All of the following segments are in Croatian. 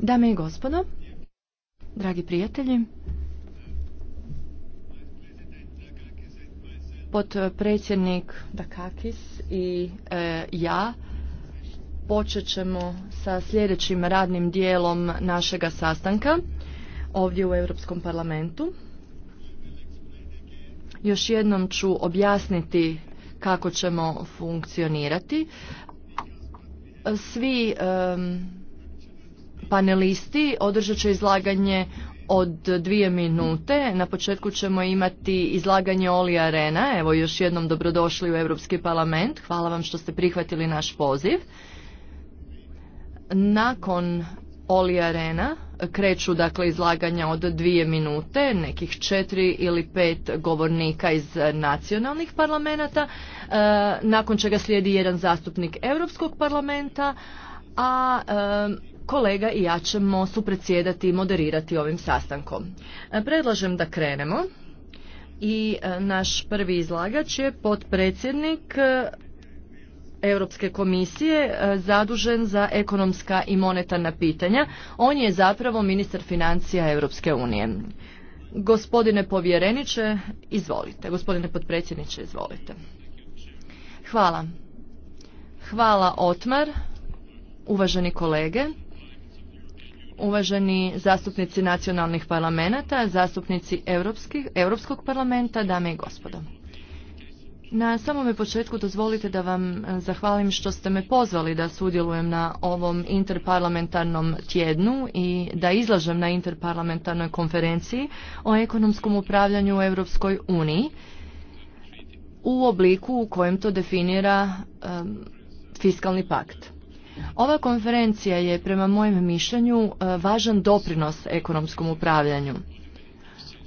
Dame i gospodo, dragi prijatelji, potpredsjednik Dakakis i e, ja počet ćemo sa sljedećim radnim dijelom našega sastanka ovdje u Europskom parlamentu. Još jednom ću objasniti kako ćemo funkcionirati. Svi panelisti održat će izlaganje od dvije minute. Na početku ćemo imati izlaganje Oli Arena. Evo još jednom dobrodošli u Europski parlament. Hvala vam što ste prihvatili naš poziv. Nakon Oli Arena kreću dakle izlaganja od dvije minute, nekih četiri ili pet govornika iz nacionalnih parlamenta, e, nakon čega slijedi jedan zastupnik Europskog parlamenta, a e, kolega i ja ćemo supredsjedati i moderirati ovim sastankom. E, predlažem da krenemo i naš prvi izlagač je potpredsjednik Europske komisije e, zadužen za ekonomska i monetarna pitanja. On je zapravo ministar financija Europske unije. Gospodine povjereniče, izvolite. Gospodine potpredsjedniče, izvolite. Hvala. Hvala Otmar, uvaženi kolege, uvaženi zastupnici nacionalnih parlamenta, zastupnici Europskog parlamenta, dame i gospodo. Na samome početku dozvolite da vam e, zahvalim što ste me pozvali da sudjelujem na ovom interparlamentarnom tjednu i da izlažem na interparlamentarnoj konferenciji o ekonomskom upravljanju u Europskoj uniji u obliku u kojem to definira e, fiskalni pakt. Ova konferencija je prema mojem mišljenju e, važan doprinos ekonomskom upravljanju.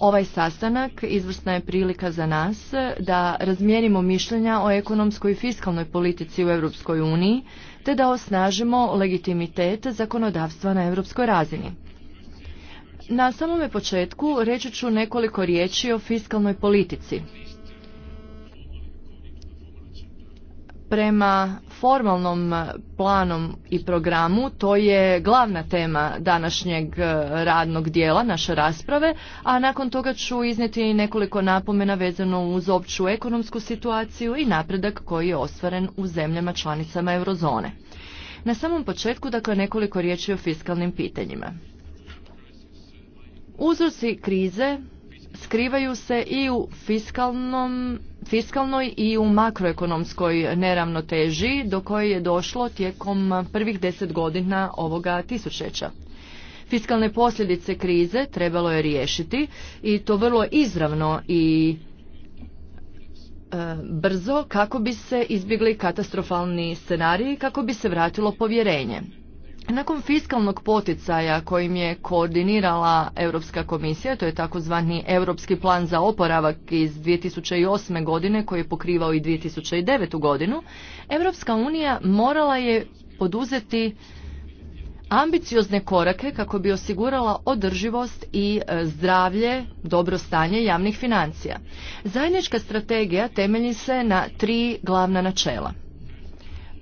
Ovaj sastanak izvrsna je prilika za nas da razmijenimo mišljenja o ekonomskoj i fiskalnoj politici u Europskoj uniji, te da osnažimo legitimitet zakonodavstva na europskoj razini. Na samome početku reći ću nekoliko riječi o fiskalnoj politici. prema formalnom planom i programu, to je glavna tema današnjeg e, radnog dijela naše rasprave, a nakon toga ću iznijeti nekoliko napomena vezano uz opću ekonomsku situaciju i napredak koji je ostvaren u zemljama članicama eurozone. Na samom početku dakle nekoliko riječi o fiskalnim pitanjima. Uzroci krize skrivaju se i u fiskalnom, fiskalnoj i u makroekonomskoj neravnoteži do koje je došlo tijekom prvih deset godina ovoga tisućeća. Fiskalne posljedice krize trebalo je riješiti i to vrlo izravno i e, brzo kako bi se izbjegli katastrofalni scenariji kako bi se vratilo povjerenje. Nakon fiskalnog poticaja kojim je koordinirala Europska komisija, to je takozvani Europski plan za oporavak iz 2008. godine koji je pokrivao i 2009. godinu, Europska unija morala je poduzeti ambiciozne korake kako bi osigurala održivost i e, zdravlje, dobro stanje javnih financija. Zajednička strategija temelji se na tri glavna načela.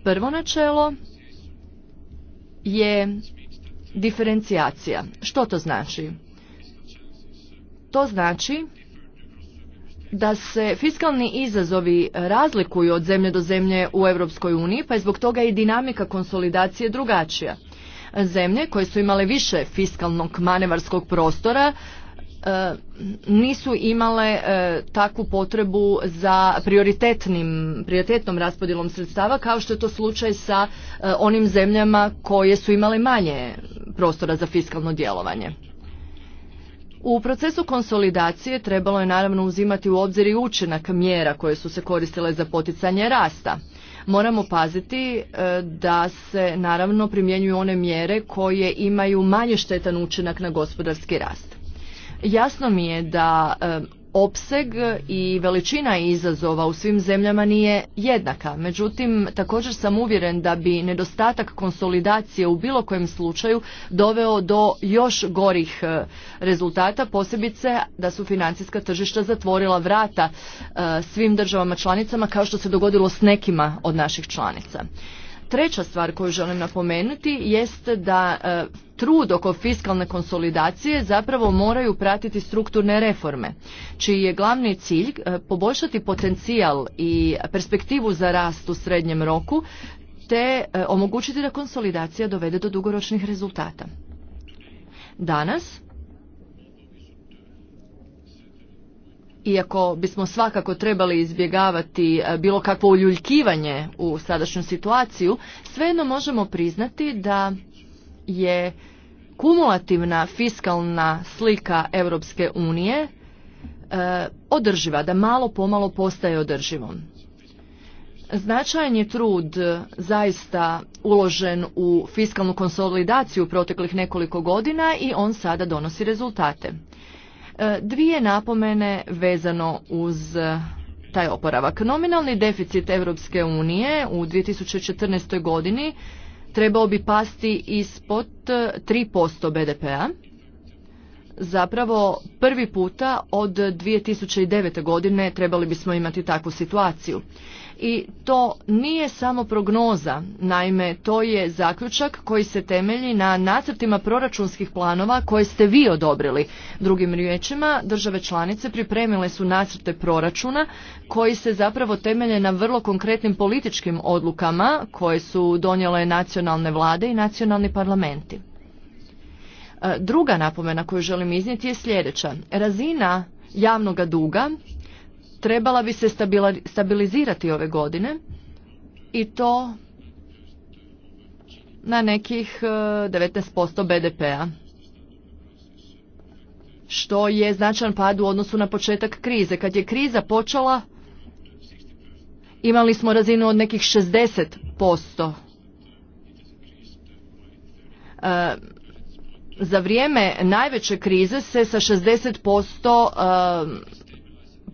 Prvo načelo je diferencijacija. Što to znači? To znači da se fiskalni izazovi razlikuju od zemlje do zemlje u Europskoj uniji, pa je zbog toga i dinamika konsolidacije drugačija. Zemlje koje su imale više fiskalnog manevarskog prostora E, nisu imale e, takvu potrebu za prioritetnim, prioritetnom raspodjelom sredstava kao što je to slučaj sa e, onim zemljama koje su imale manje prostora za fiskalno djelovanje. U procesu konsolidacije trebalo je naravno uzimati u obzir i učinak mjera koje su se koristile za poticanje rasta. Moramo paziti da se naravno primjenjuju one mjere koje imaju manje štetan učinak na gospodarski rast. Jasno mi je da opseg i veličina izazova u svim zemljama nije jednaka. Međutim, također sam uvjeren da bi nedostatak konsolidacije u bilo kojem slučaju doveo do još gorih eh, rezultata, posebice da su financijska tržišta zatvorila vrata eh, svim državama članicama kao što se dogodilo s nekima od naših članica. Treća stvar koju želim napomenuti jest da e, trud oko fiskalne konsolidacije zapravo moraju pratiti strukturne reforme, čiji je glavni cilj e, poboljšati potencijal i perspektivu za rast u srednjem roku, te e, omogućiti da konsolidacija dovede do dugoročnih rezultata. Danas iako bismo svakako trebali izbjegavati e, bilo kakvo uljuljkivanje u sadašnju situaciju, svejedno možemo priznati da je kumulativna fiskalna slika Europske unije e, održiva, da malo pomalo postaje održivom. Značajan je trud zaista uložen u fiskalnu konsolidaciju proteklih nekoliko godina i on sada donosi rezultate. E, dvije napomene vezano uz e, taj oporavak. Nominalni deficit Europske unije u 2014. godini trebao bi pasti ispod 3% e, BDP-a Zapravo prvi puta od 2009. godine trebali bismo imati takvu situaciju. I to nije samo prognoza, naime to je zaključak koji se temelji na nacrtima proračunskih planova koje ste vi odobrili. Drugim riječima, države članice pripremile su nacrte proračuna koji se zapravo temelje na vrlo konkretnim političkim odlukama koje su donijele nacionalne vlade i nacionalni parlamenti. E, druga napomena koju želim iznijeti je sljedeća. Razina javnog duga trebala bi se stabilizirati ove godine i to na nekih 19% e, BDP-a što je značajan pad u odnosu na početak krize. Kad je kriza počela imali smo razinu od nekih 60% za vrijeme najveće krize se sa 60% um,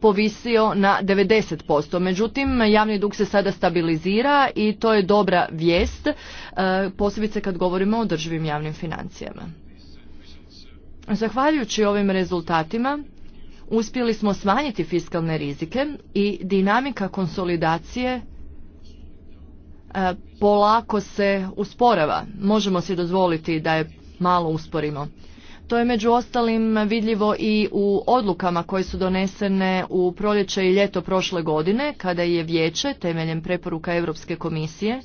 povisio na 90%. Međutim, javni dug se sada stabilizira i to je dobra vijest, uh, posebice kad govorimo o državim javnim financijama. Zahvaljujući ovim rezultatima, uspjeli smo smanjiti fiskalne rizike i dinamika konsolidacije uh, polako se usporava. Možemo si dozvoliti da je malo usporimo. To je među ostalim vidljivo i u odlukama koje su donesene u proljeće i ljeto prošle godine, kada je vijeće, temeljem preporuka Europske komisije,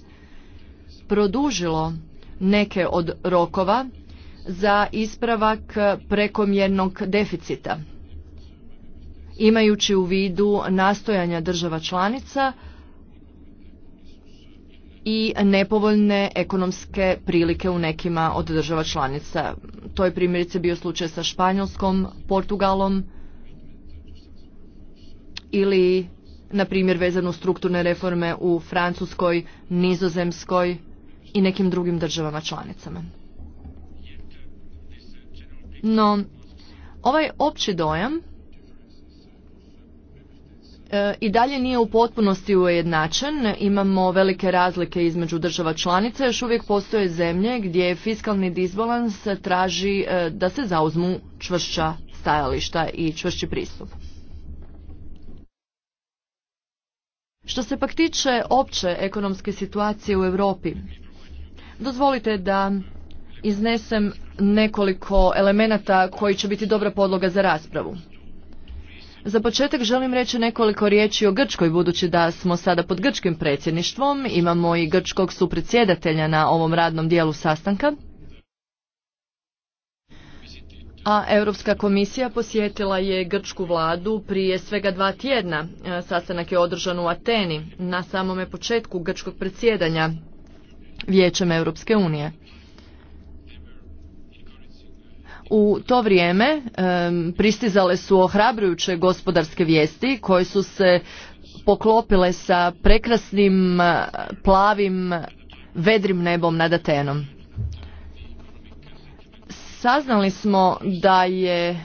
produžilo neke od rokova za ispravak prekomjernog deficita, imajući u vidu nastojanja država članica i nepovoljne ekonomske prilike u nekima od država članica. To je primjerice bio slučaj sa Španjolskom, Portugalom ili na primjer vezano strukturne reforme u Francuskoj, Nizozemskoj i nekim drugim državama članicama. No, ovaj opći dojam E, i dalje nije u potpunosti ujednačen, imamo velike razlike između država članica, još uvijek postoje zemlje gdje fiskalni disbalans traži e, da se zauzmu čvršća stajališta i čvršći pristup. Što se pak tiče opće ekonomske situacije u Europi, dozvolite da iznesem nekoliko elemenata koji će biti dobra podloga za raspravu. Za početak želim reći nekoliko riječi o Grčkoj, budući da smo sada pod grčkim predsjedništvom, imamo i grčkog supredsjedatelja na ovom radnom dijelu sastanka. A Europska komisija posjetila je grčku vladu prije svega dva tjedna. E, sastanak je održan u Ateni na samome početku grčkog predsjedanja Vijećem Europske unije. u to vrijeme pristizale su ohrabrujuće gospodarske vijesti koje su se poklopile sa prekrasnim plavim vedrim nebom nad Atenom. Saznali smo da je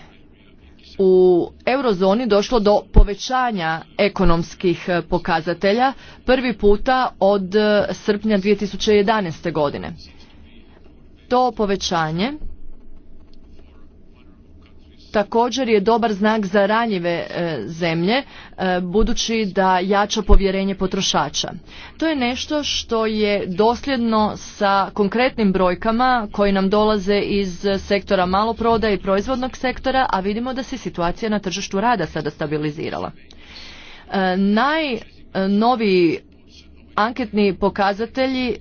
u eurozoni došlo do povećanja ekonomskih e, pokazatelja prvi puta od e, srpnja 2011. godine. To povećanje također je dobar znak za ranjive e, zemlje e, budući da jača povjerenje potrošača. To je nešto što je dosljedno sa konkretnim brojkama koji nam dolaze iz sektora maloprodaje i proizvodnog sektora, a vidimo da se situacija na tržištu rada sada stabilizirala. E, najnoviji anketni pokazatelji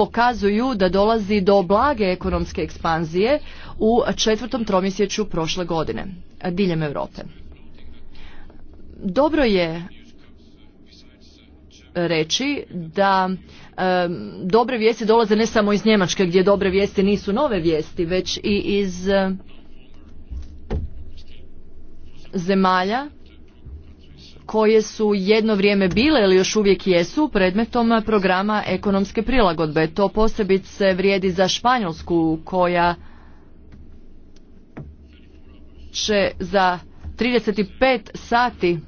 pokazuju da dolazi do blage ekonomske ekspanzije u četvrtom tromjesečju prošle godine diljem Europe. Dobro je reći da dobre vijesti dolaze ne samo iz Njemačke gdje dobre vijesti nisu nove vijesti već i iz zemalja koje su jedno vrijeme bile ili još uvijek jesu predmetom programa ekonomske prilagodbe. To posebice vrijedi za Španjolsku koja će za 35 sati,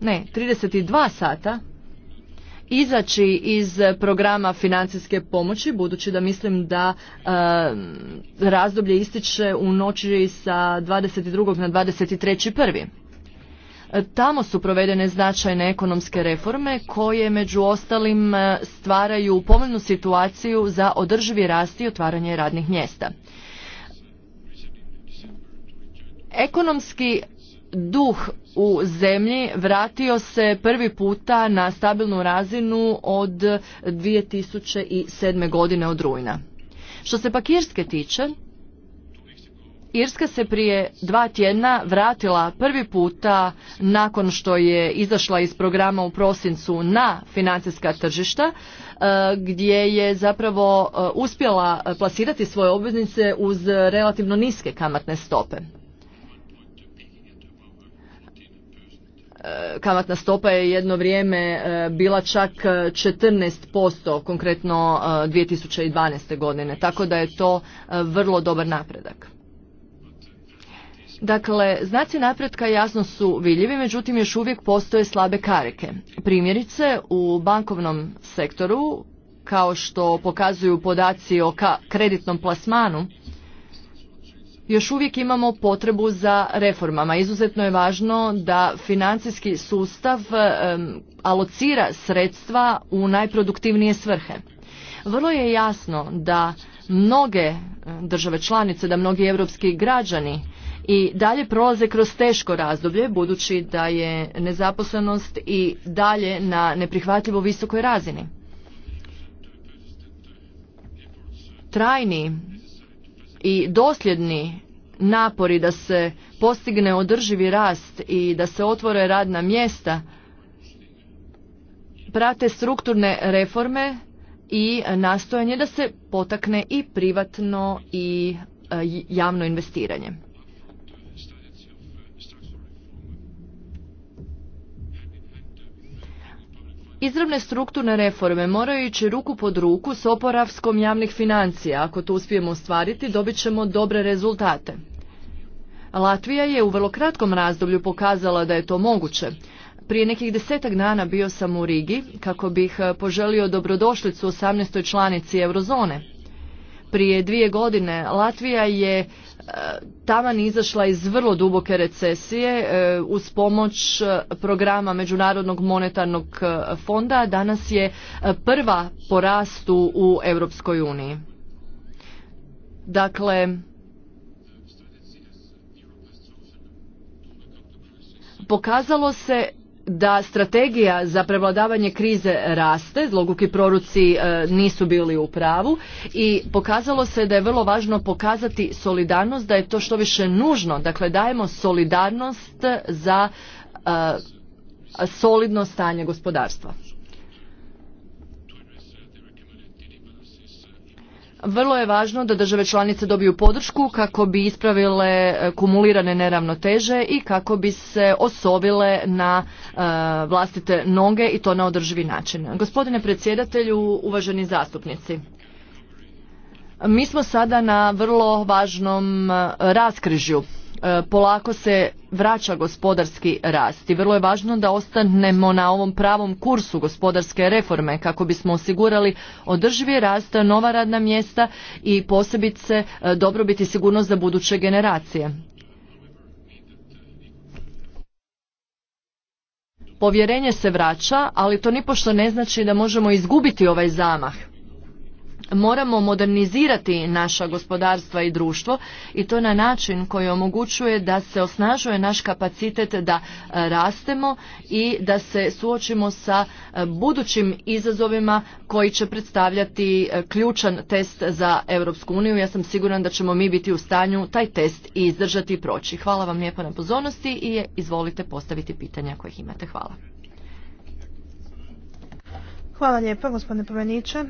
ne, 32 sata izaći iz programa financijske pomoći, budući da mislim da razdoblje ističe u noći sa 22. na 23. prvi. Tamo su provedene značajne ekonomske reforme koje među ostalim e, stvaraju povoljnu situaciju za održivi rast i otvaranje radnih mjesta. Ekonomski duh u zemlji vratio se prvi puta na stabilnu razinu od 2007. godine od rujna. Što se pak tiče, Irska se prije dva tjedna vratila prvi puta nakon što je izašla iz programa u prosincu na financijska tržišta e, gdje je zapravo e, uspjela plasirati svoje obveznice uz relativno niske kamatne stope. E, kamatna stopa je jedno vrijeme bila čak 14%, konkretno 2012. godine, tako da je to vrlo dobar napredak. Dakle, znaci napretka jasno su vidljivi, međutim još uvijek postoje slabe karike. Primjerice, u bankovnom sektoru, kao što pokazuju podaci o kreditnom plasmanu, još uvijek imamo potrebu za reformama. Izuzetno je važno da financijski sustav alocira sredstva u najproduktivnije svrhe. Vrlo je jasno da mnoge države članice, da mnogi evropski građani i dalje prolaze kroz teško razdoblje budući da je nezaposlenost i dalje na neprihvatljivo visokoj razini. Trajni i dosljedni napori da se postigne održivi rast i da se otvore radna mjesta prate strukturne reforme i nastojanje da se potakne i privatno i e, javno investiranje. Izravne strukturne reforme moraju ići ruku pod ruku s oporavskom javnih financija. Ako to uspijemo ostvariti, dobit ćemo dobre rezultate. Latvija je u vrlo kratkom razdoblju pokazala da je to moguće. Prije nekih desetak dana bio sam u Rigi kako bih e, poželio dobrodošlicu 18. članici Eurozone. Prije dvije godine Latvija je je izašla iz vrlo duboke recesije e, uz pomoć e, programa Međunarodnog monetarnog e, fonda, danas je prva po rastu u Europskoj uniji. Dakle, pokazalo se da strategija za prevladavanje krize raste, zloguki proruci e, nisu bili u pravu i pokazalo se da je vrlo važno pokazati solidarnost, da je to što više nužno, dakle dajemo solidarnost za e, solidno stanje gospodarstva. Vrlo je važno da države članice dobiju podršku kako bi ispravile e, kumulirane neravnoteže i kako bi se osobile na e, vlastite noge i to na održivi način. Gospodine predsjedatelju, uvaženi zastupnici. Mi smo sada na vrlo važnom e, raskrižju. Polako se vraća gospodarski rast i vrlo je važno da ostanemo na ovom pravom kursu gospodarske reforme kako bismo osigurali održivi rast, nova radna mjesta i posebice e, dobrobiti i sigurnost za buduće generacije. Povjerenje se vraća, ali to nipošto ne znači da možemo izgubiti ovaj zamah moramo modernizirati naša gospodarstva i društvo i to na način koji omogućuje da se osnažuje naš kapacitet da e, rastemo i da se suočimo sa e, budućim izazovima koji će predstavljati e, ključan test za Europsku uniju. Ja sam siguran da ćemo mi biti u stanju taj test i izdržati i proći. Hvala vam lijepo na pozornosti i izvolite postaviti pitanja kojih imate. Hvala. Hvala lijepa gospodine Poveniče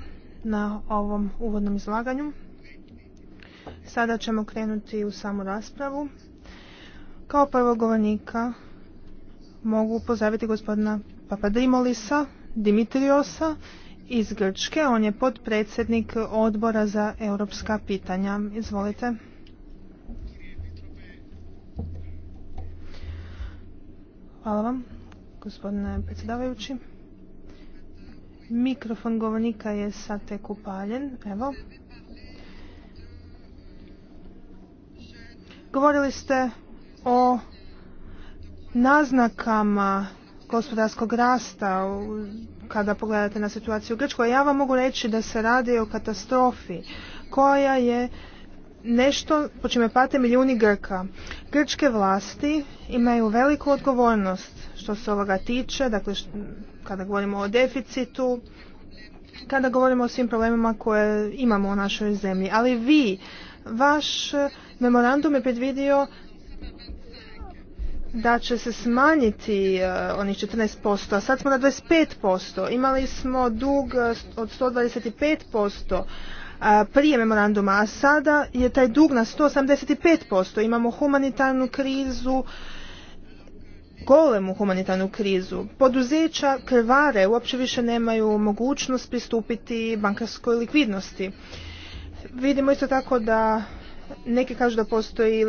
na ovom uvodnom izlaganju. Sada ćemo krenuti u samu raspravu. Kao prvog govornika mogu pozdraviti gospodina Papadimolisa Dimitriosa iz Grčke. On je podpredsjednik odbora za europska pitanja. Izvolite. Hvala vam, gospodine predsjedavajući. Mikrofon govornika je sad tek upaljen. Evo. Govorili ste o naznakama gospodarskog rasta kada pogledate na situaciju u Grčkoj. Ja vam mogu reći da se radi o katastrofi koja je nešto po čime pate milijuni Grka. Grčke vlasti imaju veliku odgovornost što se ovoga tiče, dakle kada govorimo o deficitu, kada govorimo o svim problemima koje imamo u našoj zemlji. Ali vi, vaš memorandum je predvidio da će se smanjiti uh, onih 14%, a sad smo na 25%. Imali smo dug eh, od 125% eh, prije memoranduma, a sada je taj dug na 185%. Imamo humanitarnu krizu, golemu humanitarnu krizu. Poduzeća krvare uopće više nemaju mogućnost pristupiti bankarskoj likvidnosti. Vidimo isto tako da neki kažu da postoji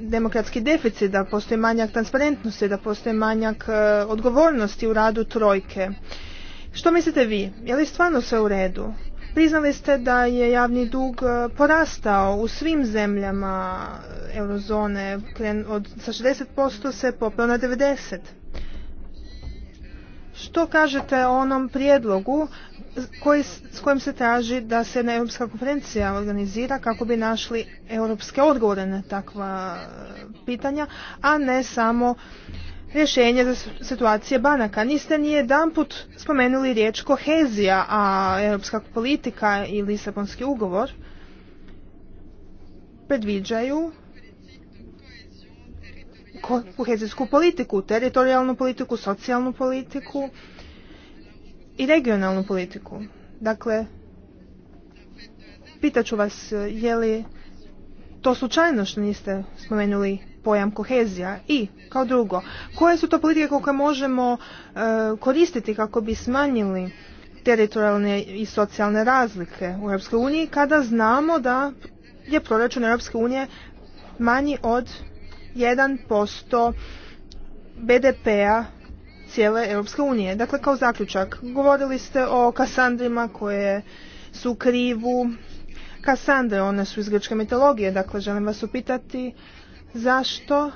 demokratski deficit, da postoji manjak transparentnosti, da postoji manjak e, odgovornosti u radu trojke. Što mislite vi? Je li stvarno sve u redu? Priznali ste da je javni dug e, porastao u svim zemljama e, eurozone, od, sa 60% se popeo na 90%. Što kažete o onom prijedlogu koji, s kojim se traži da se na europska konferencija organizira kako bi našli europske odgovore na takva e, pitanja, a ne samo rješenje za situacije banaka. Niste ni jedan put spomenuli riječ kohezija, a europska politika i Lisabonski ugovor predviđaju kohezijsku politiku, teritorijalnu politiku, socijalnu politiku i regionalnu politiku. Dakle, pitaću vas je li to slučajno što niste spomenuli pojam kohezija i kao drugo koje su to politike koje možemo e, koristiti kako bi smanjili teritorijalne i socijalne razlike u EU kada znamo da je proračun EU manji od 1% BDP-a cijele Europske unije. Dakle, kao zaključak, govorili ste o kasandrima koje su u krivu. Kasandre, one su iz grčke mitologije, dakle, želim vas upitati zašto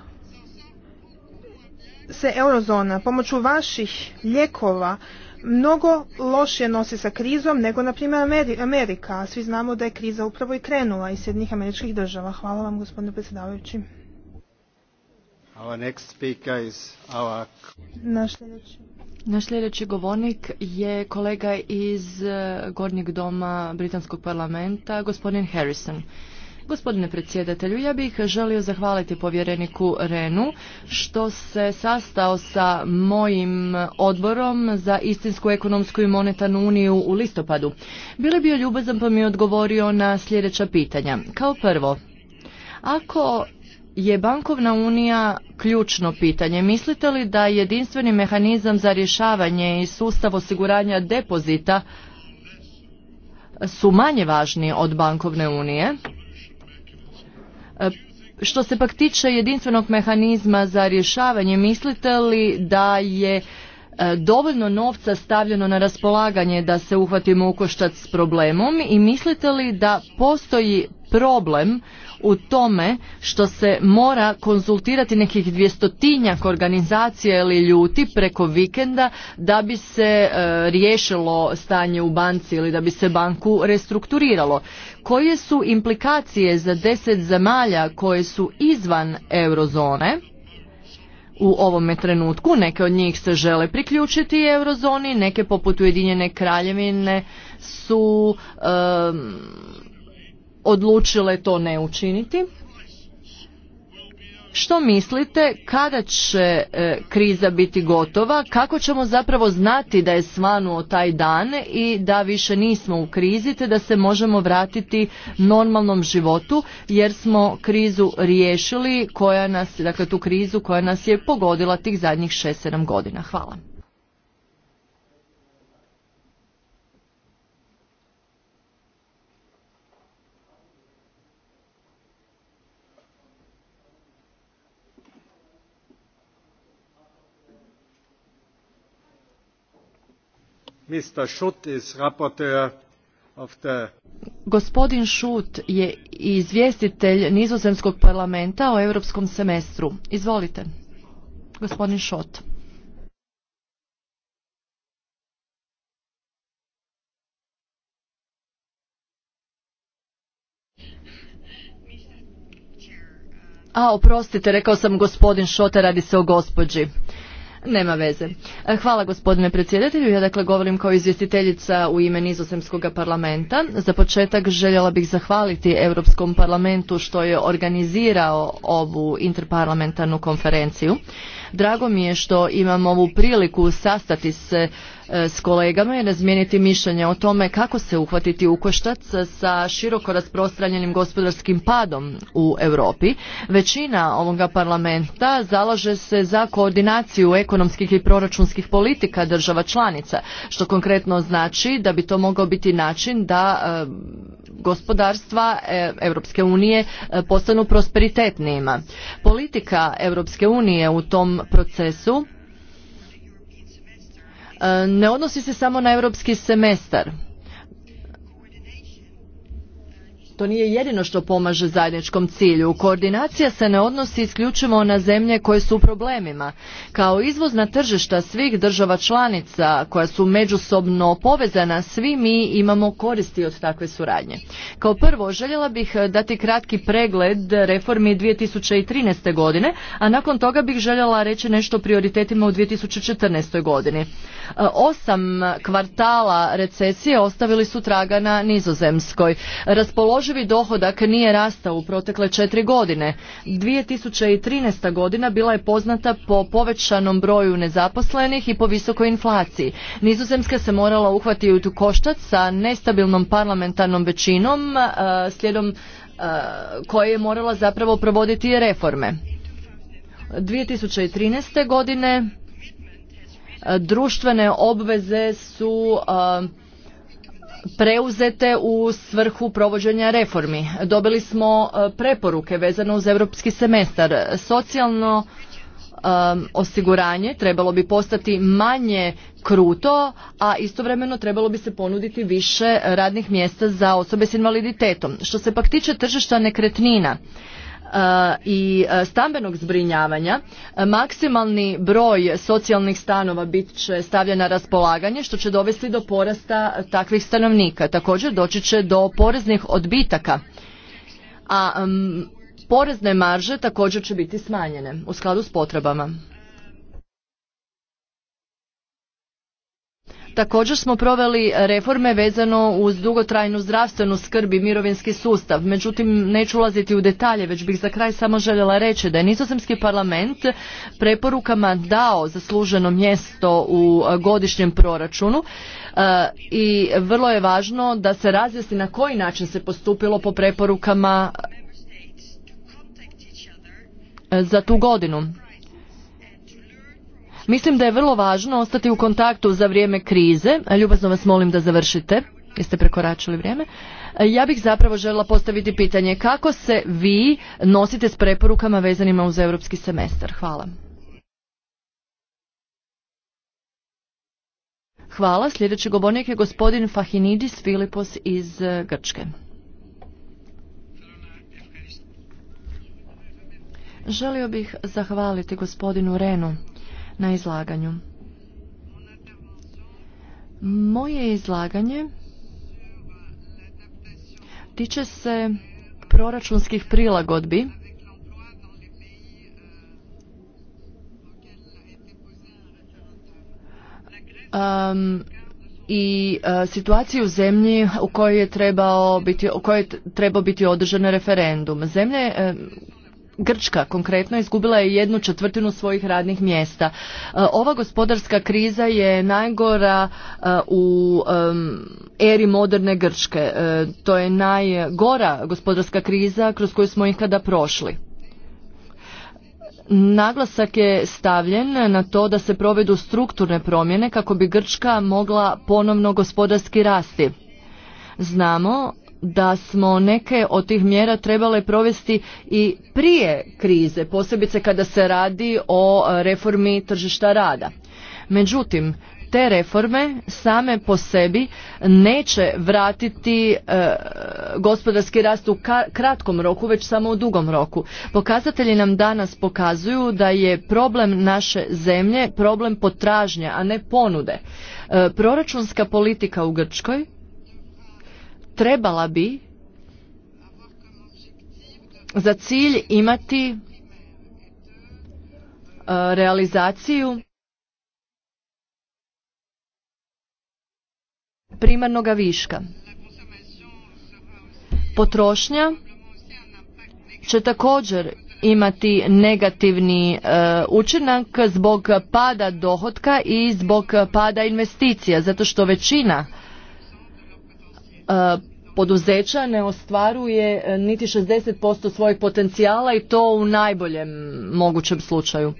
se eurozona pomoću vaših ljekova mnogo lošije nosi sa krizom nego na primjer Amerika, svi znamo da je kriza upravo i krenula iz Sjednih američkih država. Hvala vam gospodine predsjedavajući. Naš sljedeći govornik je kolega iz eh, Gornjeg doma Britanskog parlamenta, gospodin Harrison. Gospodine predsjedatelju, ja bih želio zahvaliti povjereniku Renu što se sastao sa mojim odborom za istinsku ekonomsku i monetarnu uniju u listopadu. Bili bio ljubazan pa mi je odgovorio na sljedeća pitanja. Kao prvo, ako je bankovna unija ključno pitanje. Mislite li da jedinstveni mehanizam za rješavanje i sustav osiguranja depozita su manje važni od bankovne unije? E, što se pak tiče jedinstvenog mehanizma za rješavanje, mislite li da je e, dovoljno novca stavljeno na raspolaganje da se uhvatimo u koštac s problemom i mislite li da postoji problem u tome što se mora konzultirati nekih dvjestotinjak organizacija ili ljuti preko vikenda da bi se e, riješilo stanje u banci ili da bi se banku restrukturiralo. Koje su implikacije za deset zemalja koje su izvan eurozone? u ovome trenutku. Neke od njih se žele priključiti eurozoni, neke poput Ujedinjene kraljevine su odlučile to ne učiniti. Što mislite kada će e, kriza biti gotova? Kako ćemo zapravo znati da je svanuo taj dan i da više nismo u krizi te da se možemo vratiti normalnom životu jer smo krizu riješili koja nas, dakle tu krizu koja nas je pogodila tih zadnjih 6-7 godina. Hvala. Gospodin Šut je izvjestitelj nizozemskog parlamenta o europskom semestru. Izvolite. Gospodin Šot. A, oprostite, rekao sam gospodin a radi se o gospođi. Nema veze. E, hvala gospodine predsjedatelju. Ja dakle govorim kao izvjestiteljica u ime Nizozemskog parlamenta. Za početak željela bih zahvaliti Europskom parlamentu što je organizirao ovu interparlamentarnu konferenciju. Drago mi je što imam ovu priliku sastati se e, s kolegama i razmijeniti mišljenje o tome kako se uhvatiti u koštac sa široko rasprostranjenim gospodarskim padom u Europi. Većina ovoga parlamenta zalaže se za koordinaciju ekonomskih i proračunskih politika država članica, što konkretno znači da bi to mogao biti način da e, gospodarstva e, Europske unije e, postanu prosperitetnijima. Politika Europske unije u tom procesu e, ne odnosi se samo na europski semestar to nije jedino što pomaže zajedničkom cilju. Koordinacija se ne odnosi isključivo na zemlje koje su u problemima. Kao izvozna tržišta svih država članica koja su međusobno povezana, svi mi imamo koristi od takve suradnje. Kao prvo, željela bih eh, dati kratki pregled reformi 2013. godine, a nakon toga bih željela reći nešto o prioritetima u 2014. godini. Osam kvartala recesije ostavili su traga na nizozemskoj. Raspoloživi dohodak nije rastao u protekle četiri godine. 2013. godina bila je poznata po povećanom broju nezaposlenih i po visokoj inflaciji. Nizozemska se morala uhvati u koštac sa nestabilnom parlamentarnom većinom slijedom koje je morala zapravo provoditi reforme. 2013. godine društvene obveze su e, preuzete u svrhu provođenja reformi. Dobili smo e, preporuke vezano uz europski semestar. Socijalno e, osiguranje trebalo bi postati manje kruto, a istovremeno trebalo bi se ponuditi više radnih mjesta za osobe s invaliditetom. Što se pak tiče tržišta nekretnina, E, i e, stambenog zbrinjavanja maksimalni broj socijalnih stanova bit će stavljen na raspolaganje što će dovesti do porasta takvih stanovnika. Također doći će do poreznih odbitaka, a porezne marže također će biti smanjene u skladu s potrebama. Također smo proveli reforme vezano uz dugotrajnu zdravstvenu skrbi, i mirovinski sustav. Međutim, neću ulaziti u detalje, već bih za kraj samo željela reći da je Nizozemski parlament preporukama dao zasluženo mjesto u godišnjem proračunu e, i vrlo je važno da se razvijesti na koji način se postupilo po preporukama e, za tu godinu. Mislim da je vrlo važno ostati u kontaktu za vrijeme krize. Ljubazno vas molim da završite. Jeste prekoračili vrijeme. Ja bih zapravo željela postaviti pitanje kako se vi nosite s preporukama vezanima uz europski semestar. Hvala. Hvala. Sljedeći govornik je gospodin Fahinidis Filipos iz e, Grčke. Želio bih zahvaliti gospodinu Renu na izlaganju. Moje izlaganje tiče se proračunskih prilagodbi um, i uh, situaciju u zemlji u kojoj je trebao biti, u kojoj je biti održan referendum. Zemlje uh, Grčka konkretno izgubila je jednu četvrtinu svojih radnih mjesta. E, ova gospodarska kriza je najgora e, u eri moderne Grčke. E, to je najgora gospodarska kriza kroz koju smo ikada prošli. Naglasak je stavljen na to da se provedu strukturne promjene kako bi Grčka mogla ponovno gospodarski rasti. Znamo da smo neke od tih mjera trebale provesti i prije krize, posebice kada se radi o reformi tržišta rada. Međutim, te reforme same po sebi neće vratiti e, gospodarski rast u kratkom roku već samo u dugom roku pokazatelji nam danas pokazuju da je problem naše zemlje problem potražnje a ne ponude e, proračunska politika u grčkoj trebala bi za cilj imati e, realizaciju primarnoga viška. Potrošnja će također imati negativni e, učinak zbog pada dohotka i zbog pada investicija zato što većina E, poduzeća ne ostvaruje e, niti 60% svojeg potencijala i to u najboljem mogućem slučaju.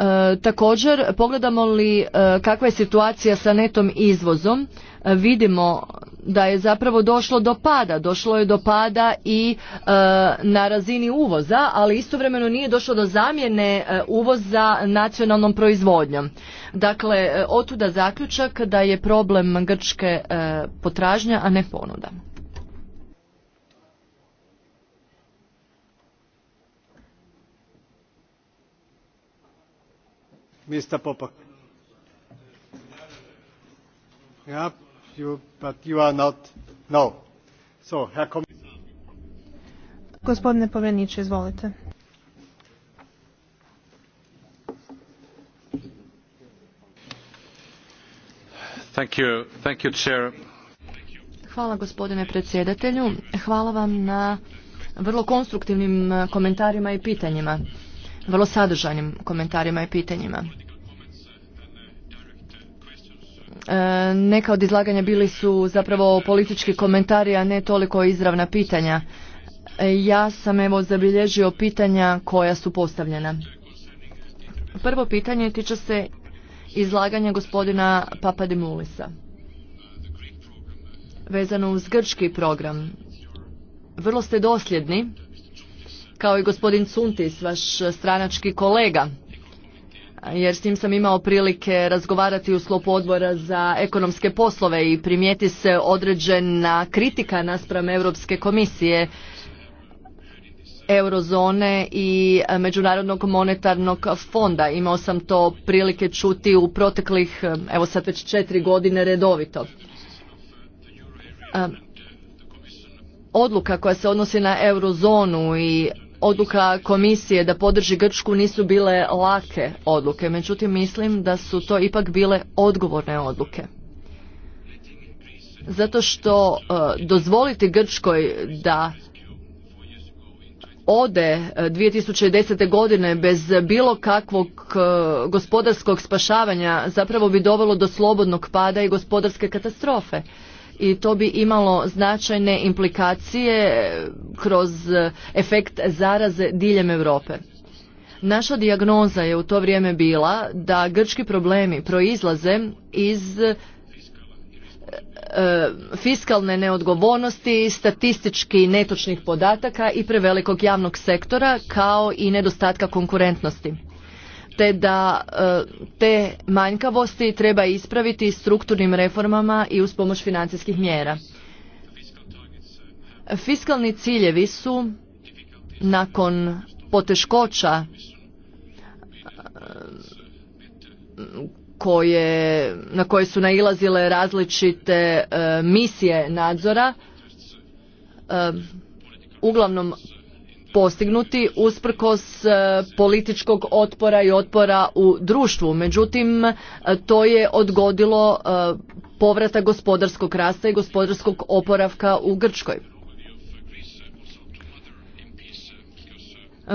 E, također, pogledamo li e, kakva je situacija sa netom izvozom, e, vidimo da je zapravo došlo do pada, došlo je do pada i na razini uvoza, ali istovremeno nije došlo do zamjene uvoza nacionalnom proizvodnjom. Dakle, otuda zaključak da je problem Grčke e, potražnja, a ne ponuda. So, Gospodine povjereniče, izvolite. Hvala gospodine predsjedatelju. Hvala vam na vrlo konstruktivnim eh, komentarima i pitanjima vrlo sadržajnim komentarima i pitanjima. E, neka od izlaganja bili su zapravo politički komentari, a ne toliko izravna pitanja. E, ja sam evo zabilježio pitanja koja su postavljena. Prvo pitanje tiče se izlaganja gospodina Papadimulisa vezano uz grčki program. Vrlo ste dosljedni kao i gospodin Cuntis, vaš stranački kolega, jer s njim sam imao prilike razgovarati u slopu odbora za ekonomske poslove i primijeti se određena kritika naspram Europske komisije eurozone i Međunarodnog monetarnog fonda. Imao sam to prilike čuti u proteklih, evo sad već četiri godine redovito. Ehm, odluka koja se odnosi na eurozonu i odluka komisije da podrži Grčku nisu bile lake odluke, međutim mislim da su to ipak bile odgovorne odluke. Zato što e, dozvoliti Grčkoj da ode 2010. E, godine bez bilo kakvog e, gospodarskog spašavanja zapravo bi dovelo do slobodnog pada i gospodarske katastrofe i to bi imalo značajne implikacije e, kroz e, efekt zaraze diljem Europe. Naša dijagnoza je u to vrijeme bila da grčki problemi proizlaze iz e, fiskalne neodgovornosti, statistički netočnih podataka i prevelikog javnog sektora kao i nedostatka konkurentnosti te da e, te manjkavosti treba ispraviti strukturnim reformama i uz pomoć financijskih mjera. Fiskalni ciljevi su nakon poteškoća e, koje, na koje su nailazile različite e, misije nadzora uglavnom postignuti usprkos e, političkog otpora i otpora u društvu. Međutim, e, to je odgodilo e, povrata gospodarskog rasta i gospodarskog oporavka u Grčkoj.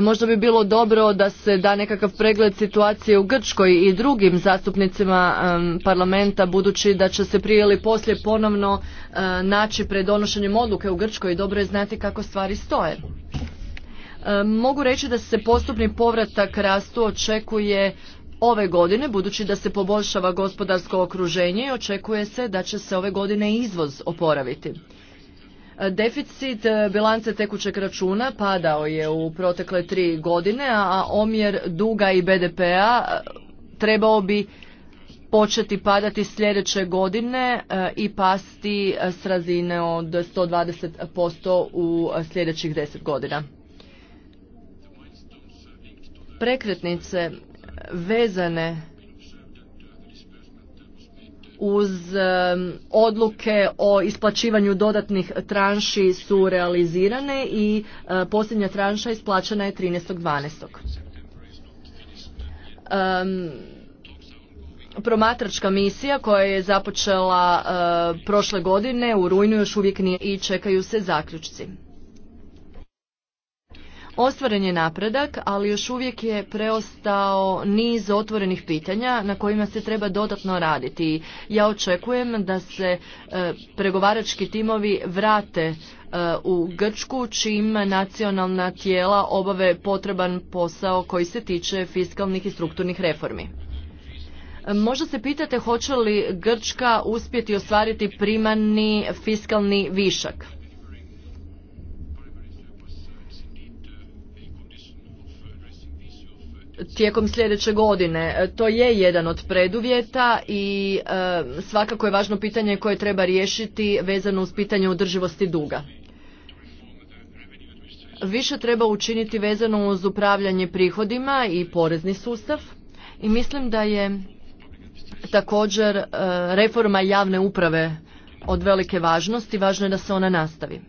Možda bi bilo dobro da se da nekakav pregled situacije u Grčkoj i drugim zastupnicima parlamenta budući da će se prije ili poslije ponovno naći pred donošenjem odluke u Grčkoj i dobro je znati kako stvari stoje. Mogu reći da se postupni povratak rastu očekuje ove godine, budući da se poboljšava gospodarsko okruženje i očekuje se da će se ove godine izvoz oporaviti. E, deficit e, bilance tekućeg računa padao je u protekle tri godine, a omjer duga i BDP-a e, trebao bi početi padati sljedeće godine i pasti s razine od 120% u sljedećih deset godina prekretnice vezane uz odluke o isplaćivanju dodatnih tranši su realizirane i e, posljednja tranša isplaćena je 13.12. promatračka misija koja je započela e, prošle godine u rujnu još uvijek nije i čekaju se zaključci. Ostvaren je napredak, ali još uvijek je preostao niz otvorenih pitanja na kojima se treba dodatno raditi. Ja očekujem da se e, pregovarački timovi vrate e, u Grčku čim nacionalna tijela obave potreban posao koji se tiče fiskalnih i strukturnih reformi. E, možda se pitate hoće li Grčka uspjeti ostvariti primarni fiskalni višak. tijekom sljedeće godine. E, to je jedan od preduvjeta i e, svakako je važno pitanje koje treba riješiti vezano uz pitanje održivosti duga. Više treba učiniti vezano uz upravljanje prihodima i porezni sustav i mislim da je također e, reforma javne uprave od velike važnosti, važno je da se ona nastavi.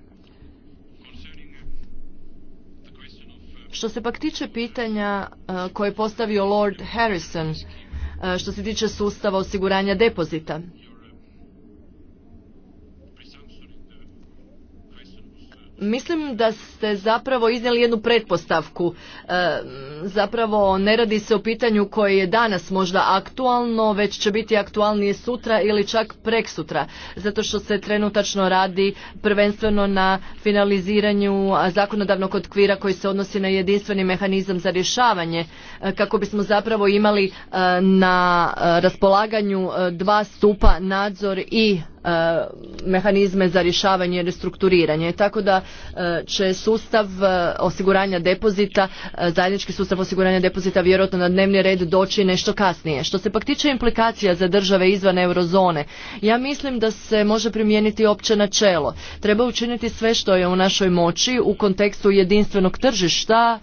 Što se pak tiče pitanja e, koje je postavio Lord Harrison, e, što se tiče sustava osiguranja depozita, Mislim da ste zapravo iznijeli jednu pretpostavku. E, zapravo ne radi se o pitanju koje je danas možda aktualno, već će biti aktualnije sutra ili čak preksutra, zato što se trenutačno radi prvenstveno na finaliziranju zakonodavnog okvira koji se odnosi na jedinstveni mehanizam za rješavanje, e, kako bismo zapravo imali e, na raspolaganju dva stupa nadzor i E, mehanizme za rješavanje i restrukturiranje. Tako da e, će sustav e, osiguranja depozita, zajednički sustav osiguranja depozita vjerojatno na dnevni red doći nešto kasnije. Što se pak tiče implikacija za države izvan eurozone, ja mislim da se može primijeniti opće načelo. Treba učiniti sve što je u našoj moći u kontekstu jedinstvenog tržišta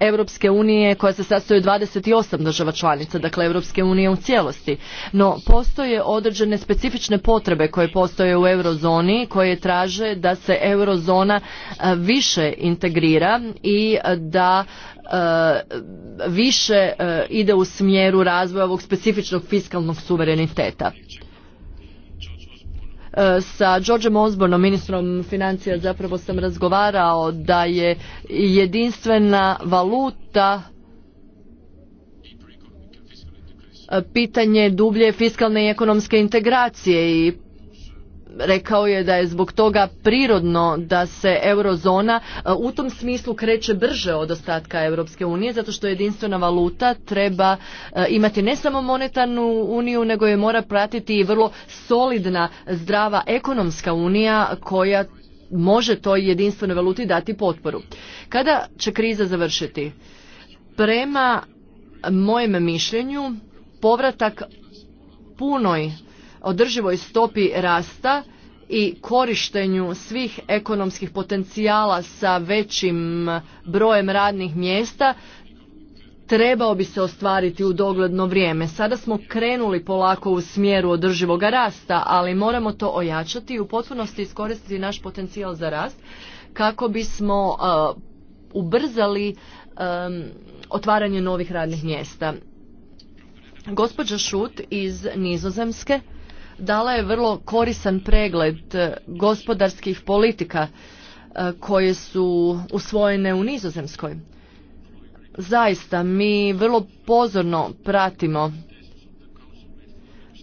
Europske unije koja se sastoji od 28 država članica, dakle Europske unije u cijelosti. No postoje određene specifične potrebe koje postoje u eurozoni koje traže da se eurozona e, više integrira i e, da e, više ide u smjeru razvoja ovog specifičnog fiskalnog suvereniteta sa Georgeom Osbornom, ministrom financija, zapravo sam razgovarao da je jedinstvena valuta E, pitanje dublje fiskalne i ekonomske integracije i rekao je da je zbog toga prirodno da se eurozona e, u tom smislu kreće brže od ostatka Europske unije zato što jedinstvena valuta treba e, imati ne samo monetarnu uniju nego je mora pratiti i vrlo solidna zdrava ekonomska unija koja može toj jedinstvenoj valuti dati potporu. Kada će kriza završiti? Prema mojem mišljenju povratak punoj održivoj stopi rasta i korištenju svih ekonomskih potencijala sa većim brojem radnih mjesta trebao bi se ostvariti u dogledno vrijeme. Sada smo krenuli polako u smjeru održivog rasta, ali moramo to ojačati i u potpunosti iskoristiti naš potencijal za rast kako bismo uh, ubrzali um, otvaranje novih radnih mjesta. Gospođa Šut iz Nizozemske dala je vrlo korisan pregled gospodarskih politika e, koje su usvojene u Nizozemskoj. Zaista, mi vrlo pozorno pratimo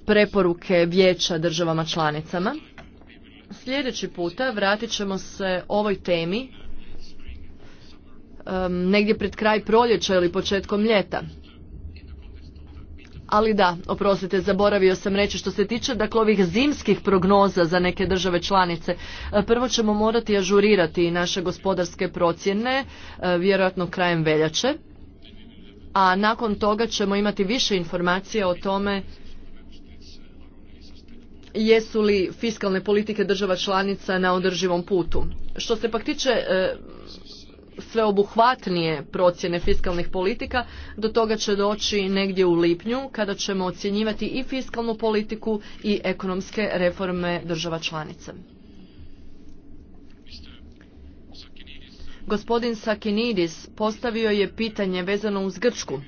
preporuke vijeća državama članicama. Sljedeći puta vratit ćemo se ovoj temi e, negdje pred kraj proljeća ili početkom ljeta ali da, oprostite, zaboravio sam reći što se tiče dakle ovih zimskih prognoza za neke države članice. E, prvo ćemo morati ažurirati naše gospodarske procjene, e, vjerojatno krajem veljače, a nakon toga ćemo imati više informacija o tome jesu li fiskalne politike država članica na održivom putu. Što se pak tiče e, sveobuhvatnije procjene fiskalnih politika. Do toga će doći negdje u lipnju kada ćemo ocjenjivati i fiskalnu politiku i ekonomske reforme država članica. Gospodin Sakinidis postavio je pitanje vezano uz Grčku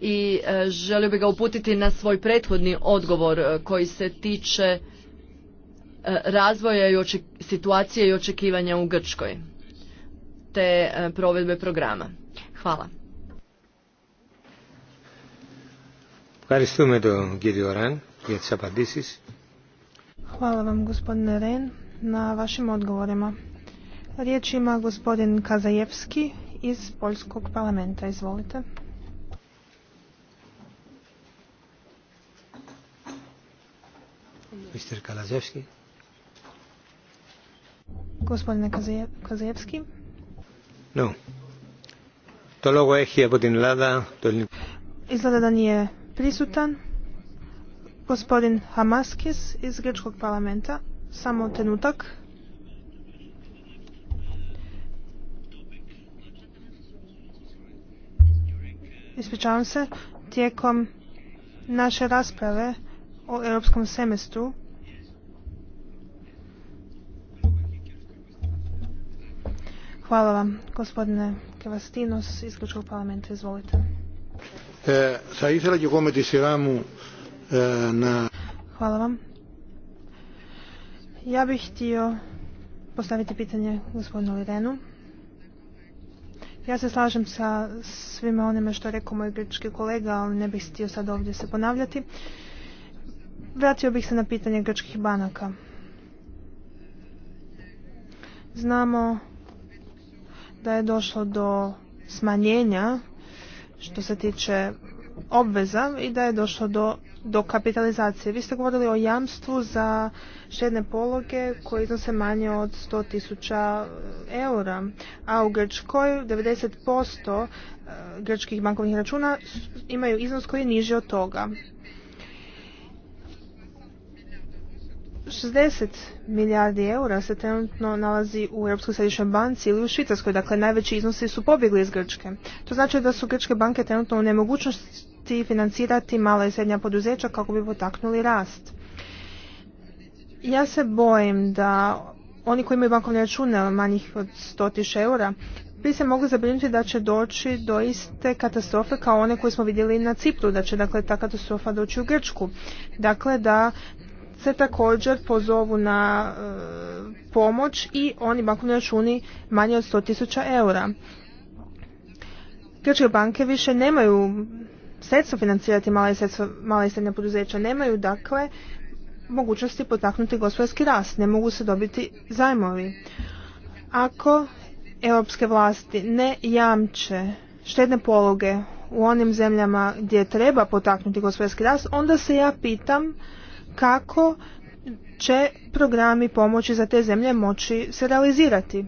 i e, želio bi ga uputiti na svoj prethodni odgovor e, koji se tiče e, razvoja i situacije i očekivanja u Grčkoj te e, provedbe programa. Hvala. Hvala vam gospodine Ren na vašim odgovorima. Riječ gospodin Kazajevski iz Poljskog parlamenta. Izvolite. Mr. Kalazewski. Gospodine Kazajevski. No. To logo Izgleda da nije prisutan. Gospodin Hamaskis iz Grčkog parlamenta. Samo tenutak. Ispričavam se. Tijekom naše rasprave o europskom semestru Hvala vam, gospodine Kevastinos iz Grčkog parlamenta. Izvolite. E, e, Hvala vam. Ja bih htio postaviti pitanje gospodinu Lirenu. Ja se slažem sa svime onime što je rekao moj grčki kolega, ali ne bih htio sad ovdje se ponavljati. Vratio bih se na pitanje grčkih banaka. Znamo da je došlo do smanjenja što se tiče obveza i da je došlo do, do kapitalizacije. Vi ste govorili o jamstvu za štedne pologe koje iznose manje od 100.000 e, eura, a u Grčkoj 90% e, grčkih bankovnih računa imaju iznos koji je niži od toga. 60 milijardi eura se trenutno nalazi u Europskoj središnjoj banci ili u Švicarskoj, dakle najveći iznosi su pobjegli iz Grčke. To znači da su grčke banke trenutno u nemogućnosti financirati mala i srednja poduzeća kako bi potaknuli rast. Ja se bojim da oni koji imaju bankovne račune manjih od 100.000 eura bi se mogli zabrinuti da će doći do iste katastrofe kao one koje smo vidjeli na Cipru, da će dakle ta katastrofa doći u Grčku. Dakle, da se također pozovu na e, pomoć i oni bankovni računi manje od 100.000 eura. Grčke banke više nemaju sredstvo financirati mala i, srednja poduzeća, nemaju dakle mogućnosti potaknuti gospodarski rast, ne mogu se dobiti zajmovi. Ako europske vlasti ne jamče štedne pologe u onim zemljama gdje treba potaknuti gospodarski rast, onda se ja pitam kako će programi pomoći za te zemlje moći se realizirati.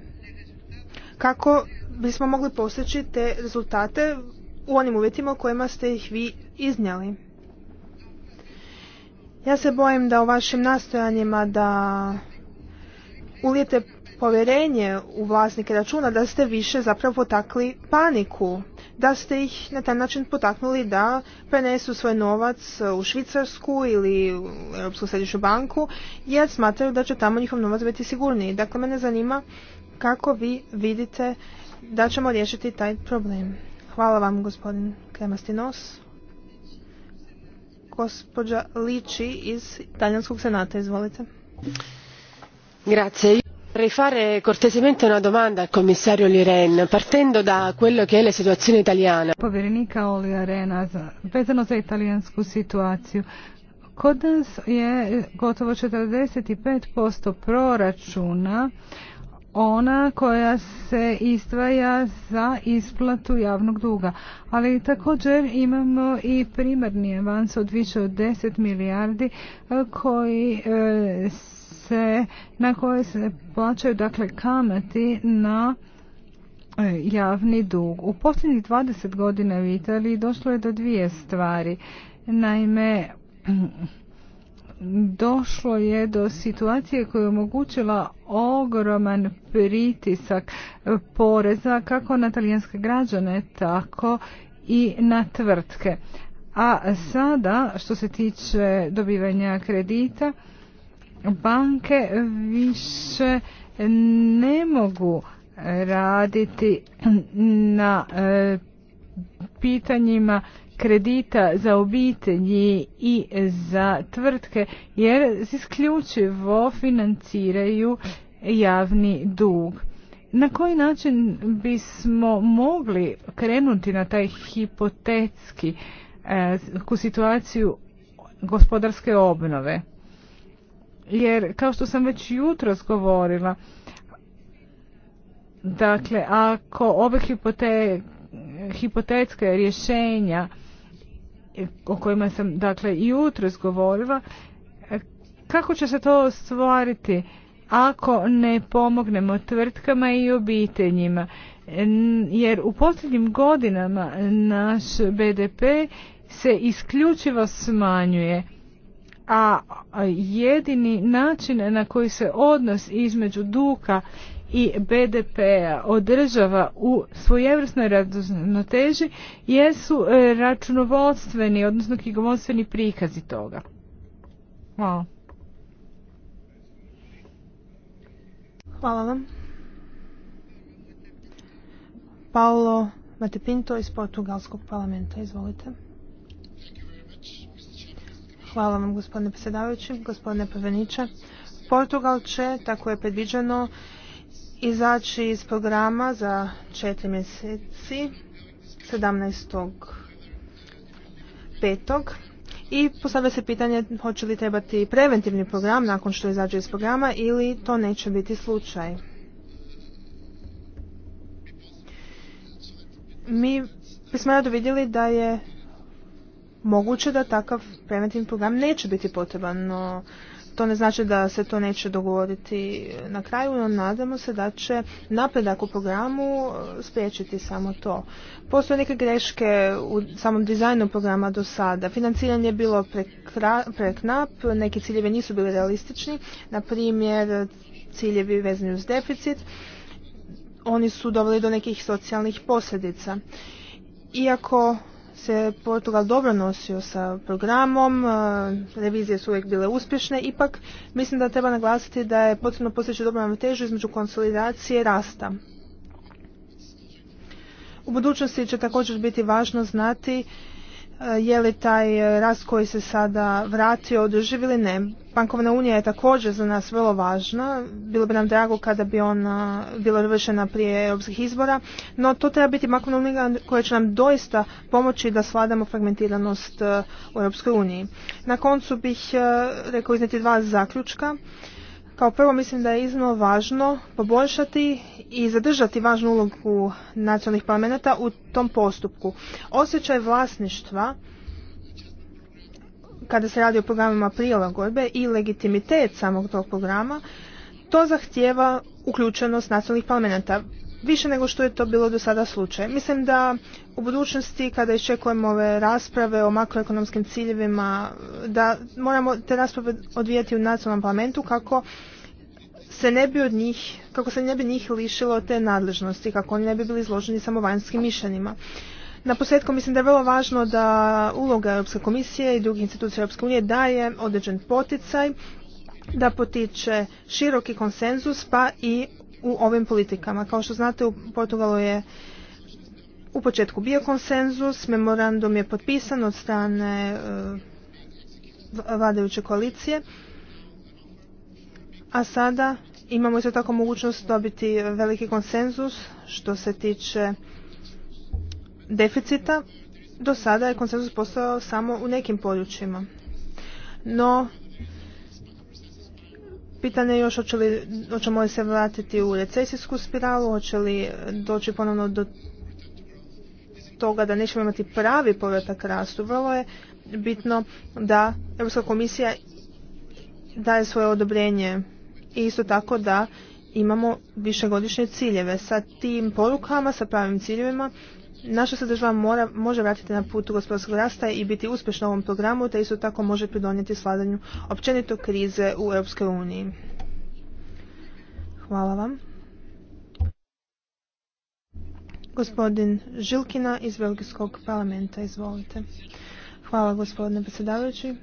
Kako bismo mogli postići te rezultate u onim uvjetima u kojima ste ih vi iznijeli. Ja se bojim da u vašim nastojanjima da uvjete povjerenje u vlasnike računa da ste više zapravo potakli paniku, da ste ih na taj način potaknuli da prenesu svoj novac u Švicarsku ili u Europsku središnju banku jer smatraju da će tamo njihov novac biti sigurniji. Dakle, mene zanima kako vi vidite da ćemo riješiti taj problem. Hvala vam gospodin Kremastinos. Gospodža Liči iz Talijanskog senata, izvolite. Grazie vorrei fare cortesemente una domanda al commissario Liren partendo da quello che è la situazione italiana. Povjerenika Olija vezano za italijansku situaciju. Kod nas je gotovo 45% proračuna ona koja se izdvaja za isplatu javnog duga. Ali također imamo i primarni avans od više od 10 milijardi eh, koji eh, se, na koje se plaćaju dakle kamati na e, javni dug. U posljednjih 20 godina u Italiji došlo je do dvije stvari. Naime, došlo je do situacije koja je omogućila ogroman pritisak poreza kako na talijanske građane, tako i na tvrtke. A sada, što se tiče dobivanja kredita, banke više ne mogu raditi na eh, pitanjima kredita za obitelji i za tvrtke jer isključivo financiraju javni dug. Na koji način bismo mogli krenuti na taj hipotetski eh, situaciju gospodarske obnove? jer kao što sam već jutros govorila, dakle ako ove hipote, hipotetske rješenja o kojima sam dakle jutros govorila, kako će se to ostvariti ako ne pomognemo tvrtkama i obiteljima? Jer u posljednjim godinama naš BDP se isključivo smanjuje a jedini način na koji se odnos između duka i bdp p-a održava u svojevrsnoj ravnoteži jesu e, računovodstveni, odnosno knjigovodstveni prikazi toga. Hvala. Hvala vam. Paolo Matepinto iz Portugalskog parlamenta, izvolite. Hvala vam gospodine predsjedavajući, gospodine poveniče. Portugal će, tako je predviđeno, izaći iz programa za četiri mjeseci 17. petog i postavlja se pitanje hoće li trebati preventivni program nakon što izađe iz programa ili to neće biti slučaj. Mi bismo rado vidjeli da je moguće da takav preventivni program neće biti potreban, no to ne znači da se to neće dogovoriti na kraju, no nadamo se da će napredak u programu e, spriječiti samo to. Postoje neke greške u samom dizajnu programa do sada. Financiranje je bilo preknap, neki ciljevi nisu bili realistični, na primjer ciljevi vezani uz deficit, oni su doveli do nekih socijalnih posljedica. Iako se Portugal dobro nosio sa programom, e, revizije su uvijek bile uspješne, ipak mislim da treba naglasiti da je potrebno postići dobru težu između konsolidacije i rasta. U budućnosti će također biti važno znati je li taj e, rast koji se sada vratio održiv ili ne. Bankovna unija je također za nas vrlo važna. Bilo bi nam drago kada bi ona bila vršena prije europskih izbora, no to treba biti bankovna unija koja će nam doista pomoći da sladamo fragmentiranost e, u Europskoj uniji. Na koncu bih e, rekao izneti dva zaključka. Kao prvo mislim da je iznimno važno poboljšati i zadržati važnu ulogu nacionalnih parlamenta u tom postupku. Osjećaj vlasništva kada se radi o programima prilagodbe i legitimitet samog tog programa, to zahtjeva uključenost nacionalnih parlamenta više nego što je to bilo do sada slučaj. Mislim da u budućnosti kada iščekujemo ove rasprave o makroekonomskim ciljevima, da moramo te rasprave odvijati u nacionalnom parlamentu kako se ne bi od njih, kako se ne bi njih lišilo te nadležnosti, kako oni ne bi bili izloženi samo vanjskim mišljenima. Na posljedku mislim da je vrlo važno da uloga Europske komisije i drugih institucija Europske unije daje određen poticaj da potiče široki konsenzus pa i u ovim politikama. Kao što znate u Portugalu je u početku bio konsenzus, memorandum je potpisan od strane e, vladajuće koalicije, a sada imamo isto tako mogućnost dobiti veliki konsenzus što se tiče deficita. Do sada je konsenzus postao samo u nekim područjima. No, Pitanje je još hoće li, hoćemo li se vratiti u recesijsku spiralu, hoće li doći ponovno do toga da nećemo imati pravi povratak rastu. Vrlo je bitno da Europska komisija daje svoje odobrenje i isto tako da imamo višegodišnje ciljeve. Sa tim porukama, sa pravim ciljevima Naša se država mora, može vratiti na putu gospodarskog rasta i biti uspješna u ovom programu, te isto tako može pridonijeti sladanju općenito krize u Europskoj uniji. Hvala vam. Gospodin Žilkina iz Belgijskog parlamenta, izvolite. Hvala gospodine predsjedavajući,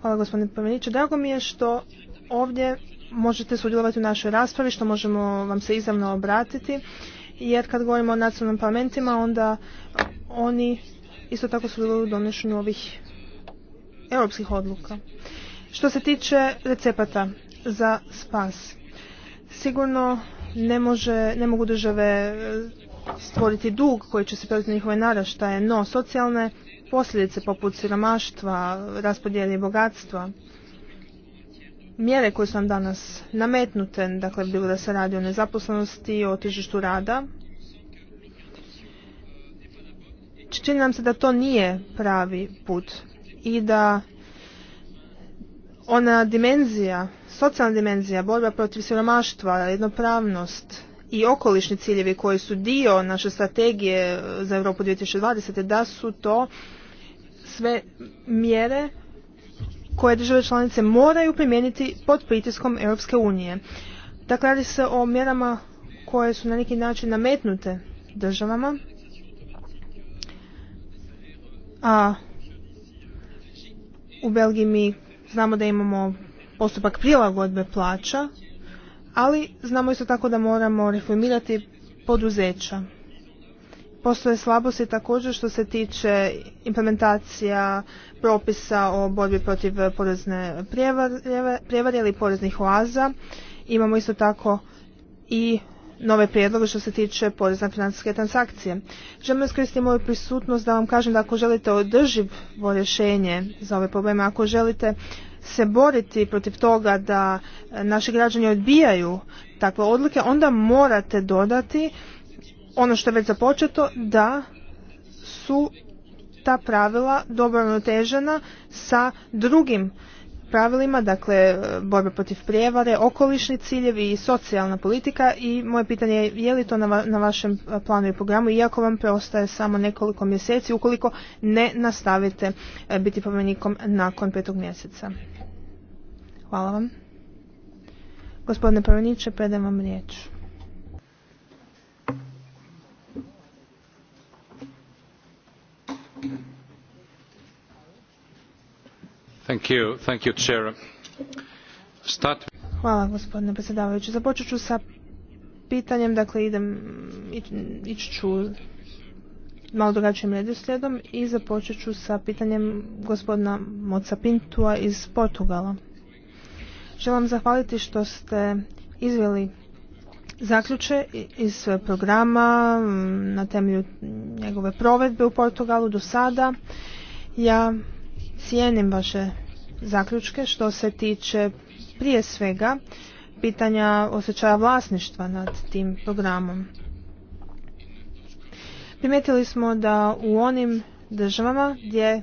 hvala gospodine Pomeniću. Drago mi je što ovdje možete sudjelovati u našoj raspravi, što možemo vam se izravno obratiti jer kad govorimo o nacionalnim parlamentima onda oni isto tako su u donošenju ovih europskih odluka. Što se tiče recepata za spas, sigurno ne, može, ne mogu države e, stvoriti dug koji će se preliti na njihove naraštaje, no socijalne posljedice poput siromaštva, raspodjeli bogatstva, mjere koje su nam danas nametnute, dakle bilo da se radi o nezaposlenosti, o tržištu rada, čini nam se da to nije pravi put i da ona dimenzija, socijalna dimenzija, borba protiv siromaštva, jednopravnost i okolišni ciljevi koji su dio naše strategije za Europu 2020. da su to sve mjere koje države članice moraju primijeniti pod pritiskom Europske unije. Dakle, radi se o mjerama koje su na neki način nametnute državama, a u Belgiji mi znamo da imamo postupak prilagodbe plaća, ali znamo isto tako da moramo reformirati poduzeća postoje slabosti također što se tiče implementacija propisa o borbi protiv porezne prijevare ili poreznih oaza. Imamo isto tako i nove prijedloge što se tiče porezne financijske transakcije. Želim iskoristiti moju prisutnost da vam kažem da ako želite održivo rješenje za ove probleme, ako želite se boriti protiv toga da naši građani odbijaju takve odluke, onda morate dodati ono što je već započeto da su ta pravila dobro težena sa drugim pravilima, dakle borbe protiv prijevare, okolišni ciljevi i socijalna politika i moje pitanje je je li to na, vašem planu i programu iako vam preostaje samo nekoliko mjeseci ukoliko ne nastavite e, biti pomenikom nakon petog mjeseca. Hvala vam. Gospodine Prveniće, predam vam riječ. Hvala gospodine predsjedavajući. Započet ću sa pitanjem, dakle idem, ići ću malo drugačijim redoslijedom i započet ću sa pitanjem gospodina Moca Pintua iz Portugala. Želim zahvaliti što ste izveli zaključe iz programa mm, na temelju njegove provedbe u Portugalu do sada. Ja cijenim vaše zaključke što se tiče prije svega pitanja osjećaja vlasništva nad tim programom. Primijetili smo da u onim državama gdje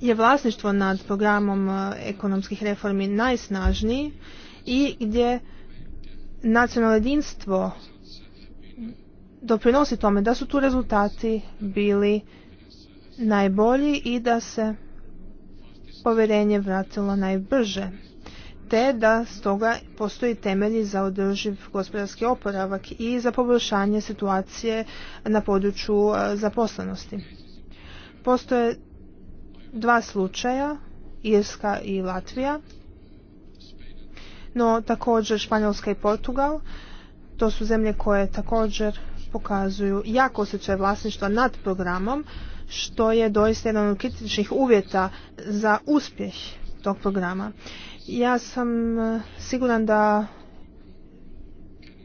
je vlasništvo nad programom e, ekonomskih reformi najsnažniji i gdje nacionalno jedinstvo doprinosi tome da su tu rezultati bili najbolji i da se povjerenje vratilo najbrže, te da stoga postoji temelji za održiv gospodarski oporavak i za poboljšanje situacije na području e, zaposlenosti. Postoje dva slučaja, Irska i Latvija, no također Španjolska i Portugal, to su zemlje koje također pokazuju jako osjećaj vlasništva nad programom, što je doista jedan od kritičnih uvjeta za uspjeh tog programa. Ja sam e, siguran da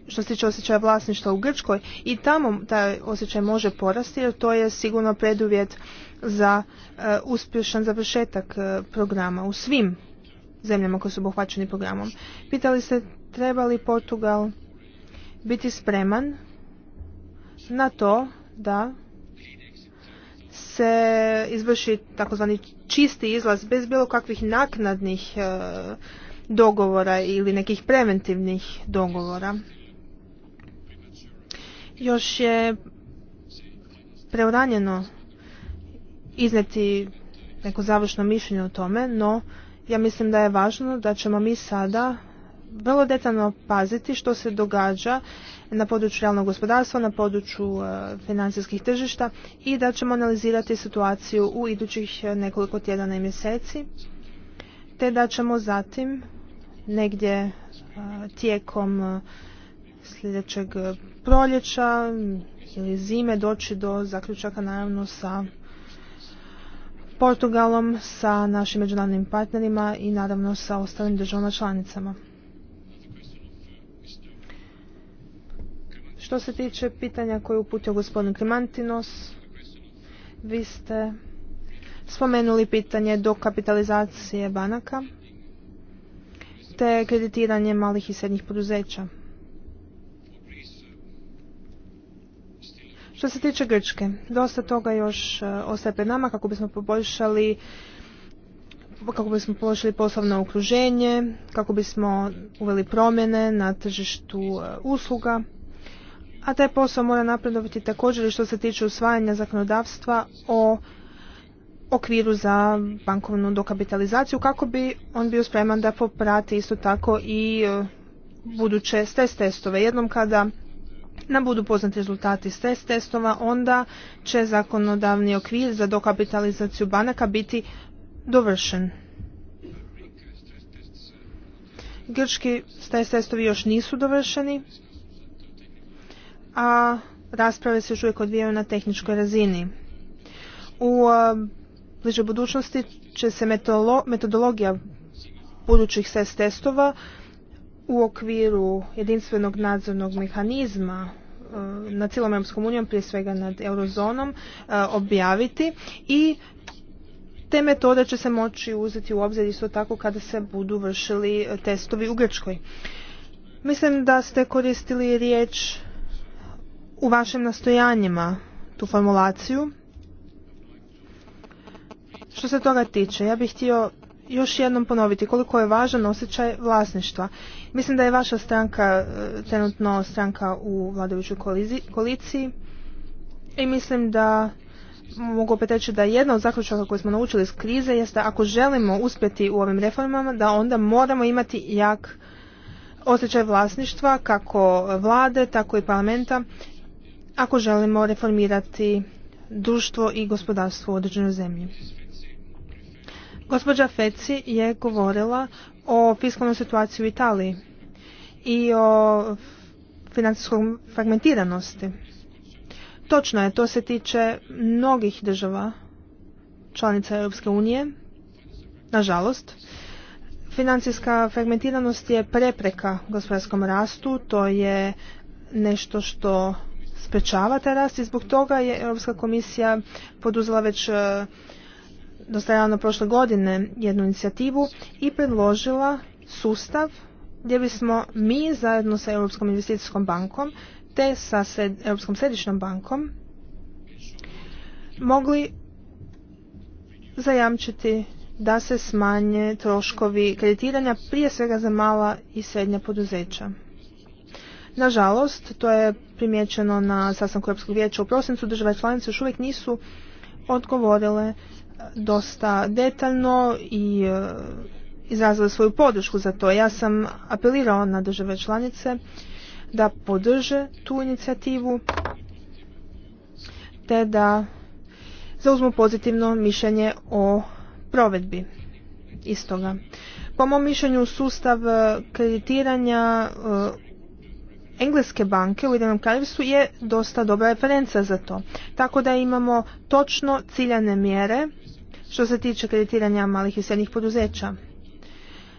što se tiče osjećaja vlasništva u Grčkoj i tamo taj osjećaj može porasti jer to je sigurno preduvjet za e, uspješan završetak e, programa u svim zemljama koje su obuhvaćeni programom. Pitali ste treba li Portugal biti spreman na to da se izvrši takozvani čisti izlaz bez bilo kakvih naknadnih e, dogovora ili nekih preventivnih dogovora. Još je preuranjeno izneti neko završno mišljenje o tome, no ja mislim da je važno da ćemo mi sada vrlo detaljno paziti što se događa na području realnog gospodarstva, na području e, financijskih tržišta i da ćemo analizirati situaciju u idućih e, nekoliko tjedana i mjeseci, te da ćemo zatim negdje e, tijekom sljedećeg proljeća ili zime doći do zaključaka naravno sa Portugalom, sa našim međunarodnim partnerima i naravno sa ostalim državama članicama. Što se tiče pitanja koje je uputio gospodin Klimantinos, vi ste spomenuli pitanje dokapitalizacije banaka te kreditiranje malih i srednjih poduzeća. Što se tiče Grčke, dosta toga još e, ostaje pred nama kako bismo poboljšali kako bismo poboljšali poslovno okruženje, kako bismo uveli promjene na tržištu e, usluga a taj posao mora napredovati također što se tiče usvajanja zakonodavstva o okviru za bankovnu dokapitalizaciju kako bi on bio spreman da poprati isto tako i e, buduće stres testove. Jednom kada nam budu poznati rezultati stres testova, onda će zakonodavni okvir za dokapitalizaciju banaka biti dovršen. Grčki stres testovi još nisu dovršeni, a rasprave se još uvijek odvijaju na tehničkoj razini. U e, bližoj budućnosti će se metodologija budućih SES testova u okviru jedinstvenog nadzornog mehanizma e, na cijelom EU prije svega nad eurozonom, e, objaviti i te metode će se moći uzeti u obzir isto tako kada se budu vršili testovi u Grčkoj. Mislim da ste koristili riječ u vašim nastojanjima tu formulaciju. Što se toga tiče, ja bih htio još jednom ponoviti koliko je važan osjećaj vlasništva. Mislim da je vaša stranka e, trenutno stranka u vladajućoj koaliciji i mislim da mogu opet reći da jedna od zaključaka koje smo naučili iz krize jeste da ako želimo uspjeti u ovim reformama da onda moramo imati jak osjećaj vlasništva kako vlade tako i parlamenta ako želimo reformirati društvo i gospodarstvo u određenoj zemlji. Gospođa Feci je govorila o fiskalnoj situaciji u Italiji i o financijskom fragmentiranosti. Točno je, to se tiče mnogih država članica Europske unije, nažalost. Financijska fragmentiranost je prepreka gospodarskom rastu, to je nešto što sprečava taj rast i zbog toga je Europska komisija poduzela već e, dosta javno prošle godine jednu inicijativu i predložila sustav gdje bismo mi zajedno sa Europskom investicijskom bankom te sa Europskom središnjom bankom mogli zajamčiti da se smanje troškovi kreditiranja prije svega za mala i srednja poduzeća. Nažalost, to je primjećeno na sastanku Europskog vijeća u prosincu, države članice još uvijek nisu odgovorile e, dosta detaljno i e, izrazile svoju podršku za to. Ja sam apelirao na države članice da podrže tu inicijativu te da zauzmu pozitivno mišljenje o provedbi istoga. Po mom mišljenju sustav e, kreditiranja engleske banke u Ujedinom kraljevstvu je dosta dobra referenca za to. Tako da imamo točno ciljane mjere što se tiče kreditiranja malih i srednjih poduzeća.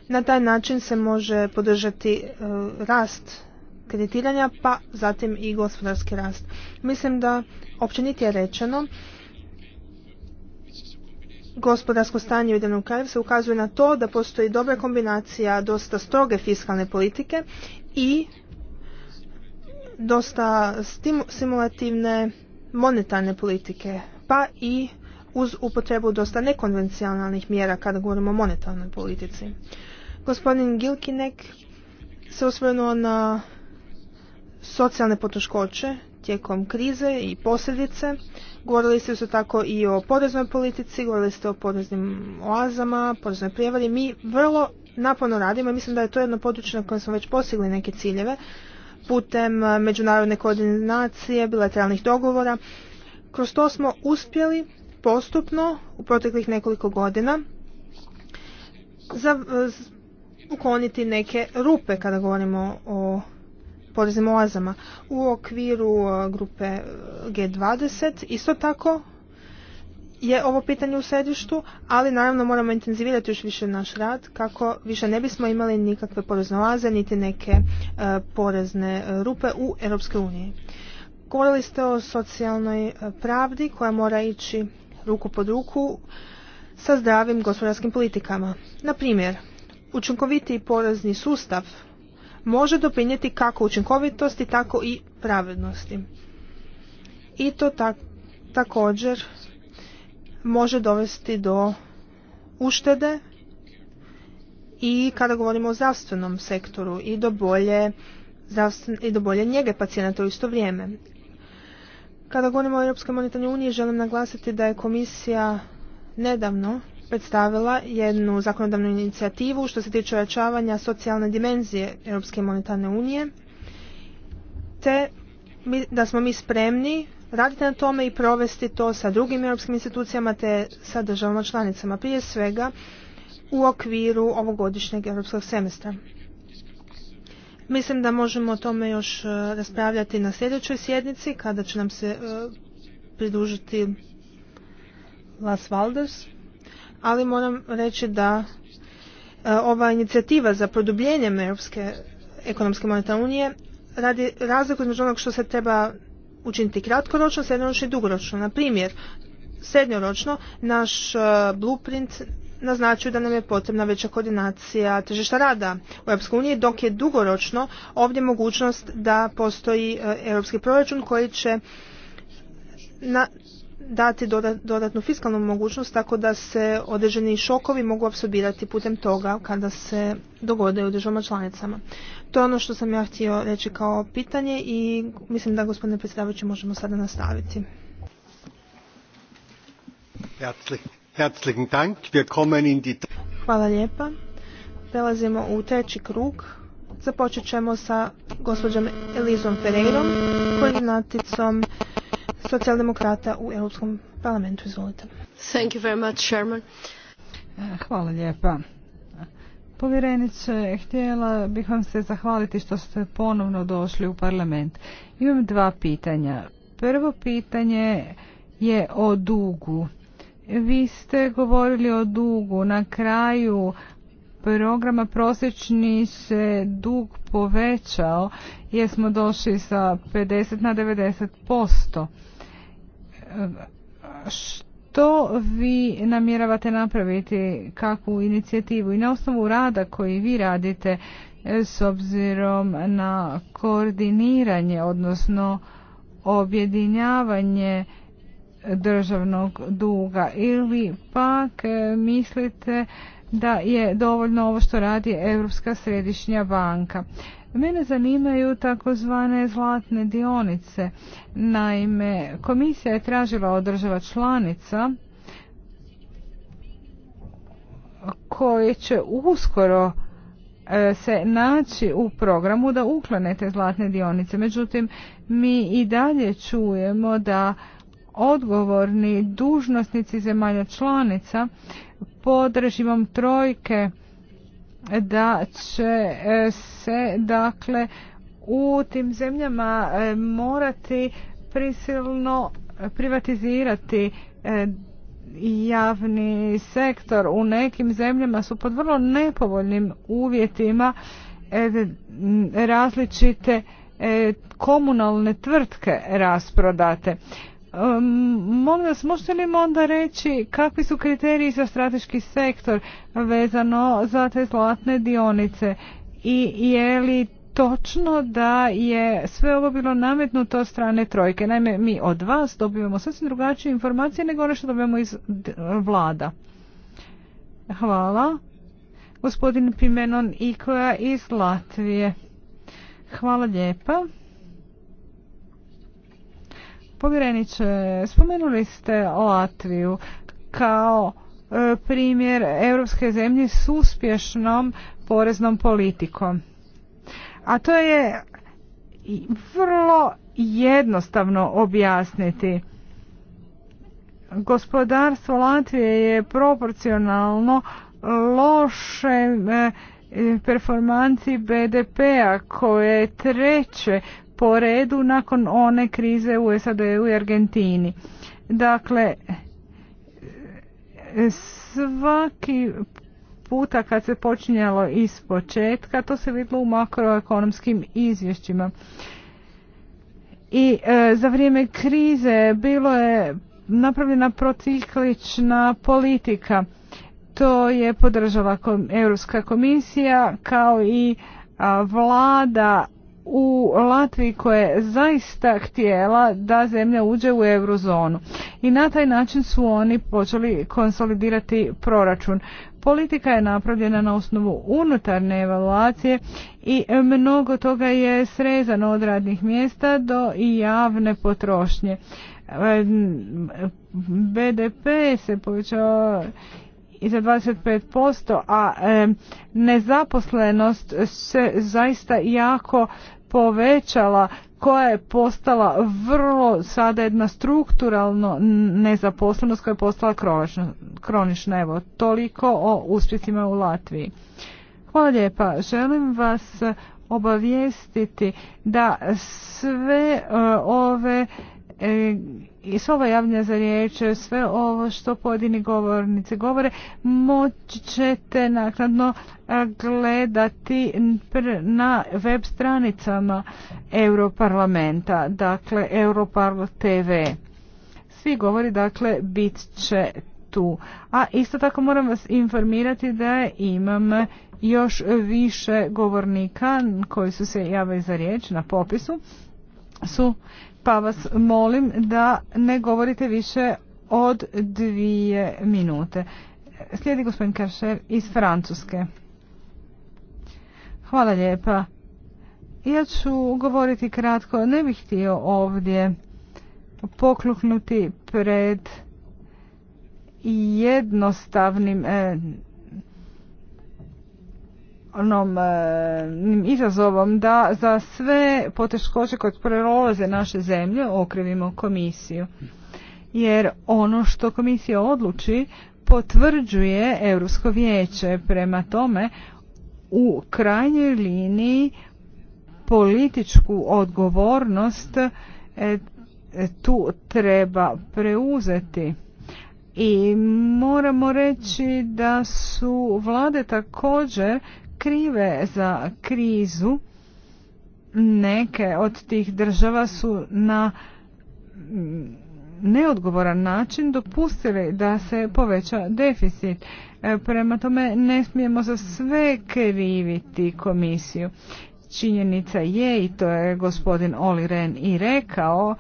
Na taj način se može podržati e, rast kreditiranja pa zatim i gospodarski rast. Mislim da općenito je rečeno Gospodarsko stanje u Ujedinom se ukazuje na to da postoji dobra kombinacija dosta stroge fiskalne politike i dosta simulativne monetarne politike, pa i uz upotrebu dosta nekonvencionalnih mjera kada govorimo o monetarnoj politici. Gospodin Gilkinek se osvrnuo na socijalne poteškoće tijekom krize i posljedice. Govorili ste isto tako i o poreznoj politici, govorili ste o poreznim oazama, poreznoj prijevari. Mi vrlo naporno radimo i mislim da je to jedno područje na kojem smo već postigli neke ciljeve putem eh, međunarodne koordinacije, bilateralnih dogovora. Kroz to smo uspjeli postupno u proteklih nekoliko godina za, eh, ukloniti neke rupe kada govorimo o poreznim oazama. U okviru eh, grupe G20 isto tako je ovo pitanje u središtu, ali naravno moramo intenzivirati još više naš rad kako više ne bismo imali nikakve porezne niti neke e, porezne rupe u Europskoj uniji. Govorili ste o socijalnoj e, pravdi koja mora ići ruku pod ruku sa zdravim gospodarskim politikama. Na primjer, učinkovitiji porezni sustav može doprinijeti kako učinkovitosti, tako i pravednosti. I to također može dovesti do uštede i kada govorimo o zdravstvenom sektoru i do bolje, i do bolje njege pacijenata u isto vrijeme. Kada govorimo o Europskoj monetarnoj uniji želim naglasiti da je komisija nedavno predstavila jednu zakonodavnu inicijativu što se tiče ojačavanja socijalne dimenzije Europske monetarne unije te da smo mi spremni raditi na tome i provesti to sa drugim europskim institucijama te sa državama članicama, prije svega u okviru ovogodišnjeg europskog semestra. Mislim da možemo o tome još e, raspravljati na sljedećoj sjednici kada će nam se pridužiti e, pridružiti Las Valders, ali moram reći da e, ova inicijativa za produbljenjem Europske ekonomske monetarne unije radi razliku između onog što se treba učiniti kratkoročno, srednjoročno i dugoročno. Na primjer, srednjoročno naš e, blueprint naznačuju da nam je potrebna veća koordinacija tržišta rada u EU, dok je dugoročno ovdje mogućnost da postoji e, europski proračun koji će na dati dodatnu fiskalnu mogućnost tako da se određeni šokovi mogu apsorbirati putem toga kada se dogode u državama članicama. To je ono što sam ja htio reći kao pitanje i mislim da gospodine predsjedavajući možemo sada nastaviti. Hvala lijepa. Prelazimo u treći krug. Započet ćemo sa gospođom Elizom Ferreirom, koordinaticom socijaldemokrata u Europskom parlamentu. Izvolite. Thank you very much, eh, Hvala lijepa. Povjerenice, htjela bih vam se zahvaliti što ste ponovno došli u parlament. Imam dva pitanja. Prvo pitanje je o dugu. Vi ste govorili o dugu. Na kraju programa prosječni se dug povećao jer smo došli sa 50 na 90%. Što vi namjeravate napraviti, kakvu inicijativu i na osnovu rada koji vi radite s obzirom na koordiniranje, odnosno objedinjavanje državnog duga ili pak e, mislite da je dovoljno ovo što radi Europska središnja banka. Mene zanimaju takozvane zlatne dionice. Naime, komisija je tražila održava članica koje će uskoro e, se naći u programu da uklanete te zlatne dionice. Međutim, mi i dalje čujemo da odgovorni dužnosnici zemalja članica pod režimom trojke da će e, se dakle u tim zemljama e, morati prisilno privatizirati e, javni sektor u nekim zemljama su pod vrlo nepovoljnim uvjetima različite komunalne tvrtke rasprodate Molim možete li onda reći kakvi su kriteriji za strateški sektor vezano za te zlatne dionice i je li točno da je sve ovo bilo nametnuto od strane trojke. Naime, mi od vas dobivamo sasvim drugačije informacije nego ono što dobivamo iz vlada. Hvala. Gospodin Pimenon Ikoja iz Latvije. Hvala lijepa. Povjereniče, spomenuli ste Latviju kao e, primjer europske zemlje s uspješnom poreznom politikom. A to je vrlo jednostavno objasniti. Gospodarstvo Latvije je proporcionalno loše e, performanci BDP-a koje treće po redu nakon one krize u SAD-u i Argentini. Dakle, svaki puta kad se počinjalo iz početka, to se vidlo u makroekonomskim izvješćima. I e, za vrijeme krize bilo je napravljena prociklična politika. To je podržala Europska komisija kao i vlada u Latviji koja je zaista htjela da zemlja uđe u eurozonu. I na taj način su oni počeli konsolidirati proračun. Politika je napravljena na osnovu unutarne evaluacije i mnogo toga je srezano od radnih mjesta do i javne potrošnje. E, BDP se povećao i za 25%, a nezaposlenost se zaista jako povećala koja je postala vrlo sada jedna strukturalno nezaposlenost koja je postala kronična. Evo, toliko o uspjesima u Latviji. Hvala lijepa. Želim vas obavijestiti da sve e, ove e, i ova javlja za riječ, sve ovo što pojedini govornici govore, moći ćete naknadno e, gledati na web stranicama Europarlamenta, dakle Europarl TV. Svi govori, dakle, bit će tu. A isto tako moram vas informirati da imam još više govornika koji su se javili za riječ na popisu su pa vas molim da ne govorite više od dvije minute. Slijedi gospodin Karšev iz Francuske. Hvala lijepa. Ja ću govoriti kratko, ne bih htio ovdje pokluknuti pred jednostavnim eh, onom e, izazovom da za sve poteškoće koje prolaze naše zemlje okrivimo komisiju. Jer ono što komisija odluči potvrđuje Europsko vijeće. Prema tome u krajnjoj liniji političku odgovornost e, e, tu treba preuzeti. I moramo reći da su vlade također krive za krizu. Neke od tih država su na neodgovoran način dopustili da se poveća deficit. E, prema tome ne smijemo za sve kriviti komisiju. Činjenica je, i to je gospodin Oli Ren i rekao,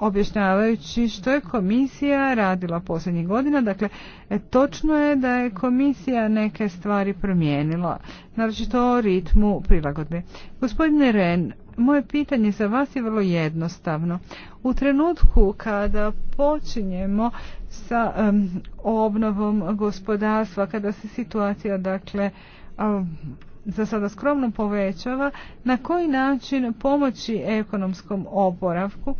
objašnjavajući što je komisija radila posljednjih godina. Dakle, točno je da je komisija neke stvari promijenila, naročito o ritmu prilagodbe. Gospodine Ren, moje pitanje za vas je vrlo jednostavno. U trenutku kada počinjemo sa obnovom gospodarstva, kada se situacija dakle za sada skromno povećava, na koji način pomoći ekonomskom oporavku,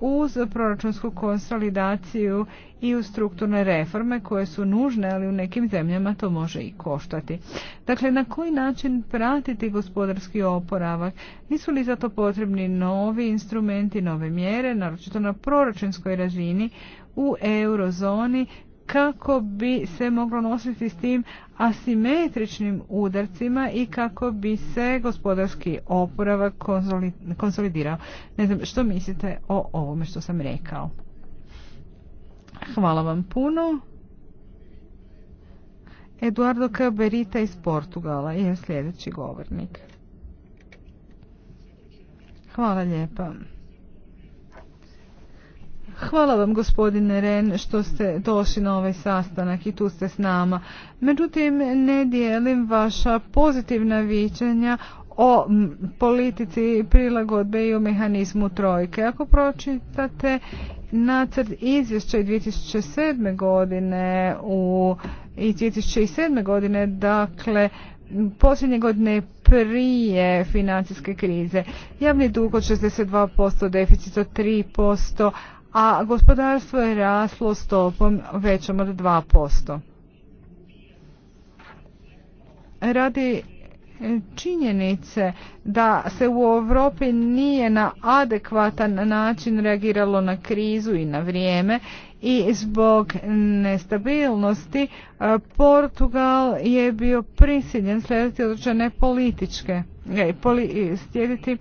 uz proračunsku konsolidaciju i u strukturne reforme koje su nužne, ali u nekim zemljama to može i koštati. Dakle, na koji način pratiti gospodarski oporavak? Nisu li zato potrebni novi instrumenti, nove mjere, naročito na proračunskoj razini u eurozoni kako bi se moglo nositi s tim asimetričnim udarcima i kako bi se gospodarski oporavak konsolidirao. Ne znam što mislite o ovome što sam rekao. Hvala vam puno. Eduardo Caberita iz Portugala je sljedeći govornik. Hvala lijepa. Hvala vam gospodine Ren što ste došli na ovaj sastanak i tu ste s nama. Međutim, ne dijelim vaša pozitivna viđenja o politici prilagodbe i o mehanizmu trojke. Ako pročitate nacrt izvješća 2007. godine u, i 2007. godine, dakle, posljednje godine prije financijske krize. Javni dug od 62%, deficit od 3%, a gospodarstvo je raslo stopom većom od 2%. Radi činjenice da se u Europi nije na adekvatan način reagiralo na krizu i na vrijeme i zbog nestabilnosti e, Portugal je bio prisiljen slijediti određene političke e, slijediti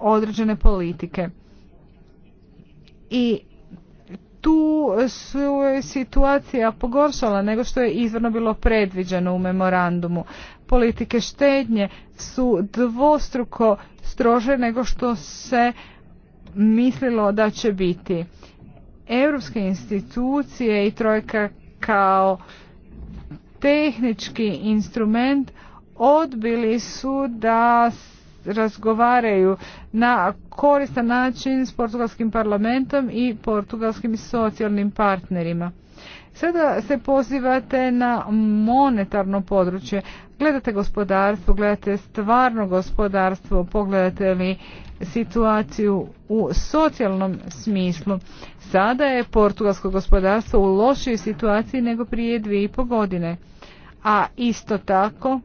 određene politike i tu su situacija pogoršala nego što je izvrno bilo predviđeno u memorandumu. Politike štednje su dvostruko strože nego što se mislilo da će biti. Europske institucije i trojka kao tehnički instrument odbili su da razgovaraju na koristan način s portugalskim parlamentom i portugalskim socijalnim partnerima. Sada se pozivate na monetarno područje. Gledate gospodarstvo, gledate stvarno gospodarstvo, pogledate li situaciju u socijalnom smislu. Sada je portugalsko gospodarstvo u lošoj situaciji nego prije dvije i po godine. A isto tako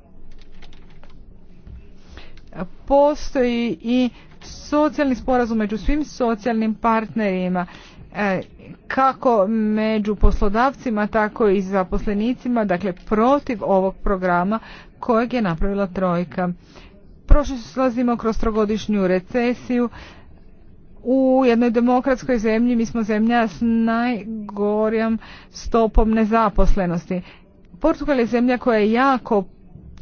postoji i socijalni sporazum među svim socijalnim partnerima e, kako među poslodavcima tako i zaposlenicima dakle protiv ovog programa kojeg je napravila trojka prošli slazimo kroz trogodišnju recesiju u jednoj demokratskoj zemlji mi smo zemlja s najgorijom stopom nezaposlenosti Portugal je zemlja koja je jako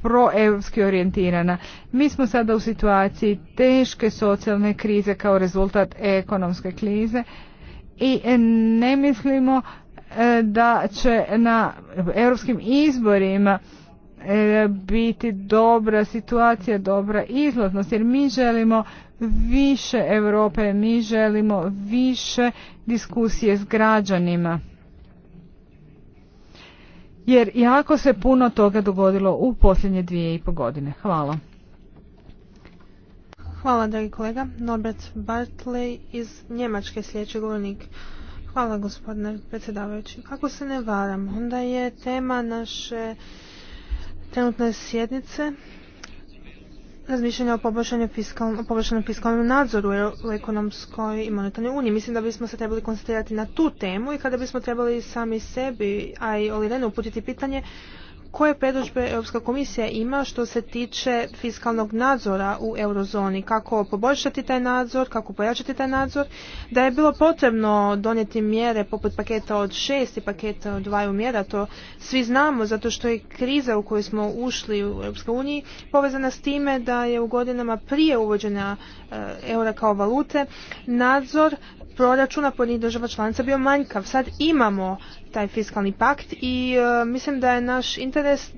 proevropski orijentirana. Mi smo sada u situaciji teške socijalne krize kao rezultat ekonomske krize i ne mislimo e, da će na europskim izborima e, biti dobra situacija, dobra izlaznost, jer mi želimo više Europe, mi želimo više diskusije s građanima jer jako se puno toga dogodilo u posljednje dvije i po godine. Hvala. Hvala, dragi kolega. Norbert Bartley iz Njemačke sljedeći govornik. Hvala, gospodine predsjedavajući. Kako se ne varam, onda je tema naše trenutne sjednice razmišljanja o poboljšanju fiskalnom, nadzoru u ekonomskoj i monetarnoj uniji. Mislim da bismo se trebali koncentrirati na tu temu i kada bismo trebali sami sebi, a i Olirenu uputiti pitanje koje predođbe Europska komisija ima što se tiče fiskalnog nadzora u eurozoni, kako poboljšati taj nadzor, kako pojačati taj nadzor, da je bilo potrebno donijeti mjere poput paketa od šest i paketa od dvaju mjera, to svi znamo zato što je kriza u koju smo ušli u Europskoj uniji povezana s time da je u godinama prije uvođenja e, eura kao valute nadzor proračuna pojedinih država članica bio manjkav. Sad imamo taj fiskalni pakt i e, mislim da je naš interes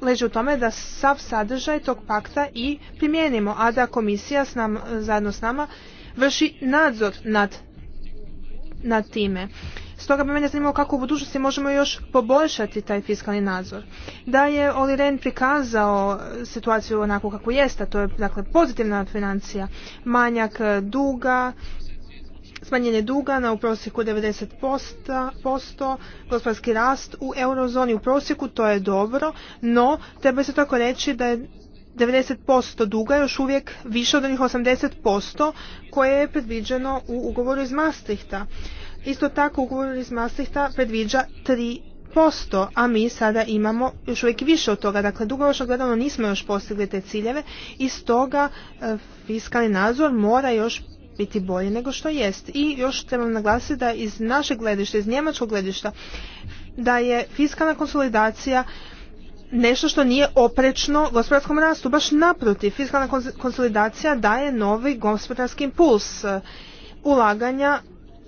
leži u tome da sav sadržaj tog pakta i primijenimo, a da komisija s zajedno s nama vrši nadzor nad, nad time. Stoga bi mene zanimalo kako u budućnosti možemo još poboljšati taj fiskalni nadzor. Da je Oli Ren prikazao situaciju onako kako jeste, to je dakle pozitivna financija, manjak duga, smanjenje duga na u prosjeku 90%, posto, gospodarski rast u eurozoni u prosjeku, to je dobro, no treba se tako reći da je 90% duga još uvijek više od onih 80% koje je predviđeno u ugovoru iz Maastrichta. Isto tako ugovor iz Maastrichta predviđa 3%, a mi sada imamo još uvijek više od toga. Dakle, dugoročno gledano nismo još postigli te ciljeve i stoga e, fiskalni nadzor mora još biti bolje nego što jest. I još trebam naglasiti da iz našeg gledišta, iz njemačkog gledišta, da je fiskalna konsolidacija nešto što nije oprečno gospodarskom rastu. Baš naprotiv, fiskalna konsolidacija daje novi gospodarski impuls ulaganja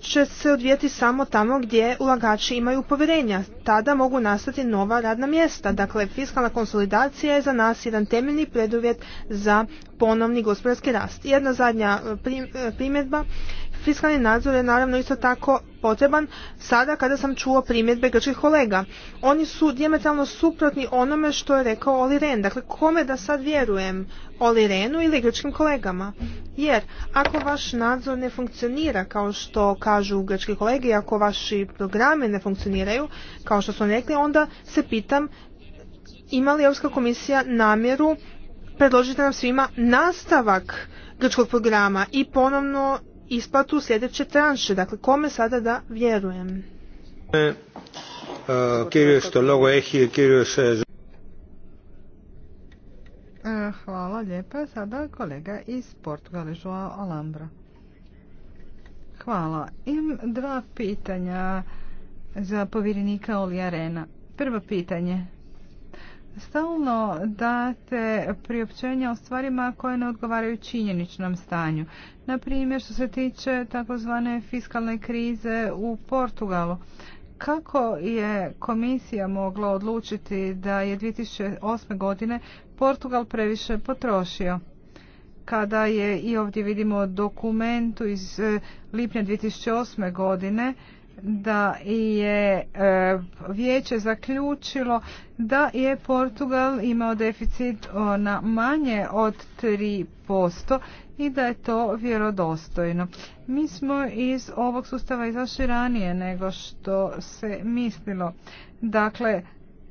će se odvijeti samo tamo gdje ulagači imaju povjerenja. Tada mogu nastati nova radna mjesta. Dakle, fiskalna konsolidacija je za nas jedan temeljni preduvjet za ponovni gospodarski rast. Jedna zadnja e, e, primjedba Fiskalni nadzor je naravno isto tako potreban sada kada sam čuo primjedbe grčkih kolega. Oni su diametralno suprotni onome što je rekao Oli Ren. Dakle, kome da sad vjerujem? Oli Renu ili grčkim kolegama? Jer ako vaš nadzor ne funkcionira kao što kažu grčki kolege, ako vaši programe ne funkcioniraju kao što su rekli, onda se pitam ima li Europska komisija namjeru predložiti nam svima nastavak grčkog programa i ponovno isplatu sljedeće tranše. Dakle, kome sada da vjerujem? E, e, e, hvala lijepa. Sada kolega iz Portugala, Joao Alambra. Hvala. Imam dva pitanja za povjerenika Olija Arena. Prvo pitanje stalno date priopćenja o stvarima koje ne odgovaraju činjeničnom stanju. Na primjer, što se tiče takozvane fiskalne krize u Portugalu. Kako je komisija mogla odlučiti da je 2008. godine Portugal previše potrošio? Kada je i ovdje vidimo dokumentu iz eh, lipnja 2008. godine da je e, vijeće zaključilo da je Portugal imao deficit e, na manje od 3% i da je to vjerodostojno. Mi smo iz ovog sustava izašli ranije nego što se mislilo. Dakle,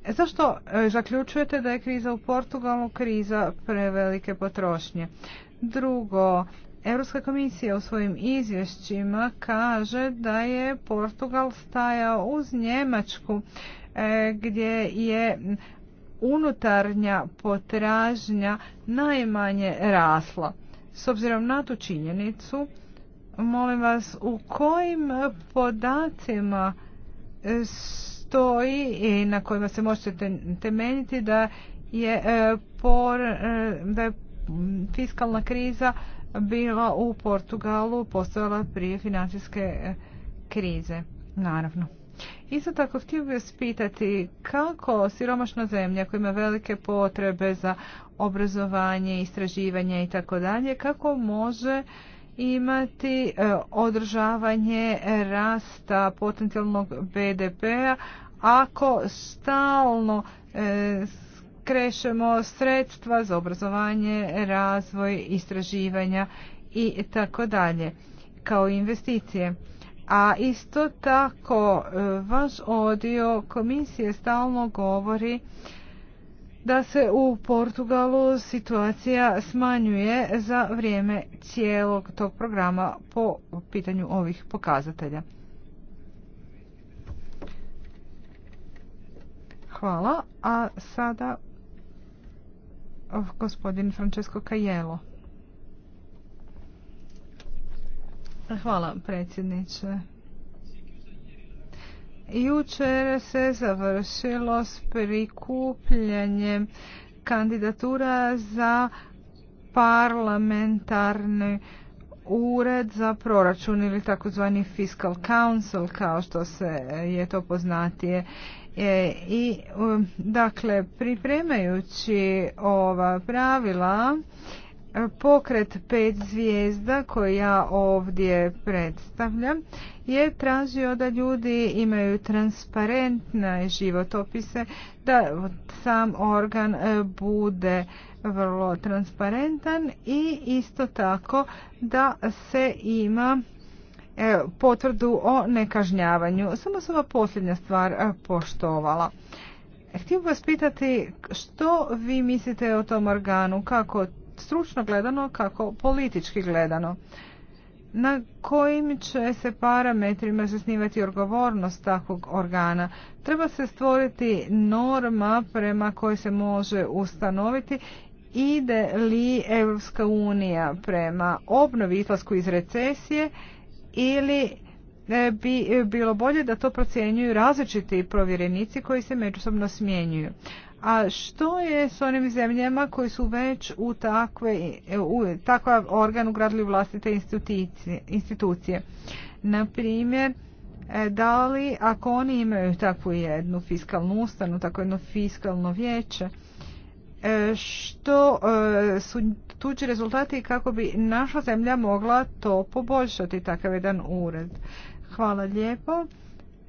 zašto e, zaključujete da je kriza u Portugalu kriza prevelike potrošnje? Drugo, Europska komisija u svojim izvješćima kaže da je Portugal stajao uz Njemačku e, gdje je unutarnja potražnja najmanje rasla. S obzirom na tu činjenicu, molim vas, u kojim podacima stoji i na kojima se možete temeljiti da je, e, e, da je fiskalna kriza bila u Portugalu postojala prije financijske eh, krize, naravno. Isto tako htio bih spitati kako siromašna zemlja koja ima velike potrebe za obrazovanje, istraživanje i tako dalje, kako može imati eh, održavanje rasta potencijalnog BDP-a ako stalno eh, krešemo sredstva za obrazovanje, razvoj, istraživanja i tako dalje kao investicije. A isto tako e, vaš odio komisije stalno govori da se u Portugalu situacija smanjuje za vrijeme cijelog tog programa po pitanju ovih pokazatelja. Hvala, a sada Oh, gospodin Francesco Cajelo. Hvala predsjedniče. Jučer se završilo s prikupljanjem kandidatura za parlamentarni ured za proračun ili takozvani fiscal council kao što se je to poznatije E, I dakle, pripremajući ova pravila, e, pokret pet zvijezda koji ja ovdje predstavljam je tražio da ljudi imaju transparentne životopise, da sam organ e, bude vrlo transparentan i isto tako da se ima E, potvrdu o nekažnjavanju. Samo sam ova posljednja stvar e, poštovala. Htio vas pitati što vi mislite o tom organu, kako stručno gledano, kako politički gledano. Na kojim će se parametrima zasnivati odgovornost takvog organa? Treba se stvoriti norma prema kojoj se može ustanoviti ide li EU unija prema obnovi izlasku iz recesije ili e, bi e, bilo bolje da to procjenjuju različiti provjerenici koji se međusobno smjenjuju. A što je s onim zemljama koji su već u, takve, e, u takav organ ugradili vlastite institucije? Naprimjer, Na primjer, da li ako oni imaju takvu jednu fiskalnu ustanu, takvu jedno fiskalno vijeće, E, što e, su tuđi rezultati kako bi naša zemlja mogla to poboljšati, takav jedan ured. Hvala lijepo.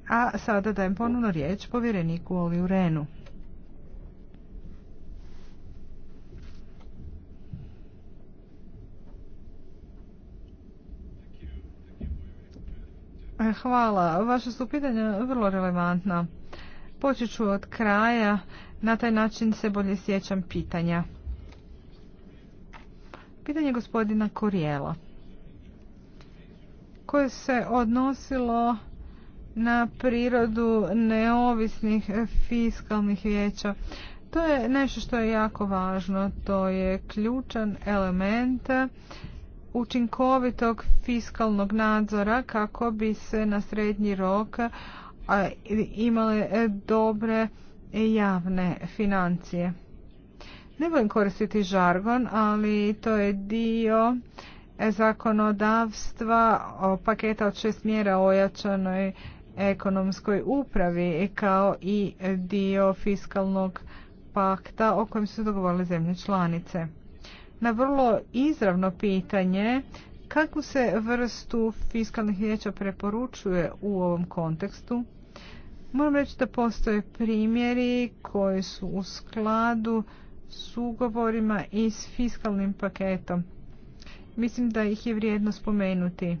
A sada dajem ponovno riječ povjereniku Oliju Renu. E, hvala. Vaše su pitanja vrlo relevantna. Počet ću od kraja. Na taj način se bolje sjećam pitanja. Pitanje gospodina Korijela koje se odnosilo na prirodu neovisnih fiskalnih vijeća. To je nešto što je jako važno. To je ključan element učinkovitog fiskalnog nadzora kako bi se na srednji rok imale dobre javne financije. Ne volim koristiti žargon, ali to je dio e, zakonodavstva paketa od šest mjera ojačanoj ekonomskoj upravi kao i dio fiskalnog pakta o kojem su dogovorile zemlje članice. Na vrlo izravno pitanje kakvu se vrstu fiskalnih vijeća preporučuje u ovom kontekstu, Moram reći da postoje primjeri koji su u skladu s ugovorima i s fiskalnim paketom. Mislim da ih je vrijedno spomenuti.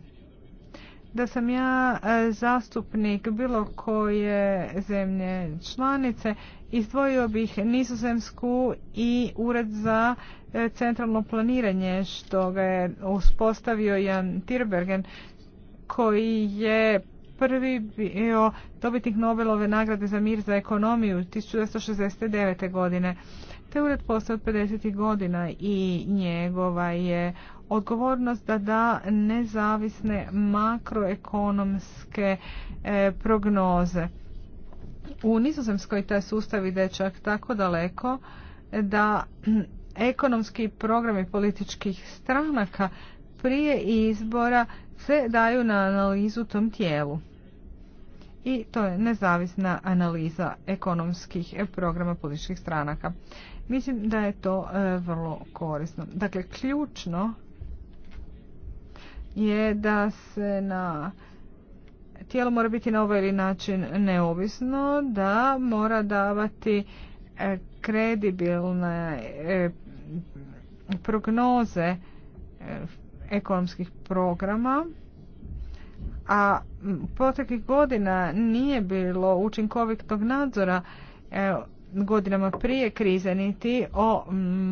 Da sam ja e, zastupnik bilo koje zemlje članice, izdvojio bih Nizozemsku i Ured za e, centralno planiranje što ga je uspostavio Jan Tirbergen koji je prvi bio dobitnik Nobelove nagrade za mir za ekonomiju 1969. godine. Te ured postoje od 50. godina i njegova je odgovornost da da nezavisne makroekonomske e, prognoze. U Nizozemskoj taj sustav ide čak tako daleko da ekonomski programi političkih stranaka prije izbora se daju na analizu tom tijelu i to je nezavisna analiza ekonomskih e, programa političkih stranaka. Mislim da je to e, vrlo korisno. Dakle, ključno je da se na tijelo mora biti na ovaj ili način neovisno, da mora davati e, kredibilne prognoze ekonomskih programa a proteklih godina nije bilo učinkovitog nadzora e, godinama prije krize, niti o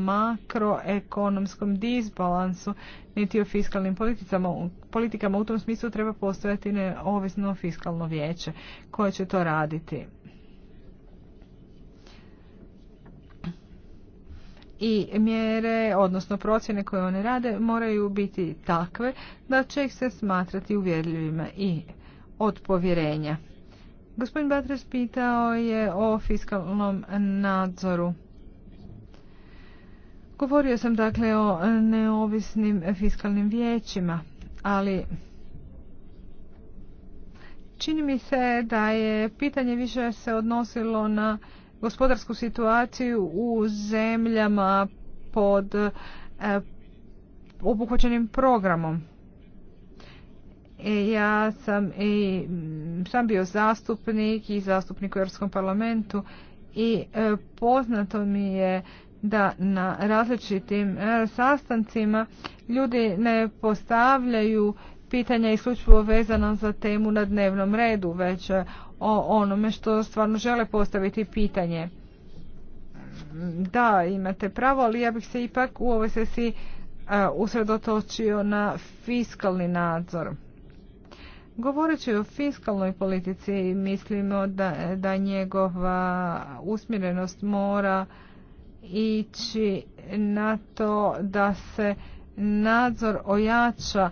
makroekonomskom disbalansu, niti o fiskalnim politikama. U tom smislu treba postojati neovisno fiskalno vijeće koje će to raditi. i mjere, odnosno procjene koje one rade, moraju biti takve da će ih se smatrati uvjerljivima i od povjerenja. Gospodin Batres pitao je o fiskalnom nadzoru. Govorio sam dakle o neovisnim fiskalnim vijećima, ali čini mi se da je pitanje više se odnosilo na gospodarsku situaciju u zemljama pod e, obuhvaćenim programom. E, ja sam i mm, sam bio zastupnik i zastupnik u Europskom parlamentu i e, poznato mi je da na različitim sastancima ljudi ne postavljaju pitanja isključivo vezana za temu na dnevnom redu, već o onome što stvarno žele postaviti pitanje. Da, imate pravo, ali ja bih se ipak u ovoj sesiji e, usredotočio na fiskalni nadzor. Govoreći o fiskalnoj politici, mislimo da, da njegova usmjerenost mora ići na to da se nadzor ojača,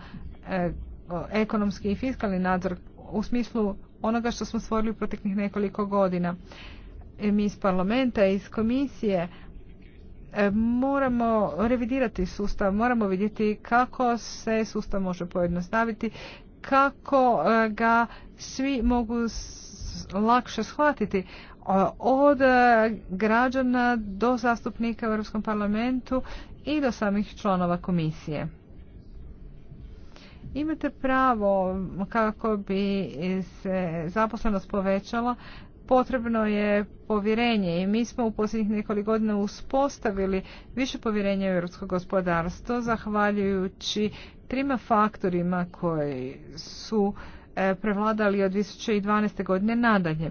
e, ekonomski i fiskalni nadzor u smislu onoga što smo stvorili u proteklih nekoliko godina. E, mi iz parlamenta, i iz komisije e, moramo revidirati sustav, moramo vidjeti kako se sustav može pojednostaviti, kako e, ga svi mogu lakše shvatiti od građana do zastupnika u Europskom parlamentu i do samih članova komisije. Imate pravo kako bi se zaposlenost povećala, potrebno je povjerenje i mi smo u posljednjih nekoliko godina uspostavili više povjerenja u europsko gospodarstvo zahvaljujući trima faktorima koji su e, prevladali od 2012. godine nadalje.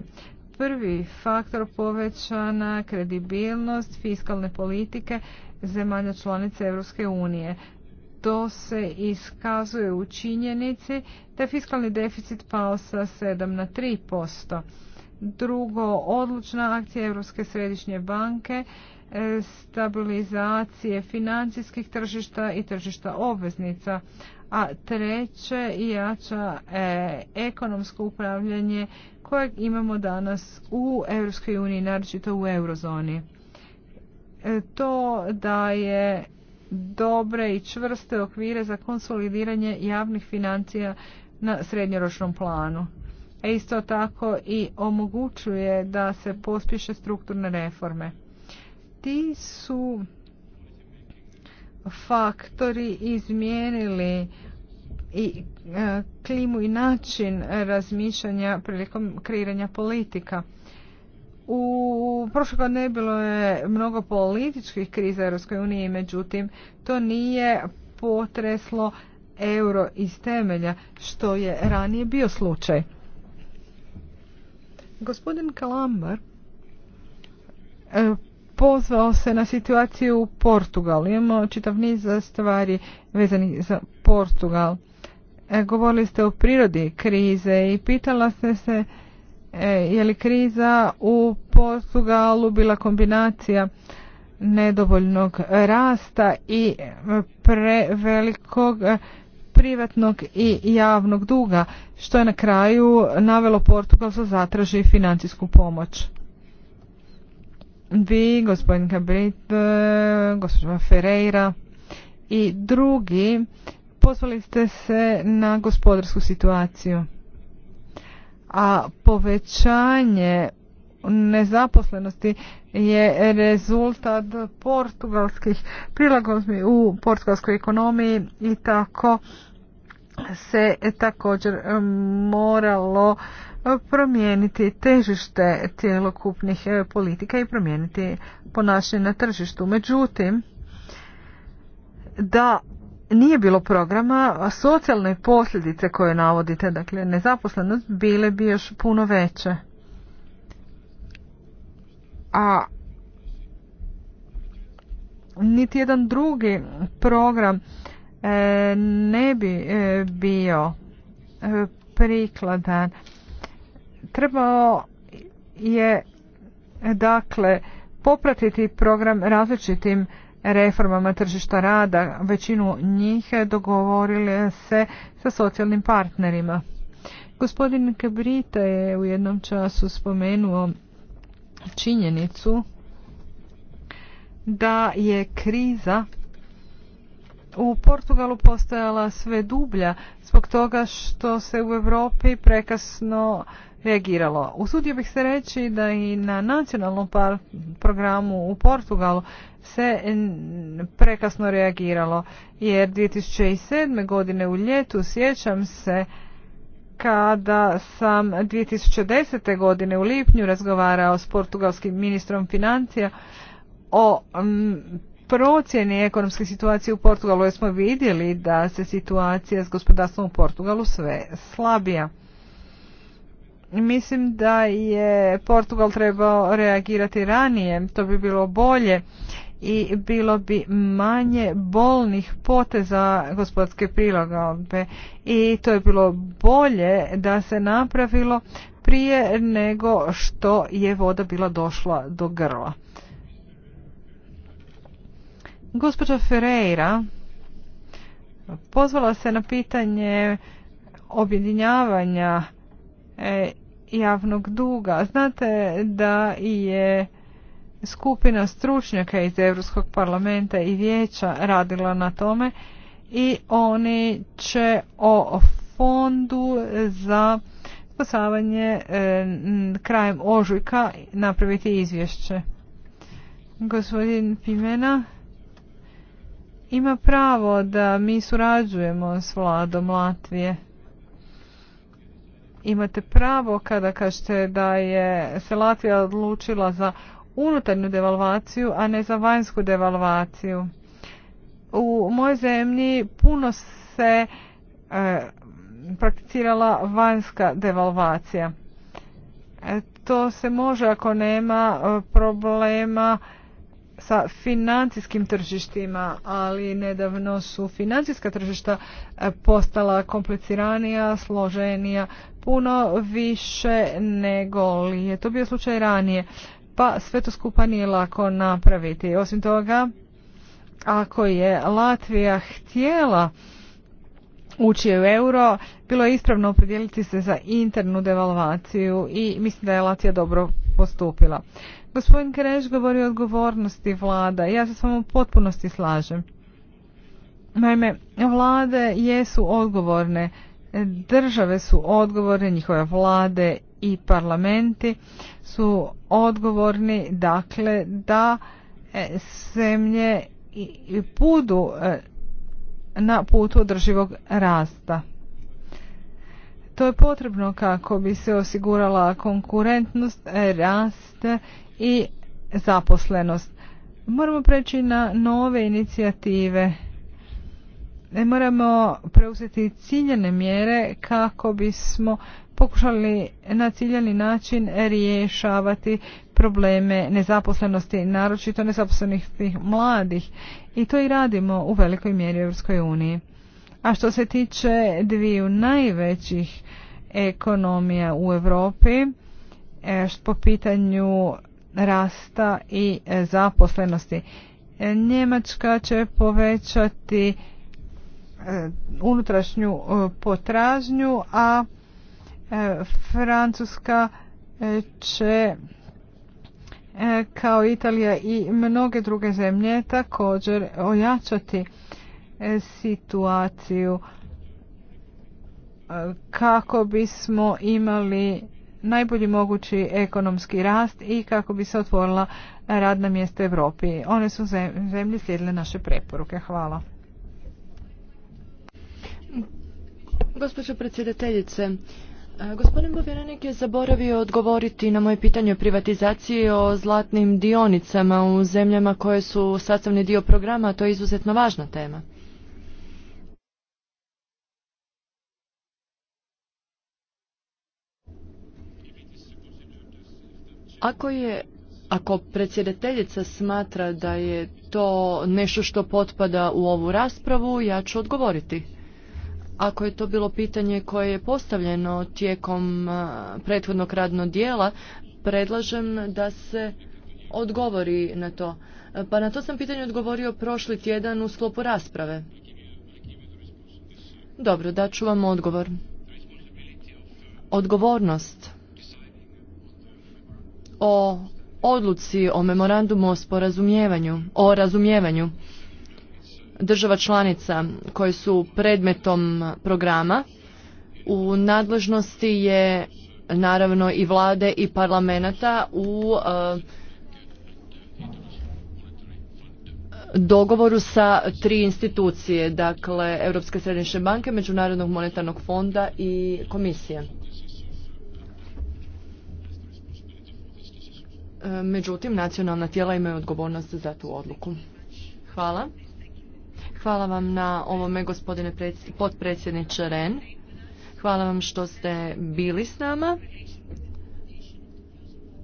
Prvi faktor povećana kredibilnost fiskalne politike zemalja članica Europske unije to se iskazuje u činjenici da je fiskalni deficit pao sa 7 na 3%. Drugo, odlučna akcija Europske središnje banke e, stabilizacije financijskih tržišta i tržišta obveznica, a treće jača e, ekonomsko upravljanje kojeg imamo danas u EU, naročito u eurozoni. E, to da je dobre i čvrste okvire za konsolidiranje javnih financija na srednjoročnom planu. E isto tako i omogućuje da se pospiše strukturne reforme. Ti su faktori izmijenili i e, klimu i način razmišljanja prilikom kreiranja politika. U prošle godine bilo je mnogo političkih kriza Europskoj uniji, međutim to nije potreslo euro iz temelja, što je ranije bio slučaj. Gospodin Kalambar e, pozvao se na situaciju u Portugalu. Imamo čitav niz stvari vezanih za Portugal. E, govorili ste o prirodi krize i pitala ste se E, je li kriza u Portugalu bila kombinacija nedovoljnog rasta i prevelikog privatnog i javnog duga, što je na kraju navelo Portugal za zatraži financijsku pomoć. Vi, gospodin Cabrit, e, gospođa Ferreira i drugi pozvali ste se na gospodarsku situaciju a povećanje nezaposlenosti je rezultat portugalskih prilagodbi u portugalskoj ekonomiji i tako se također moralo promijeniti težište cjelokupnih politika i promijeniti ponašanje na tržištu. Međutim, da nije bilo programa, a socijalne posljedice koje navodite, dakle nezaposlenost, bile bi još puno veće. A niti jedan drugi program e, ne bi e, bio e, prikladan. Trebao je dakle popratiti program različitim reformama tržišta rada, većinu njih dogovorile se sa socijalnim partnerima. Gospodin Kebrita je u jednom času spomenuo činjenicu da je kriza u Portugalu postojala sve dublja zbog toga što se u Europi prekasno reagiralo. Usudio bih se reći da i na nacionalnom programu u Portugalu se prekasno reagiralo. Jer 2007. godine u ljetu sjećam se kada sam 2010. godine u lipnju razgovarao s portugalskim ministrom financija o procjeni ekonomske situacije u Portugalu jer smo vidjeli da se situacija s gospodarstvom u Portugalu sve slabija. Mislim da je Portugal trebao reagirati ranije, to bi bilo bolje i bilo bi manje bolnih poteza gospodarske prilagodbe i to je bilo bolje da se napravilo prije nego što je voda bila došla do grla. Gospođa Ferreira pozvala se na pitanje objedinjavanja e, javnog duga. Znate da je skupina stručnjaka iz Europskog parlamenta i vijeća radila na tome i oni će o fondu za spasavanje e, krajem ožujka napraviti izvješće. Gospodin Pimena ima pravo da mi surađujemo s vladom Latvije. Imate pravo kada kažete da je se Latvija odlučila za unutarnju devalvaciju, a ne za vanjsku devalvaciju. U mojoj zemlji puno se e, prakticirala vanjska devalvacija. E, to se može ako nema e, problema sa financijskim tržištima, ali nedavno su financijska tržišta postala kompliciranija, složenija, puno više nego li je to bio slučaj ranije pa sve to skupa nije lako napraviti. Osim toga, ako je Latvija htjela ući u euro, bilo je ispravno opredijeliti se za internu devalvaciju i mislim da je Latvija dobro postupila. Gospodin Kreš govori o odgovornosti vlada. Ja se s vama u potpunosti slažem. Naime, vlade jesu odgovorne, države su odgovorne, njihove vlade i parlamenti su odgovorni dakle da e, zemlje budu e, na putu održivog rasta. To je potrebno kako bi se osigurala konkurentnost, rast i zaposlenost. Moramo preći na nove inicijative. E, moramo preuzeti ciljene mjere kako bismo pokušali na ciljani način rješavati probleme nezaposlenosti, naročito nezaposlenih mladih. I to i radimo u velikoj mjeri u Europskoj uniji. A što se tiče dviju najvećih ekonomija u Europi e, po pitanju rasta i e, zaposlenosti. E, Njemačka će povećati unutrašnju potražnju, a E, Francuska e, će e, kao Italija i mnoge druge zemlje također ojačati situaciju kako bismo imali najbolji mogući ekonomski rast i kako bi se otvorila radna mjesta Europi. One su zemlje slijedile naše preporuke. Hvala. Gospođo predsjedateljice, E, gospodin Bovjerenik je zaboravio odgovoriti na moje pitanje o privatizaciji o zlatnim dionicama u zemljama koje su sastavni dio programa, a to je izuzetno važna tema. Ako je ako predsjedateljica smatra da je to nešto što potpada u ovu raspravu, ja ću odgovoriti ako je to bilo pitanje koje je postavljeno tijekom prethodnog radnog dijela, predlažem da se odgovori na to. Pa na to sam pitanje odgovorio prošli tjedan u sklopu rasprave. Dobro, daću vam odgovor. Odgovornost o odluci o memorandumu o sporazumijevanju, o razumijevanju država članica koje su predmetom programa u nadležnosti je naravno i vlade i parlamenta u e, dogovoru sa tri institucije, dakle Europske središnje banke, Međunarodnog monetarnog fonda i komisije. E, međutim, nacionalna tijela imaju odgovornost za tu odluku. Hvala. Hvala vam na ovome gospodine potpredsjedniče Ren. Hvala vam što ste bili s nama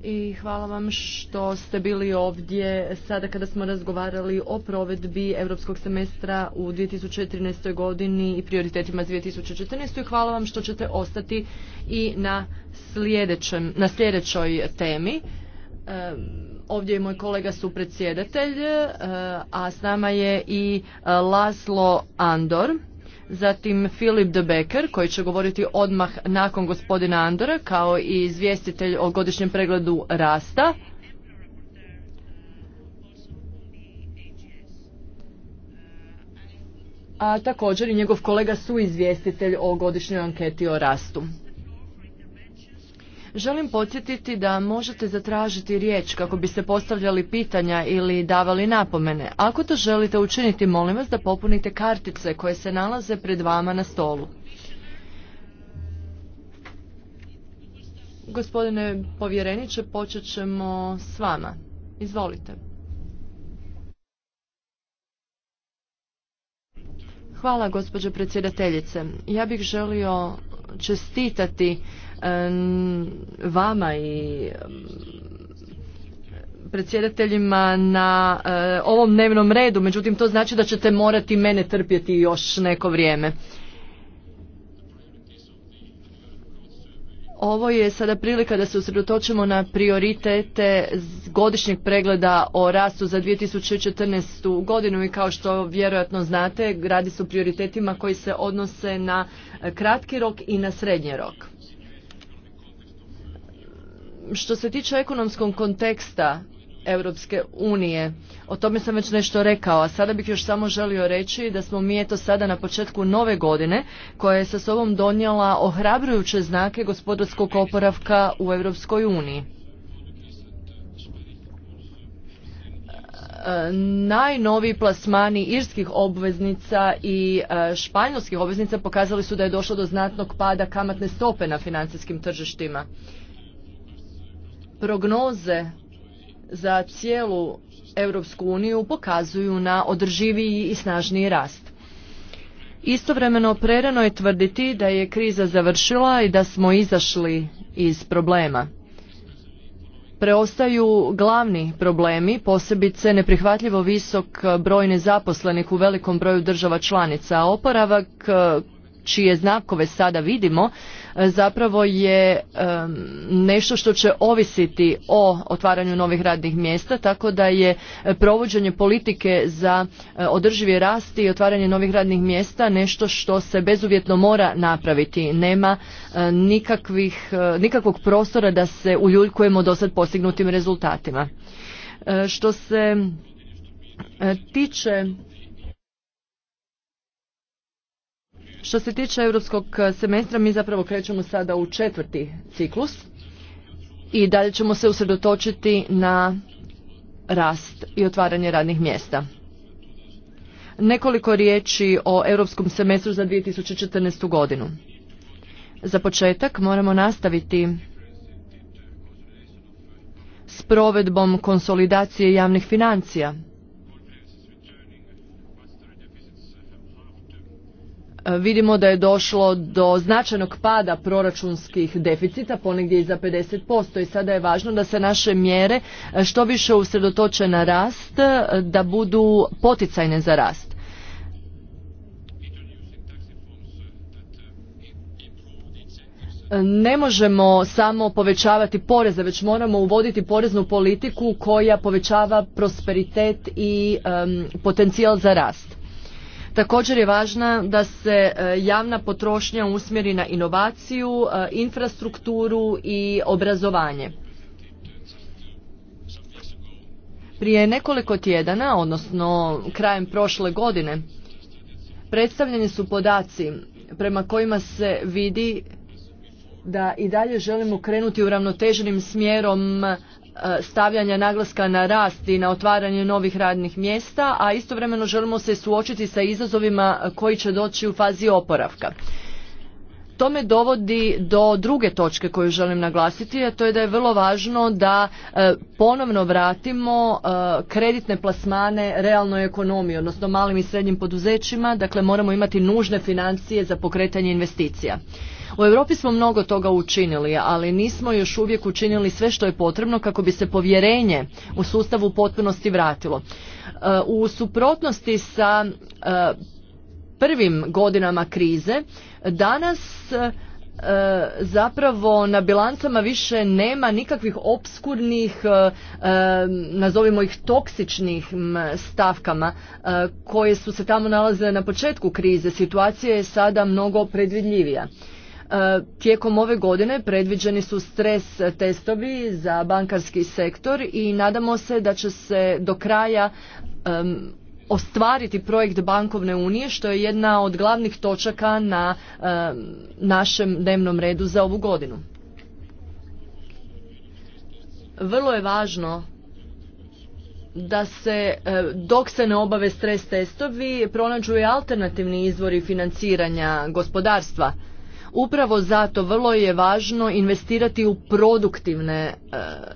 i hvala vam što ste bili ovdje sada kada smo razgovarali o provedbi europskog semestra u 2013. godini i prioritetima za 2014. i hvala vam što ćete ostati i na, sljedećem, na sljedećoj temi. Ehm, Ovdje je moj kolega supredsjedatelj, e, a s nama je i e, Laslo Andor, zatim Filip de Becker koji će govoriti odmah nakon gospodina Andora kao i izvjestitelj o godišnjem pregledu rasta. A također i njegov kolega su izvjestitelj o godišnjoj anketi o rastu. Želim podsjetiti da možete zatražiti riječ kako biste postavljali pitanja ili davali napomene. Ako to želite učiniti, molim vas da popunite kartice koje se nalaze pred vama na stolu. Gospodine povjereniče, počet ćemo s vama. Izvolite. Hvala, gospođo predsjedateljice. Ja bih želio čestitati e, vama i predsjedateljima na e, ovom dnevnom redu, međutim to znači da ćete morati mene trpjeti još neko vrijeme. Ovo je sada prilika da se usredotočimo na prioritete godišnjeg pregleda o rastu za 2014. godinu i kao što vjerojatno znate, radi su prioritetima koji se odnose na kratki rok i na srednji rok. Što se tiče ekonomskog konteksta Europske unije. O tome sam već nešto rekao, a sada bih još samo želio reći da smo mi eto sada na početku nove godine koja je sa sobom donijela ohrabrujuće znake gospodarskog oporavka u Europskoj uniji. E, najnoviji plasmani irskih obveznica i e, španjolskih obveznica pokazali su da je došlo do znatnog pada kamatne stope na financijskim tržištima. Prognoze za cijelu Europsku uniju pokazuju na održiviji i snažniji rast. Istovremeno prerano je tvrditi da je kriza završila i da smo izašli iz problema. Preostaju glavni problemi, posebice neprihvatljivo visok broj nezaposlenih u velikom broju država članica, a oporavak eh, čije znakove sada vidimo zapravo je nešto što će ovisiti o otvaranju novih radnih mjesta, tako da je e, provođenje politike za e, održivi rast i otvaranje novih radnih mjesta nešto što se bezuvjetno mora napraviti. Nema e, nikakvih, nikakvog prostora da se uljuljkujemo do sad postignutim rezultatima. Što se tiče Što se tiče europskog semestra, mi zapravo krećemo sada u četvrti ciklus i dalje ćemo se usredotočiti na rast i otvaranje radnih mjesta. Nekoliko riječi o europskom semestru za 2014. godinu. Za početak moramo nastaviti s provedbom konsolidacije javnih financija – E, vidimo da je došlo do značajnog pada proračunskih deficita, ponegdje i za 50%. I sada je važno da se naše mjere e, što više usredotoče na rast, e, da budu poticajne za rast. ne možemo samo povećavati poreze, već moramo uvoditi poreznu politiku koja povećava prosperitet i potencijal za rast. Također je važna da se e, javna potrošnja usmjeri na inovaciju, e, infrastrukturu i obrazovanje. Prije nekoliko tjedana, odnosno krajem prošle godine, predstavljeni su podaci prema kojima se vidi da i dalje želimo krenuti ravnoteženim smjerom E, stavljanja naglaska na rast i na otvaranje novih radnih mjesta, a istovremeno želimo se suočiti sa izazovima koji će doći u fazi oporavka. To me dovodi do druge točke koju želim naglasiti, a to je da je vrlo važno da e, ponovno vratimo e, kreditne plasmane realnoj ekonomiji, odnosno malim i srednjim poduzećima, dakle moramo imati nužne financije za pokretanje investicija. U Europi smo mnogo toga učinili, ali nismo još uvijek učinili sve što je potrebno kako bi se povjerenje u sustavu u potpunosti vratilo. E, u suprotnosti sa e, prvim godinama krize, danas e, zapravo na bilancama više nema nikakvih obskurnih, nazovimo ih toksičnih stavkama koje su se tamo nalazile na početku krize. Situacija je sada mnogo predvidljivija. E, tijekom ove godine predviđeni su stres testovi za bankarski sektor i nadamo se da će se do kraja ostvariti projekt bankovne unije što je jedna od glavnih točaka na našem dnevnom redu za ovu godinu. Vrlo je važno da se e, dok se ne obave stres testovi pronađu i alternativni izvori financiranja gospodarstva Upravo zato vrlo je važno investirati u produktivne e,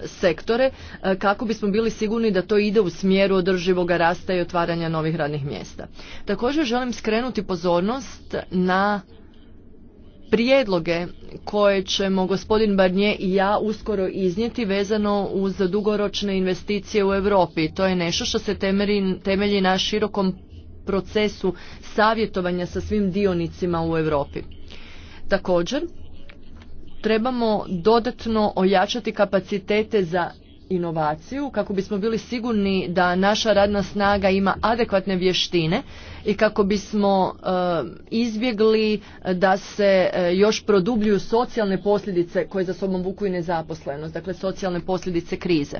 sektore e, kako bismo bili sigurni da to ide u smjeru održivog rasta i otvaranja novih radnih mjesta. Također želim skrenuti pozornost na prijedloge koje ćemo gospodin Barnier i ja uskoro iznijeti vezano uz dugoročne investicije u Europi. To je nešto što se temelji, temelji na širokom procesu savjetovanja sa svim dionicima u Europi. Također, trebamo dodatno ojačati kapacitete za inovaciju kako bismo bili sigurni da naša radna snaga ima adekvatne vještine i kako bismo eh, izbjegli da se eh, još produbljuju socijalne posljedice koje za sobom vuku i nezaposlenost, dakle socijalne posljedice krize.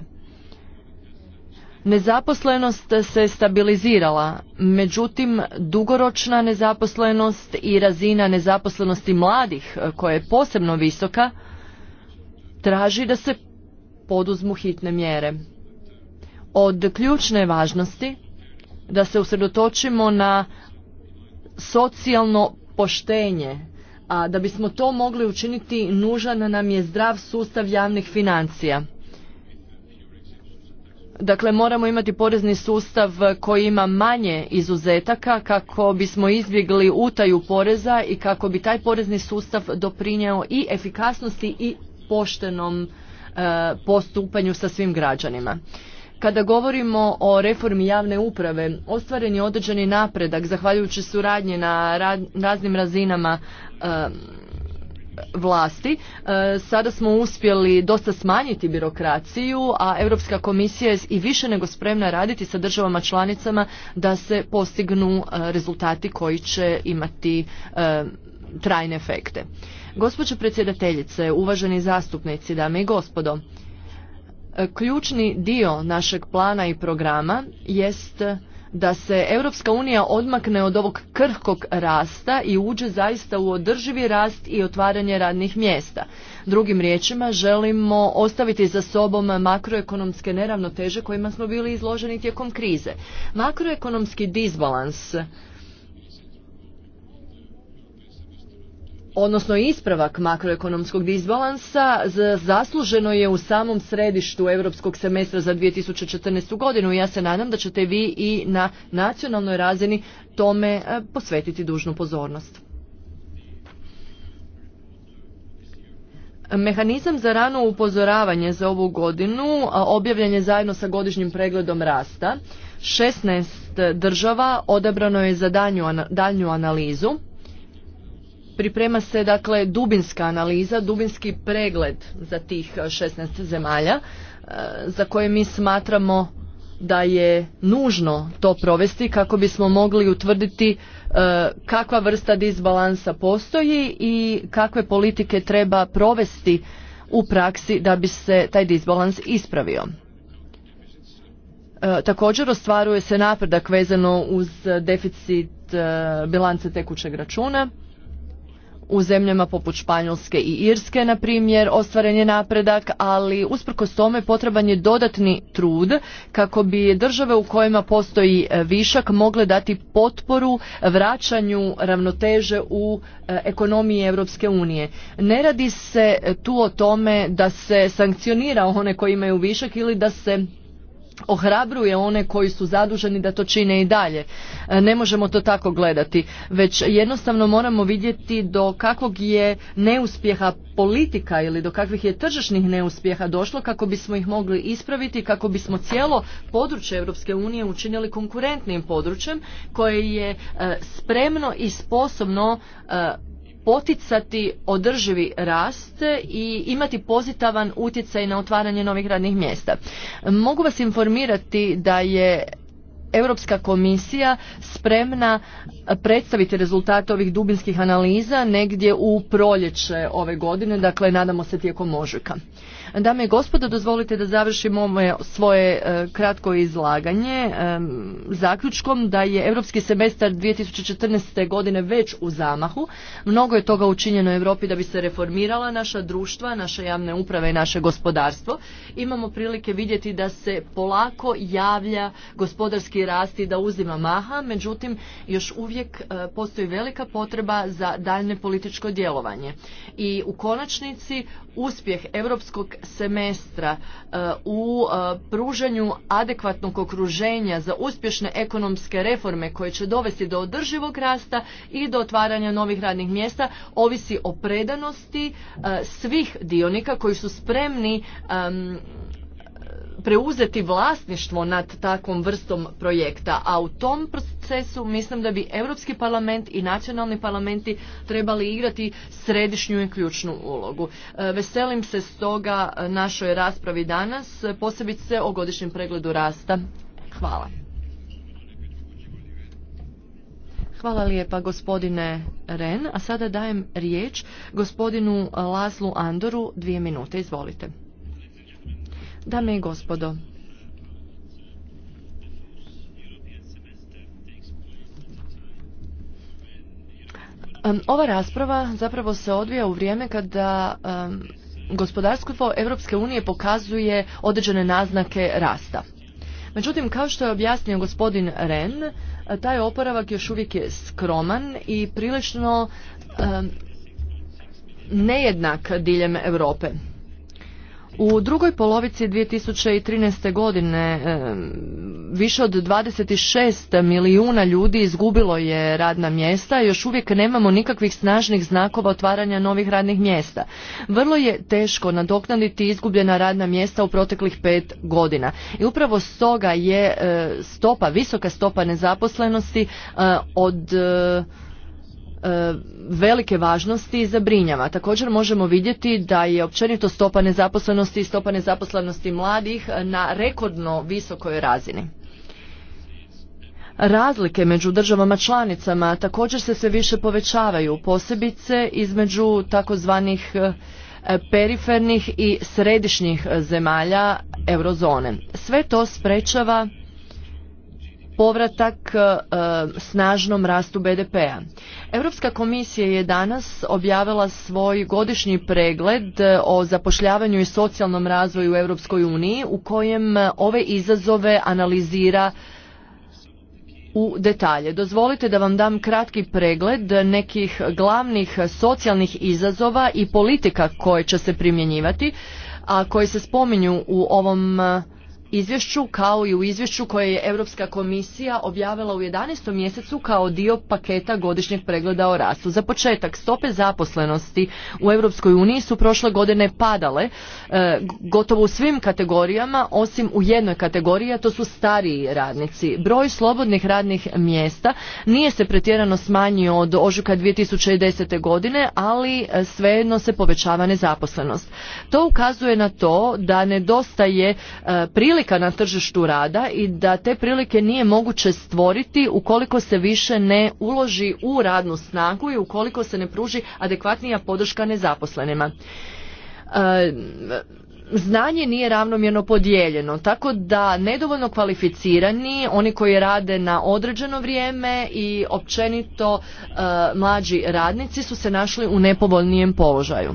Nezaposlenost se stabilizirala, međutim dugoročna nezaposlenost i razina nezaposlenosti mladih e, koja je posebno visoka traži da se poduzmu hitne mjere. Od ključne važnosti da se usredotočimo na socijalno poštenje, a da bismo to mogli učiniti nužan nam je zdrav sustav javnih financija. Dakle, moramo imati porezni sustav koji ima manje izuzetaka kako bismo izbjegli utaju poreza i kako bi taj porezni sustav doprinjao i efikasnosti i poštenom e, postupanju sa svim građanima. Kada govorimo o reformi javne uprave, ostvaren je određeni napredak zahvaljujući suradnje na raznim razinama e, vlasti. E, sada smo uspjeli dosta smanjiti birokraciju, a Europska komisija je i više nego spremna raditi sa državama članicama da se postignu e, rezultati koji će imati e, trajne efekte. Gospođo predsjedateljice, uvaženi zastupnici, dame i gospodo, ključni dio našeg plana i programa jest da se Europska unija odmakne od ovog krhkog rasta i uđe zaista u održivi rast i otvaranje radnih mjesta. Drugim riječima želimo ostaviti za sobom makroekonomske neravnoteže kojima smo bili izloženi tijekom krize. Makroekonomski disbalans odnosno ispravak makroekonomskog disbalansa zasluženo je u samom središtu europskog semestra za 2014. godinu i ja se nadam da ćete vi i na nacionalnoj razini tome e, posvetiti dužnu pozornost. Mehanizam za rano upozoravanje za ovu godinu objavljen je zajedno sa godišnjim pregledom rasta. 16 država odabrano je za danju, daljnju analizu. Priprema se dakle dubinska analiza, dubinski pregled za tih 16 e, zemalja e, za koje mi smatramo da je nužno to provesti kako bismo mogli utvrditi e, kakva vrsta disbalansa postoji i kakve politike treba provesti u praksi da bi se taj disbalans ispravio. Također ostvaruje se napredak vezano uz deficit bilance tekućeg računa u zemljama poput Španjolske i Irske, na primjer, ostvaren je napredak, ali usprkos tome potreban je dodatni trud kako bi države u kojima postoji e, višak mogle dati potporu vraćanju ravnoteže u e, ekonomiji Europske unije. Ne radi se tu o tome da se sankcionira one koji imaju višak ili da se ohrabruje one koji su zaduženi da to čine i dalje. E, ne možemo to tako gledati, već jednostavno moramo vidjeti do kakvog je neuspjeha politika ili do kakvih je tržišnih neuspjeha došlo kako bismo ih mogli ispraviti, kako bismo cijelo područje Europske unije učinili konkurentnim područjem koje je e, spremno i sposobno e, poticati održivi rast i imati pozitavan utjecaj na otvaranje novih radnih mjesta. Mogu vas informirati da je Europska komisija spremna predstaviti rezultate ovih dubinskih analiza negdje u proljeće ove godine, dakle nadamo se tijekom ožujka. Dame i gospodo, dozvolite da završimo svoje e, kratko izlaganje e, zaključkom da je Europski semestar 2014. godine već u zamahu. Mnogo je toga učinjeno u Europi da bi se reformirala naša društva, naše javne uprave i naše gospodarstvo. Imamo prilike vidjeti da se polako javlja gospodarski rast i da uzima maha, međutim još uvijek e, postoji velika potreba za daljne političko djelovanje. I u konačnici uspjeh europskog semestra e, u e, pružanju adekvatnog okruženja za uspješne ekonomske reforme koje će dovesti do održivog rasta i do otvaranja novih radnih mjesta ovisi o predanosti e, svih dionika koji su spremni preuzeti vlasništvo nad takvom vrstom projekta, a u tom procesu mislim da bi Europski parlament i nacionalni parlamenti trebali igrati središnju i ključnu ulogu. E, veselim se stoga našoj raspravi danas, posebice o godišnjem pregledu rasta. Hvala. Hvala lijepa gospodine Ren, a sada dajem riječ gospodinu Laslu Andoru, dvije minute, izvolite. Dame i gospodo, ova rasprava zapravo se odvija u vrijeme kada gospodarstvo Europske unije pokazuje određene naznake rasta. Međutim, kao što je objasnio gospodin Ren, taj oporavak još uvijek je skroman i prilično nejednak diljem Europe. U drugoj polovici 2013. godine više od 26 milijuna ljudi izgubilo je radna mjesta i još uvijek nemamo nikakvih snažnih znakova otvaranja novih radnih mjesta. Vrlo je teško nadoknaditi izgubljena radna mjesta u proteklih pet godina i upravo stoga je e, stopa, visoka stopa nezaposlenosti e, od e, E, velike važnosti i zabrinjava. Također možemo vidjeti da je općenito stopa nezaposlenosti i stopa nezaposlenosti mladih na rekordno visokoj razini. Razlike među državama članicama također se sve više povećavaju, posebice između takozvanih e, perifernih i središnjih zemalja eurozone. Sve to sprečava povratak e, snažnom rastu BDP-a. Europska komisija je danas objavila svoj godišnji pregled e, o zapošljavanju i socijalnom razvoju u Europskoj uniji u kojem e, ove izazove analizira u detalje. Dozvolite da vam dam kratki pregled nekih glavnih socijalnih izazova i politika koje će se primjenjivati, a koje se spominju u ovom izvješću kao i u izvješću koje je Europska komisija objavila u 11. mjesecu kao dio paketa godišnjeg pregleda o rastu. Za početak, stope zaposlenosti u Europskoj uniji su prošle godine padale e, gotovo u svim kategorijama osim u jednoj kategoriji, a to su stariji radnici. Broj slobodnih radnih mjesta nije se pretjerano smanjio od ožuka 2010. godine, ali e, svejedno se povećava nezaposlenost. To ukazuje na to da nedostaje e, prilike prilika na tržištu rada i da te prilike nije moguće stvoriti ukoliko se više ne uloži u radnu snagu i ukoliko se ne pruži adekvatnija podrška nezaposlenima. E, znanje nije ravnomjerno podijeljeno, tako da nedovoljno kvalificirani, oni koji rade na određeno vrijeme i općenito e, mlađi radnici su se našli u nepovoljnijem položaju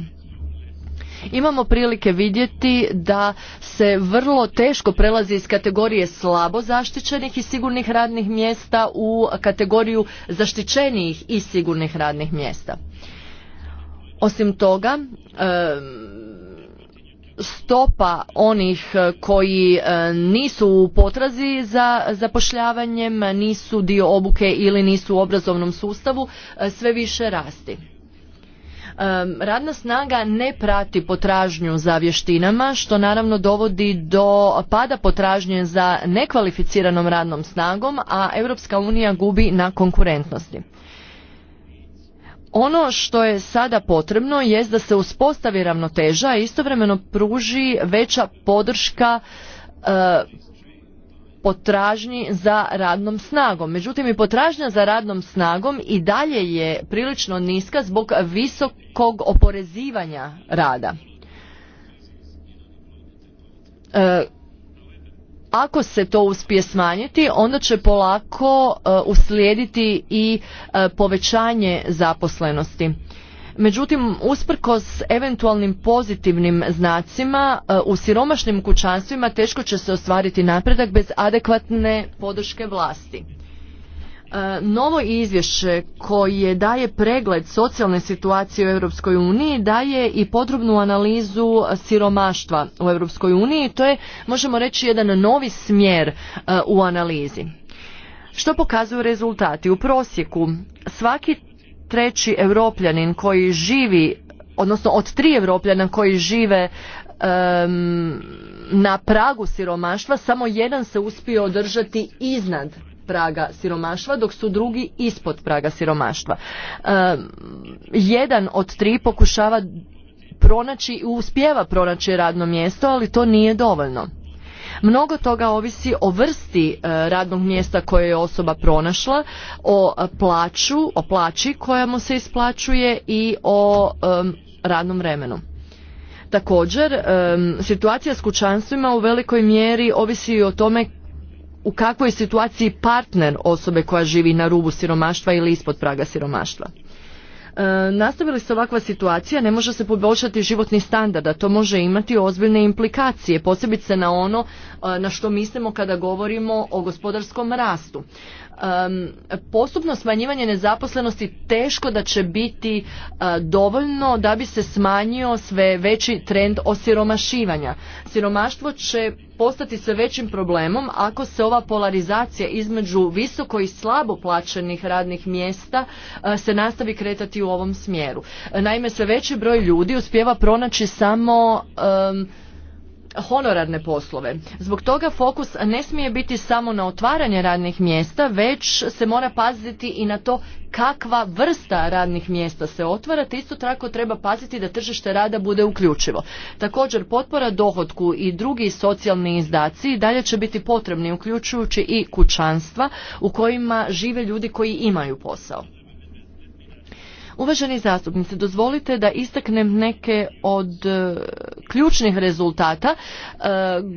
imamo prilike vidjeti da se vrlo teško prelazi iz kategorije slabo zaštićenih i sigurnih radnih mjesta u kategoriju zaštićenijih i sigurnih radnih mjesta. Osim toga, stopa onih e, koji e, nisu u potrazi za zapošljavanjem, nisu dio obuke ili nisu u obrazovnom sustavu, e, sve više rasti. Radna snaga ne prati potražnju za vještinama što naravno dovodi do pada potražnje za nekvalificiranom radnom snagom, a Europska unija gubi na konkurentnosti. Ono što je sada potrebno jest da se uspostavi ravnoteža i istovremeno pruži veća podrška e, potražnji za radnom snagom. Međutim, i potražnja za radnom snagom i dalje je prilično niska zbog visokog oporezivanja rada. E, ako se to uspije smanjiti, onda će polako e, uslijediti i e, povećanje zaposlenosti. Međutim, usprkos eventualnim pozitivnim znacima, e, u siromašnim kućanstvima teško će se ostvariti napredak bez adekvatne podrške vlasti. E, novo izvješće koje daje pregled socijalne situacije u EU daje i podrobnu analizu siromaštva u EU i To je, možemo reći, jedan novi smjer e, u analizi. Što pokazuju rezultati? U prosjeku svaki treći evropljanin koji živi, odnosno od tri evropljana koji žive na pragu siromaštva, samo jedan se uspio održati iznad praga siromaštva, dok su drugi ispod praga siromaštva. jedan od tri pokušava pronaći i uspjeva pronaći radno mjesto, ali to nije dovoljno. Mnogo toga ovisi o vrsti e, radnog mjesta koje je osoba pronašla, o e, plaću, o plaći koja mu se isplaćuje i o e, radnom vremenu. Također, situacija s kućanstvima u velikoj mjeri ovisi i o tome u kakvoj situaciji partner osobe koja živi na rubu siromaštva ili ispod praga siromaštva. E, nastavili se ovakva situacija, ne može se poboljšati životni standard, a to može imati ozbiljne implikacije, posebice na ono e, na što mislimo kada govorimo o gospodarskom rastu. E, postupno smanjivanje nezaposlenosti teško da će biti dovoljno da bi se smanjio sve veći trend osiromašivanja. Siromaštvo će postati sve većim problemom ako se ova polarizacija između visoko i slabo plaćenih radnih mjesta e, se nastavi kretati u ovom smjeru. E, naime, sve veći broj ljudi uspjeva pronaći samo honorarne poslove. Zbog toga fokus ne smije biti samo na otvaranje radnih mjesta, već se mora paziti i na to kakva vrsta radnih mjesta se otvara, te isto tako treba paziti da tržište rada bude uključivo. Također potpora dohodku i drugi socijalni izdaci dalje će biti potrebni uključujući i kućanstva u kojima žive ljudi koji imaju posao. Uvaženi zastupnici, dozvolite da istaknem neke od e, ključnih rezultata e,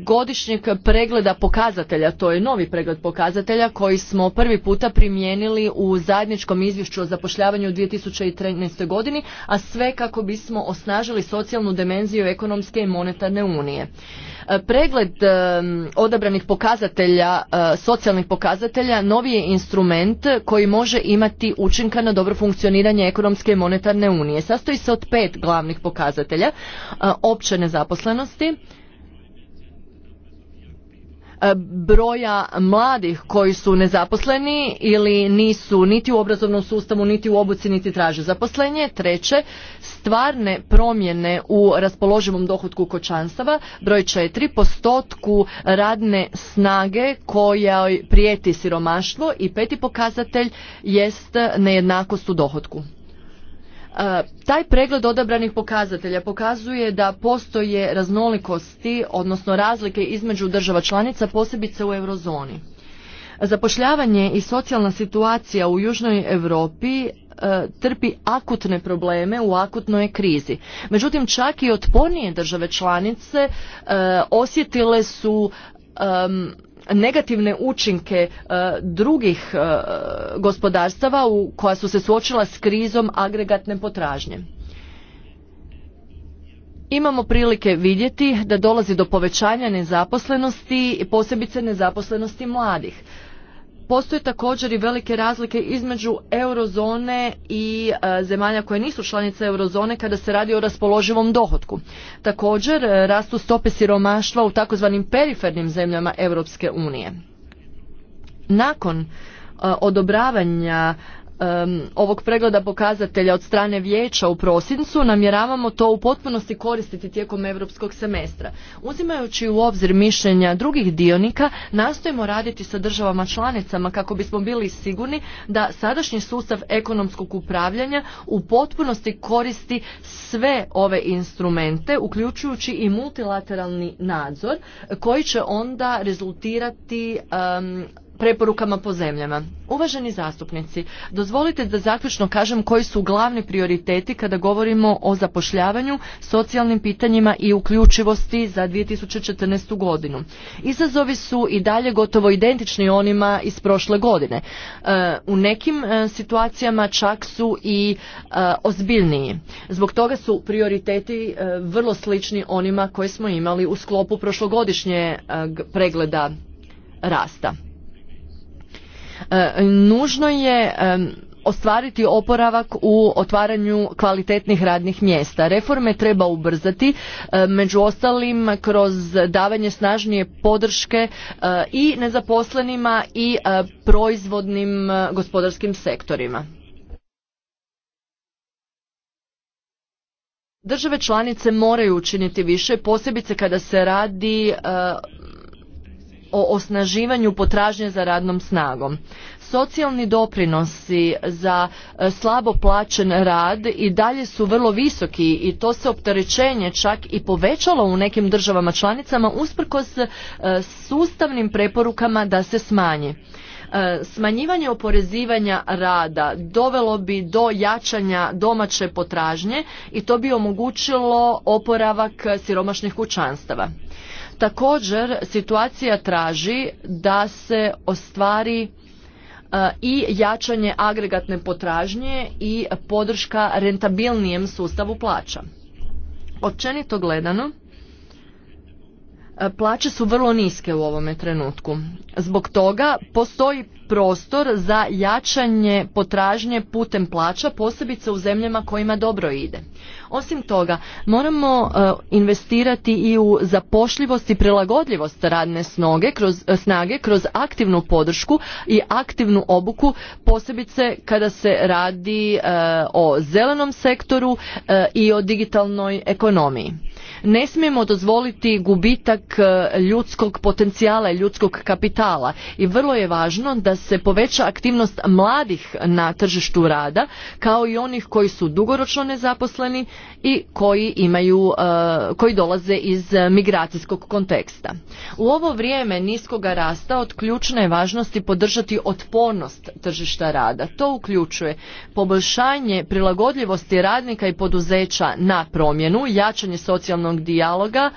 godišnjeg pregleda pokazatelja. To je novi pregled pokazatelja koji smo prvi puta primijenili u zajedničkom izvješću o zapošljavanju u 2013. godini, a sve kako bismo osnažili socijalnu dimenziju ekonomske i monetarne unije. E, pregled e, odabranih pokazatelja, e, socijalnih pokazatelja, novi je instrument koji može imati učinka na dobro funkcioniranje ekonomske i monetarne unije. Sastoji se od pet glavnih pokazatelja opće nezaposlenosti, E, broja mladih koji su nezaposleni ili nisu niti u obrazovnom sustavu, niti u obuci, niti traže zaposlenje. Treće, stvarne promjene u raspoloživom dohotku kočanstava. Broj četiri, postotku radne snage koja prijeti siromaštvo. I peti pokazatelj jest nejednakost u dohotku. Taj pregled odabranih pokazatelja pokazuje da postoje raznolikosti, odnosno razlike između država članica, posebice u eurozoni. Zapošljavanje i socijalna situacija u Južnoj Europi e, trpi akutne probleme u akutnoj krizi. Međutim, čak i otpornije države članice e, osjetile su negativne učinke e, drugih e, gospodarstava u koja su se suočila s krizom agregatne potražnje. Imamo prilike vidjeti da dolazi do povećanja nezaposlenosti, posebice nezaposlenosti mladih. Postoje također i velike razlike između eurozone i e, zemalja koje nisu članice eurozone kada se radi o raspoloživom dohotku. Također e, rastu stope siromaštva u takozvanim perifernim zemljama Europske unije. Nakon e, odobravanja ovog pregleda pokazatelja od strane vijeća u prosincu namjeravamo to u potpunosti koristiti tijekom europskog semestra. Uzimajući u obzir mišljenja drugih dionika, nastojimo raditi sa državama članicama kako bismo bili sigurni da sadašnji sustav ekonomskog upravljanja u potpunosti koristi sve ove instrumente, uključujući i multilateralni nadzor koji će onda rezultirati preporukama po zemljama. Uvaženi zastupnici, dozvolite da zaključno kažem koji su glavni prioriteti kada govorimo o zapošljavanju, socijalnim pitanjima i uključivosti za 2014. godinu. Izazovi su i dalje gotovo identični onima iz prošle godine. E, u nekim e, situacijama čak su i e, ozbiljniji. Zbog toga su prioriteti vrlo slični onima koje smo imali u sklopu prošlogodišnje pregleda rasta. E, nužno je e, ostvariti oporavak u otvaranju kvalitetnih radnih mjesta. Reforme treba ubrzati, e, među ostalim kroz davanje snažnije podrške i nezaposlenima i proizvodnim gospodarskim sektorima. Države članice moraju učiniti više, posebice kada se radi o osnaživanju potražnje za radnom snagom. Socijalni doprinosi za e, slabo plaćen rad i dalje su vrlo visoki i to se opterećenje čak i povećalo u nekim državama članicama usprkos e, sustavnim preporukama da se smanji. E, smanjivanje oporezivanja rada dovelo bi do jačanja domaće potražnje i to bi omogućilo oporavak siromašnih kućanstava. Također situacija traži da se ostvari e, i jačanje agregatne potražnje i podrška rentabilnijem sustavu plaća. Općenito gledano, e, plaće su vrlo niske u ovome trenutku. Zbog toga postoji prostor za jačanje potražnje putem plaća, posebice u zemljama kojima dobro ide. Osim toga, moramo e, investirati i u zapošljivost i prilagodljivost radne snoge, kroz, e, snage kroz aktivnu podršku i aktivnu obuku, posebice kada se radi e, o zelenom sektoru i o digitalnoj ekonomiji. Ne smijemo dozvoliti gubitak ljudskog potencijala i ljudskog kapitala i vrlo je važno da se poveća aktivnost mladih na tržištu rada kao i onih koji su dugoročno nezaposleni i koji imaju e, koji dolaze iz migracijskog konteksta. U ovo vrijeme niskoga rasta od ključne je važnosti podržati otpornost tržišta rada. To uključuje poboljšanje prilagodljivosti radnika i poduzeća na promjenu, jačanje socijalnog dijaloga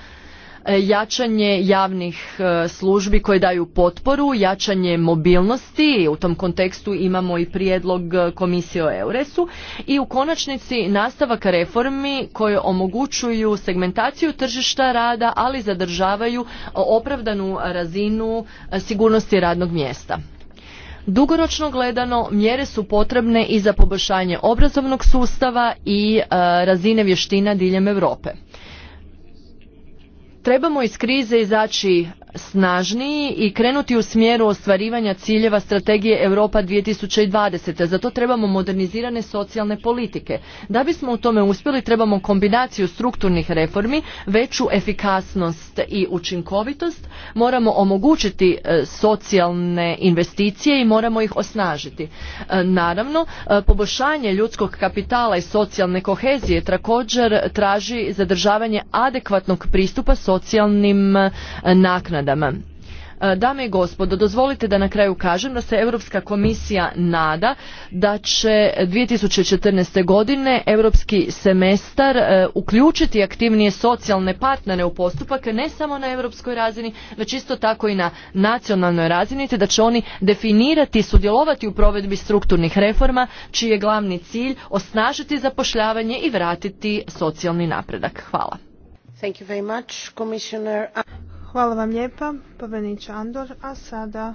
E, jačanje javnih e, službi koje daju potporu, jačanje mobilnosti, u tom kontekstu imamo i prijedlog e, komisije o Euresu i u konačnici nastavak reformi koje omogućuju segmentaciju tržišta rada, ali zadržavaju opravdanu razinu sigurnosti radnog mjesta. Dugoročno gledano mjere su potrebne i za poboljšanje obrazovnog sustava i razine vještina diljem Europe trebamo iz krize izaći snažniji i krenuti u smjeru ostvarivanja ciljeva strategije Europa 2020. Zato trebamo modernizirane socijalne politike. Da bismo u tome uspjeli trebamo kombinaciju strukturnih reformi, veću efikasnost i učinkovitost, moramo omogućiti e, socijalne investicije i moramo ih osnažiti. E, naravno, e, poboljšanje ljudskog kapitala i socijalne kohezije također traži zadržavanje adekvatnog pristupa socijalnim naknadama nadama. E, dame i gospodo, dozvolite da na kraju kažem da se Europska komisija nada da će 2014. godine europski semestar e, uključiti aktivnije socijalne partnere u postupak ne samo na europskoj razini, već isto tako i na nacionalnoj razini, te da će oni definirati i sudjelovati u provedbi strukturnih reforma, čiji je glavni cilj osnažiti zapošljavanje i vratiti socijalni napredak. Hvala. Hvala vam lijepa, povenič Andor. A sada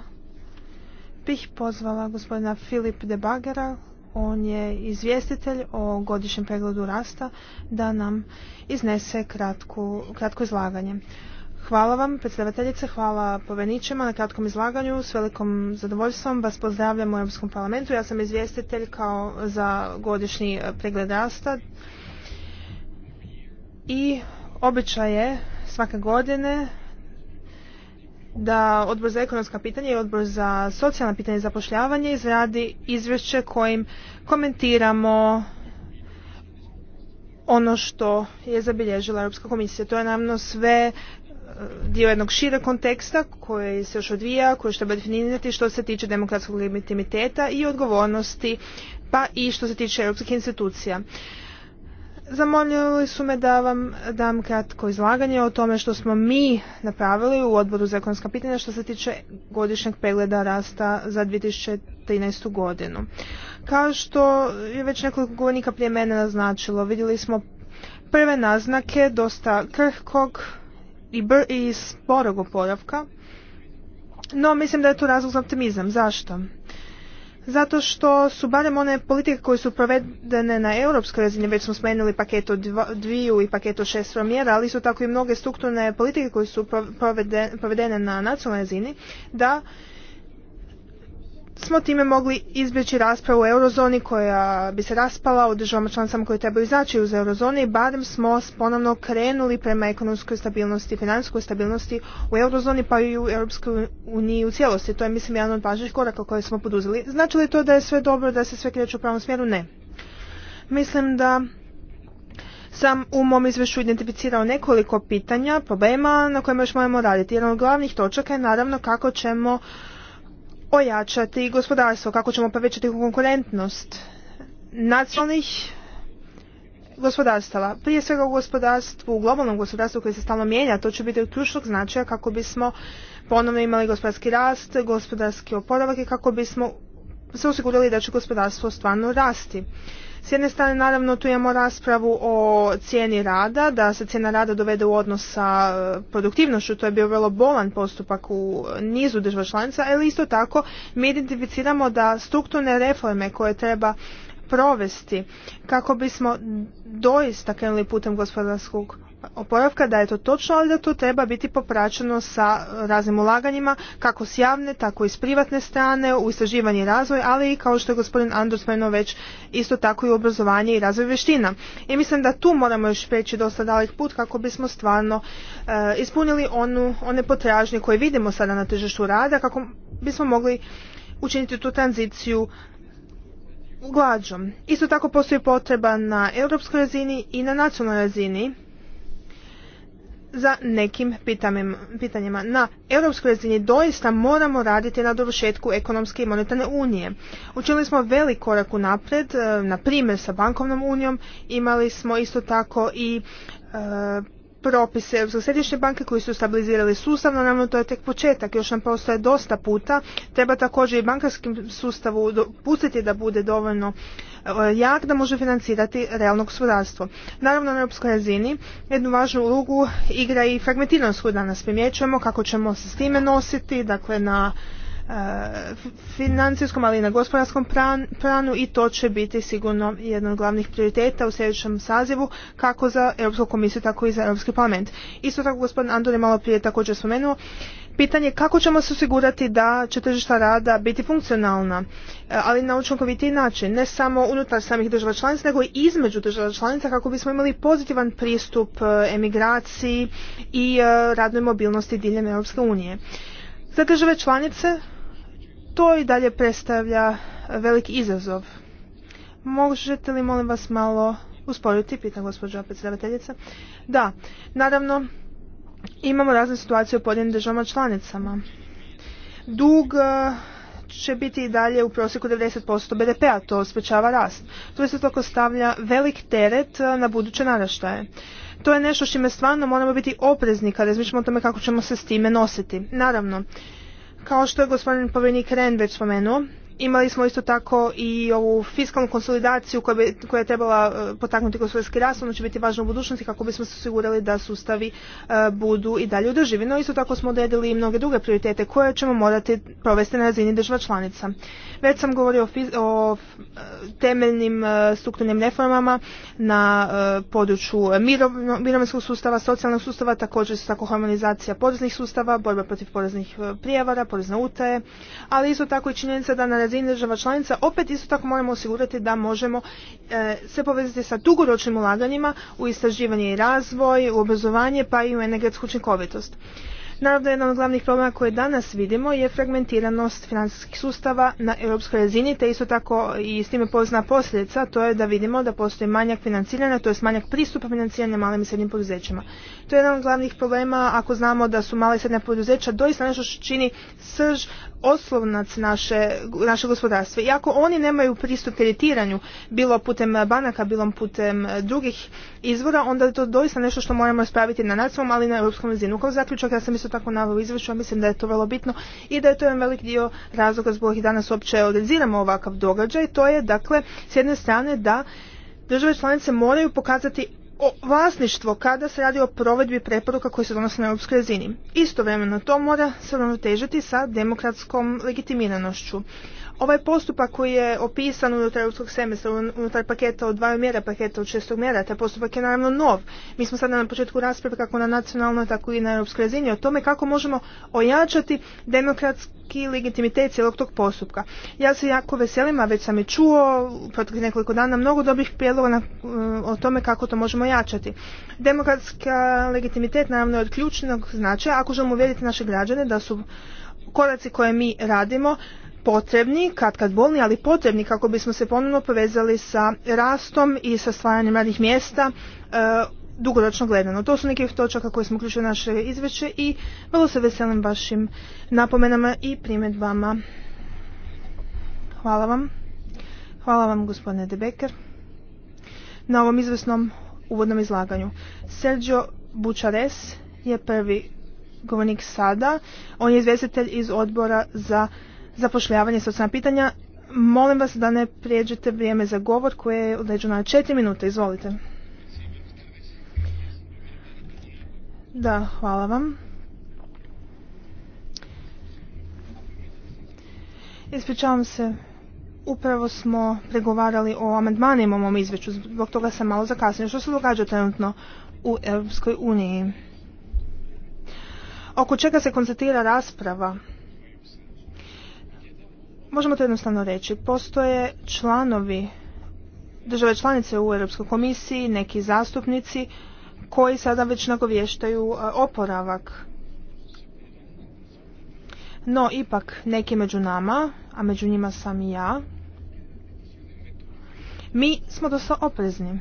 bih pozvala gospodina Filip de Bagera, on je izvjestitelj o godišnjem pregledu rasta, da nam iznese kratku, kratko izlaganje. Hvala vam, predsjedavateljice, hvala poveničima na kratkom izlaganju. S velikom zadovoljstvom vas pozdravljam u Europskom parlamentu. Ja sam izvjestitelj kao za godišnji pregled rasta i običaj je svake godine da odbor za ekonomska pitanja i odbor za socijalna pitanja i zapošljavanje izradi izvješće kojim komentiramo ono što je zabilježila Europska komisija. To je naravno sve e, dio jednog šire konteksta koji se još odvija, koji treba definirati što se tiče demokratskog legitimiteta i odgovornosti, pa i što se tiče europskih institucija. Zamoljili su me da vam dam kratko izlaganje o tome što smo mi napravili u odboru za ekonomska pitanja što se tiče godišnjeg pregleda rasta za 2013. godinu. Kao što je već nekoliko govornika prije mene naznačilo, vidjeli smo prve naznake dosta krhkog i, i sporog oporavka, no mislim da je to razlog za optimizam. Zašto? zato što su barem one politike koje su provedene na europskoj razini, već smo spomenuli paket od dviju i paket od šest mjera, ali su tako i mnoge strukturne politike koje su provedene na nacionalnoj razini, da smo time mogli izbjeći raspravu u eurozoni koja bi se raspala u državama članicama koje trebaju izaći uz eurozoni i barem smo ponovno krenuli prema ekonomskoj stabilnosti i financijskoj stabilnosti u eurozoni pa i u Europskoj uniji u cijelosti. To je mislim jedan od važnijih koraka koje smo poduzeli. Znači li to da je sve dobro, da se sve kreće u pravom smjeru? Ne. Mislim da sam u mom izvješću identificirao nekoliko pitanja, problema na kojima još moramo raditi. Jedan od glavnih točaka je naravno kako ćemo ojačati gospodarstvo, kako ćemo povećati konkurentnost nacionalnih gospodarstava. Prije svega u gospodarstvu, u globalnom gospodarstvu koje se stalno mijenja, to će biti od ključnog značaja kako bismo ponovno imali gospodarski rast, gospodarski oporavak i kako bismo se osigurali da će gospodarstvo stvarno rasti. S jedne strane naravno tu imamo raspravu o cijeni rada, da se cijena rada dovede u odnos sa e, produktivnošću, to je bio vrlo bolan postupak u nizu država članica, ali isto tako mi identificiramo da strukturne reforme koje treba provesti kako bismo doista krenuli putem gospodarskog oporavka, da je to točno, ali da to treba biti popraćeno sa raznim ulaganjima, kako s javne, tako i s privatne strane, u istraživanje i razvoj, ali i kao što je gospodin Andor već, isto tako i u obrazovanje i razvoj vještina. I mislim da tu moramo još preći dosta dalek put kako bismo stvarno eh, ispunili onu, one potražnje koje vidimo sada na tržištu rada, kako bismo mogli učiniti tu tranziciju glađom. Isto tako postoji potreba na europskoj razini i na nacionalnoj razini za nekim pitanjima. Na europskoj razini doista moramo raditi na dovršetku ekonomske i monetarne unije. Učinili smo velik korak unaprijed, e, na primjer sa bankovnom unijom imali smo isto tako i e, propise Europske središnje banke koji su stabilizirali sustav, naravno to je tek početak, još nam postoje dosta puta. Treba također i bankarskim sustavu pustiti da bude dovoljno jak da može financirati realno gospodarstvo. Naravno na europskoj razini jednu važnu ulogu igra i fragmentiranost koju danas primjećujemo, kako ćemo se s time nositi, dakle na e, financijskom ali i na gospodarskom planu i to će biti sigurno jedan od glavnih prioriteta u sljedećem sazivu kako za Europsku komisiju tako i za Europski parlament. Isto tako gospodin Andor je malo prije također spomenuo pitanje kako ćemo se osigurati da će tržišta rada biti funkcionalna, e, ali na učinkovitiji način, ne samo unutar samih država članica, nego i između država članica kako bismo imali pozitivan pristup e, emigraciji i e, radnoj mobilnosti diljem Europske unije. Za države članice to i dalje predstavlja veliki izazov. Možete li molim vas malo usporiti, pita gospođa predsjedavateljica. Da, naravno, imamo razne situacije u pojedinim državama članicama. Dug eh, će biti i dalje u prosjeku 90% BDP-a, to sprečava rast. To se toko stavlja velik teret eh, na buduće naraštaje. To je nešto čime stvarno moramo biti oprezni kada razmišljamo o tome kako ćemo se s time nositi. Naravno, kao što je gospodin povjerenik Ren već spomenuo, Imali smo isto tako i ovu fiskalnu konsolidaciju koja, je trebala e, potaknuti gospodarski rast, ono će biti važno u budućnosti kako bismo se osigurali da sustavi e, budu i dalje održivi. No isto tako smo odredili i mnoge druge prioritete koje ćemo morati provesti na razini država članica. Već sam govorio o, e, temeljnim strukturnim reformama na području mirovinskog sustava, socijalnog sustava, također su tako harmonizacija poreznih sustava, borba protiv poreznih prijevara, porezne utaje, ali isto tako i činjenica da na razini država članica, opet isto tako moramo osigurati da možemo e, se povezati sa dugoročnim ulaganjima u istraživanje i razvoj, u obrazovanje pa i u energetsku učinkovitost. Naravno, jedan od glavnih problema koje danas vidimo je fragmentiranost financijskih sustava na europskoj razini, te isto tako i s time pozna posljedica, to je da vidimo da postoji manjak financiranja, to je manjak pristupa financiranja malim i srednjim poduzećima. To je jedan od glavnih problema ako znamo da su mala i srednja poduzeća doista nešto što čini srž oslovnac naše, naše gospodarstva. I ako oni nemaju pristup kreditiranju, bilo putem banaka, bilo putem e, drugih izvora, onda je to doista nešto što moramo spraviti na nacionalnom, ali i na europskom razinu. Kao zaključak, ja sam isto tako naveo izvješću, a mislim da je to vrlo bitno i da je to jedan velik dio razloga zbog i danas uopće organiziramo ovakav događaj. To je, dakle, s jedne strane da države članice moraju pokazati o vlasništvo kada se radi o provedbi preporuka koje se donose na europskoj razini. Istovremeno to mora se ravnotežiti sa demokratskom legitimiranošću. Ovaj postupak koji je opisan unutar europskog semestra, unutar paketa od dvaju mjera, paketa od šestog mjera, taj postupak je naravno nov. Mi smo sada na početku rasprave kako na nacionalnoj, tako i na europskoj razini o tome kako možemo ojačati demokratski legitimitet cijelog tog postupka. Ja se jako veselim, a već sam i čuo protiv nekoliko dana mnogo dobrih prijedloga eh, o tome kako to možemo ojačati. Demokratska legitimitet naravno je od ključnog značaja ako želimo uvjeriti naše građane da su koraci koje mi radimo potrebni, kad kad bolni, ali potrebni kako bismo se ponovno povezali sa rastom i sa stvaranjem radnih mjesta e, dugoročno gledano. To su neke točaka koje smo uključili naše izveće i vrlo se veselim vašim napomenama i primjedbama. Hvala vam. Hvala vam gospodine Becker, na ovom izvesnom uvodnom izlaganju. Sergio Bučares je prvi govornik sada. On je izvjestitelj iz odbora za zapošljavanje i socijalna pitanja. Molim vas da ne prijeđete vrijeme za govor koje je određeno na četiri minute. Izvolite. Da, hvala vam. Ispričavam se, upravo smo pregovarali o amandmanima u mom izveću, zbog toga sam malo zakasnila. Što se događa trenutno u Europskoj uniji? Oko čega se koncentrira rasprava? Možemo to jednostavno reći. Postoje članovi države članice u Europskoj komisiji, neki zastupnici koji sada već nagovještaju e, oporavak. No, ipak, neki među nama, a među njima sam i ja, mi smo dosta oprezni.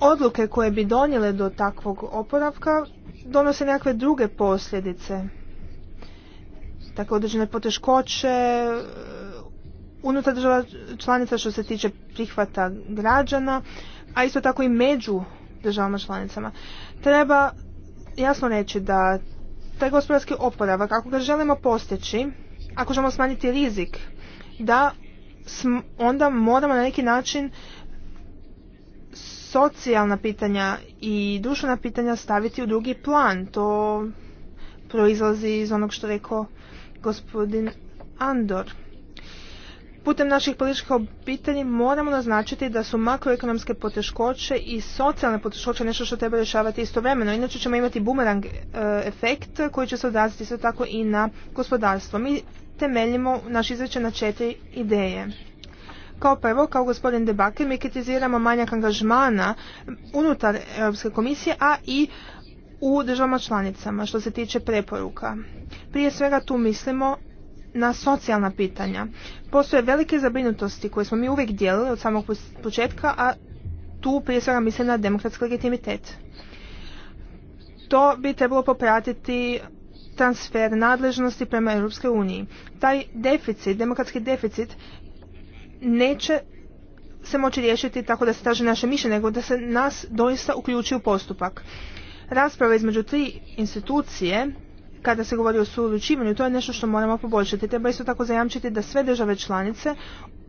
Odluke koje bi donijele do takvog oporavka donose nekakve druge posljedice dakle, određene poteškoće e, unutar država članica što se tiče prihvata građana, a isto tako i među državama članicama. Treba jasno reći da taj gospodarski oporavak, ako ga želimo postići, ako želimo smanjiti rizik, da onda moramo na neki način socijalna pitanja i društvena pitanja staviti u drugi plan. To proizlazi iz onog što rekao gospodin Andor. Putem naših političkih obitelji moramo naznačiti da su makroekonomske poteškoće i socijalne poteškoće nešto što treba rješavati istovremeno. Inače ćemo imati bumerang e, efekt koji će se odraziti isto tako i na gospodarstvo. Mi temeljimo naš izveće na četiri ideje. Kao prvo, kao gospodin Debake, mi kritiziramo manjak angažmana unutar Europske komisije, a i u državama članicama što se tiče preporuka. Prije svega tu mislimo na socijalna pitanja. Postoje velike zabrinutosti koje smo mi uvijek dijelili od samog početka, a tu prije svega mislim na demokratski legitimitet. To bi trebalo popratiti transfer nadležnosti prema Europskoj uniji. Taj deficit, demokratski deficit, neće se moći riješiti tako da se traži naše mišljenje, nego da se nas doista uključi u postupak rasprava između tri institucije kada se govori o suodlučivanju, to je nešto što moramo poboljšati. Treba isto tako zajamčiti da sve države članice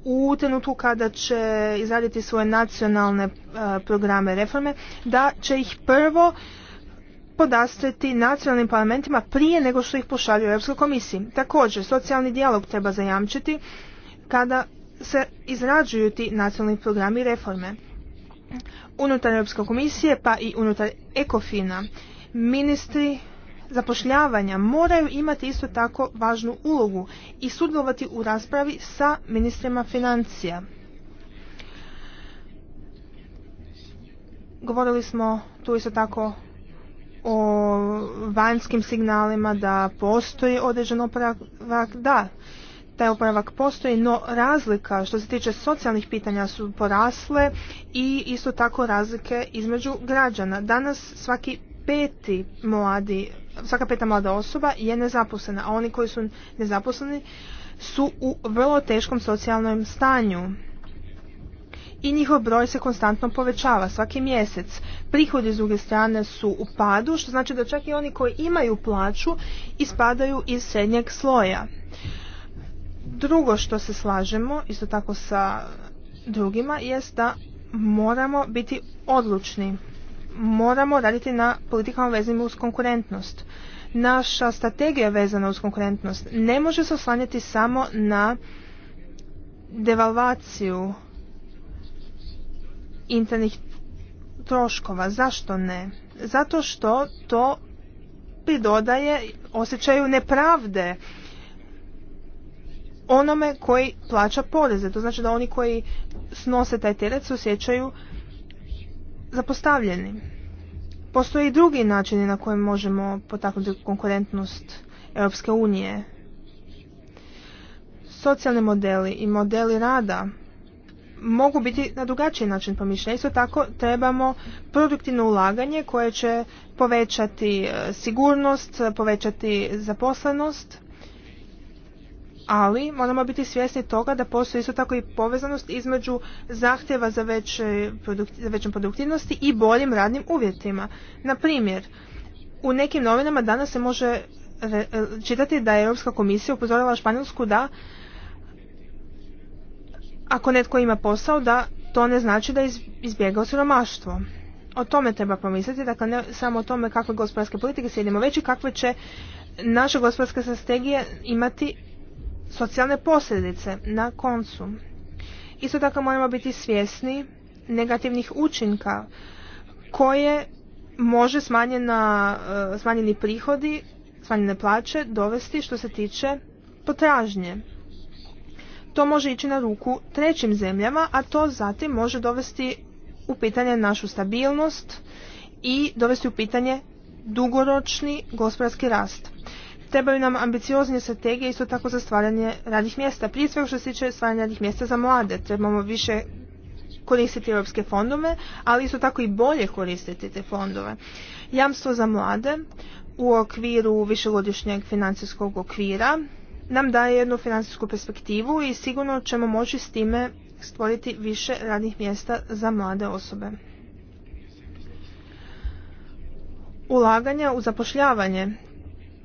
u trenutku kada će izraditi svoje nacionalne e, programe reforme, da će ih prvo podastreti nacionalnim parlamentima prije nego što ih pošalju u Europskoj komisiji. Također, socijalni dijalog treba zajamčiti kada se izrađuju ti nacionalni programi reforme unutar Europske komisije pa i unutar Ekofina. Ministri zapošljavanja moraju imati isto tako važnu ulogu i sudjelovati u raspravi sa ministrima financija. Govorili smo tu isto tako o vanjskim signalima da postoji određen oporavak. Da, taj oporavak postoji, no razlika što se tiče socijalnih pitanja su porasle i isto tako razlike između građana. Danas svaki peti mladi, svaka peta mlada osoba je nezaposlena, a oni koji su nezaposleni su u vrlo teškom socijalnom stanju. I njihov broj se konstantno povećava svaki mjesec. Prihodi s druge strane su u padu, što znači da čak i oni koji imaju plaću ispadaju iz srednjeg sloja. Drugo što se slažemo, isto tako sa drugima, jest da moramo biti odlučni. Moramo raditi na politikama vezanim uz konkurentnost. Naša strategija vezana uz konkurentnost ne može se oslanjati samo na devalvaciju internih troškova. Zašto ne? Zato što to pridodaje osjećaju nepravde onome koji plaća poreze. To znači da oni koji snose taj teret se osjećaju zapostavljeni. Postoje i drugi načini na koje možemo potaknuti konkurentnost Europske unije. Socijalni modeli i modeli rada mogu biti na drugačiji način promišljeni. Isto tako trebamo produktivno ulaganje koje će povećati e, sigurnost, povećati zaposlenost ali moramo biti svjesni toga da postoji isto tako i povezanost između zahtjeva za, veće, većom produktivnosti i boljim radnim uvjetima. Na primjer, u nekim novinama danas se može čitati da je Europska komisija upozorila Španjolsku da ako netko ima posao da to ne znači da izbjegao siromaštvo. O tome treba pomisliti, dakle ne samo o tome kakve gospodarske politike sjedimo, već i kakve će naše gospodarske strategije imati socijalne posljedice na koncu. Isto tako moramo biti svjesni negativnih učinka koje može smanjena, e, smanjeni prihodi, smanjene plaće dovesti što se tiče potražnje. To može ići na ruku trećim zemljama, a to zatim može dovesti u pitanje našu stabilnost i dovesti u pitanje dugoročni gospodarski rast. Trebaju nam ambicioznije strategije isto tako za stvaranje radnih mjesta. Prije svega što se tiče stvaranja radnih mjesta za mlade. Trebamo više koristiti europske fondove, ali isto tako i bolje koristiti te fondove. Jamstvo za mlade u okviru višegodišnjeg financijskog okvira nam daje jednu financijsku perspektivu i sigurno ćemo moći s time stvoriti više radnih mjesta za mlade osobe. Ulaganja u zapošljavanje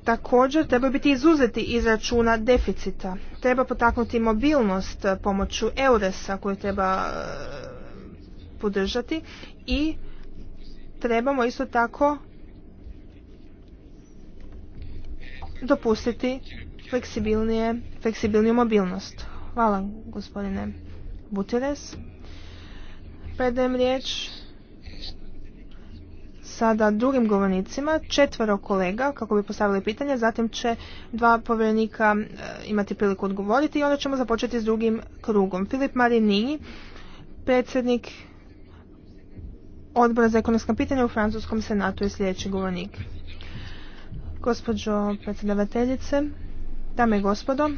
također treba biti izuzeti iz računa deficita. Treba potaknuti mobilnost e, pomoću EURES-a koju treba e, podržati i trebamo isto tako dopustiti fleksibilniju mobilnost. Hvala gospodine Buteres. Predajem riječ sada drugim govornicima, četvero kolega kako bi postavili pitanje, zatim će dva povjerenika e, imati priliku odgovoriti i onda ćemo započeti s drugim krugom. Filip Marini, predsjednik odbora za ekonomska pitanja u Francuskom senatu je sljedeći govornik. Gospođo predsjedavateljice, dame i gospodo,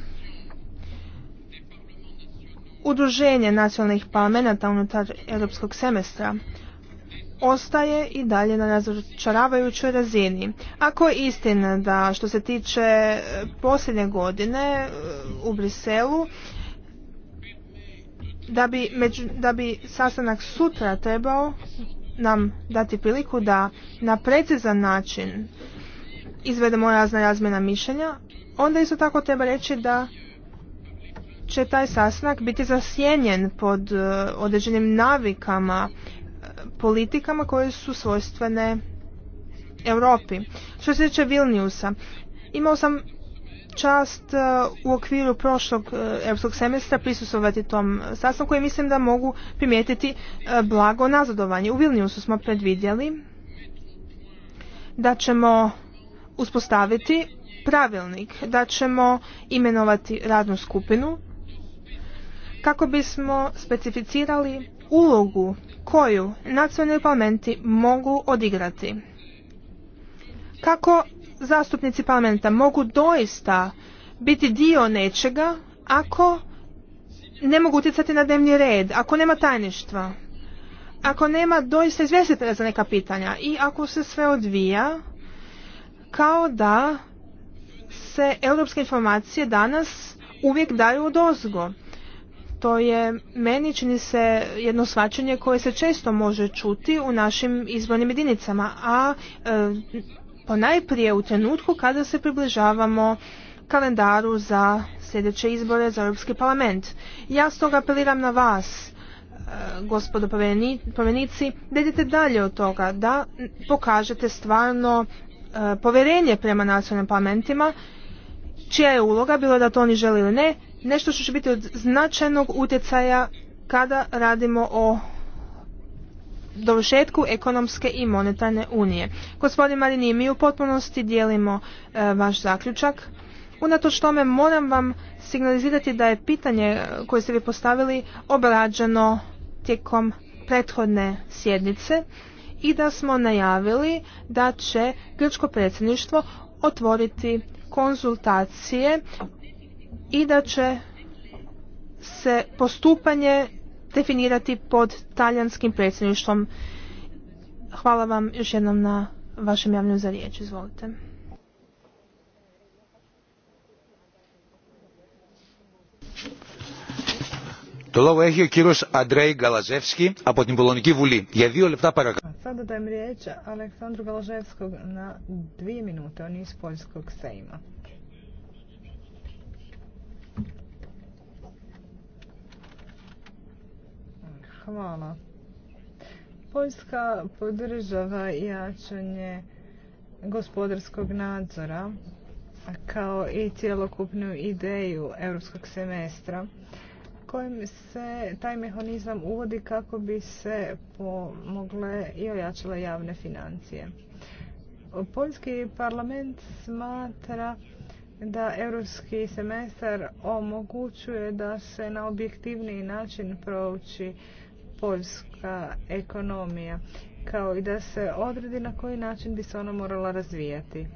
Udruženje nacionalnih parlamenta unutar europskog semestra ostaje i dalje na razočaravajućoj razini. Ako je istina da što se tiče e, posljednje godine e, u Briselu da bi, među, da bi sastanak sutra trebao nam dati priliku da na precizan način izvedemo razna razmjena mišljenja, onda isto tako treba reći da će taj sastanak biti zasjenjen pod e, određenim navikama politikama koje su svojstvene Europi. Što se tiče Vilniusa, imao sam čast e, u okviru prošlog e, europskog semestra prisustovati tom sastanku koji mislim da mogu primijetiti e, blago nazadovanje. U Vilniusu smo predvidjeli da ćemo uspostaviti pravilnik, da ćemo imenovati radnu skupinu kako bismo specificirali ulogu koju nacionalni parlamenti mogu odigrati. Kako zastupnici parlamenta mogu doista biti dio nečega ako ne mogu utjecati na dnevni red, ako nema tajništva, ako nema doista izvjestitelja za neka pitanja i ako se sve odvija kao da se europske informacije danas uvijek daju u ozgo to je meni čini se jedno svačanje koje se često može čuti u našim izbornim jedinicama, a e, ponajprije u trenutku kada se približavamo kalendaru za sljedeće izbore za Europski parlament. Ja stoga apeliram na vas, e, gospodo povjerenici, da idete dalje od toga, da pokažete stvarno e, povjerenje prema nacionalnim parlamentima, čija je uloga, bilo da to oni žele ili ne, nešto što će biti od značajnog utjecaja kada radimo o dovršetku ekonomske i monetarne unije. Gospodin Marini, mi u potpunosti dijelimo e, vaš zaključak. Unatoč tome moram vam signalizirati da je pitanje e, koje ste vi postavili obrađeno tijekom prethodne sjednice i da smo najavili da će grčko predsjedništvo otvoriti konzultacije i da će se postupanje definirati pod talijanskim predsjedništvom. Hvala vam još jednom na vašem javnju za riječ. Izvolite. Το λόγο έχει Sada dajem riječ Aleksandru Galaževskog na dvije minute, on je iz Poljskog sejma. Hvala. Poljska podržava jačanje gospodarskog nadzora kao i cjelokupnu ideju europskog semestra kojim se taj mehanizam uvodi kako bi se pomogle i ojačale javne financije. Poljski parlament smatra da europski semestar omogućuje da se na objektivniji način prouči poljska ekonomija, kao i da se odredi na koji način bi se ona morala razvijati.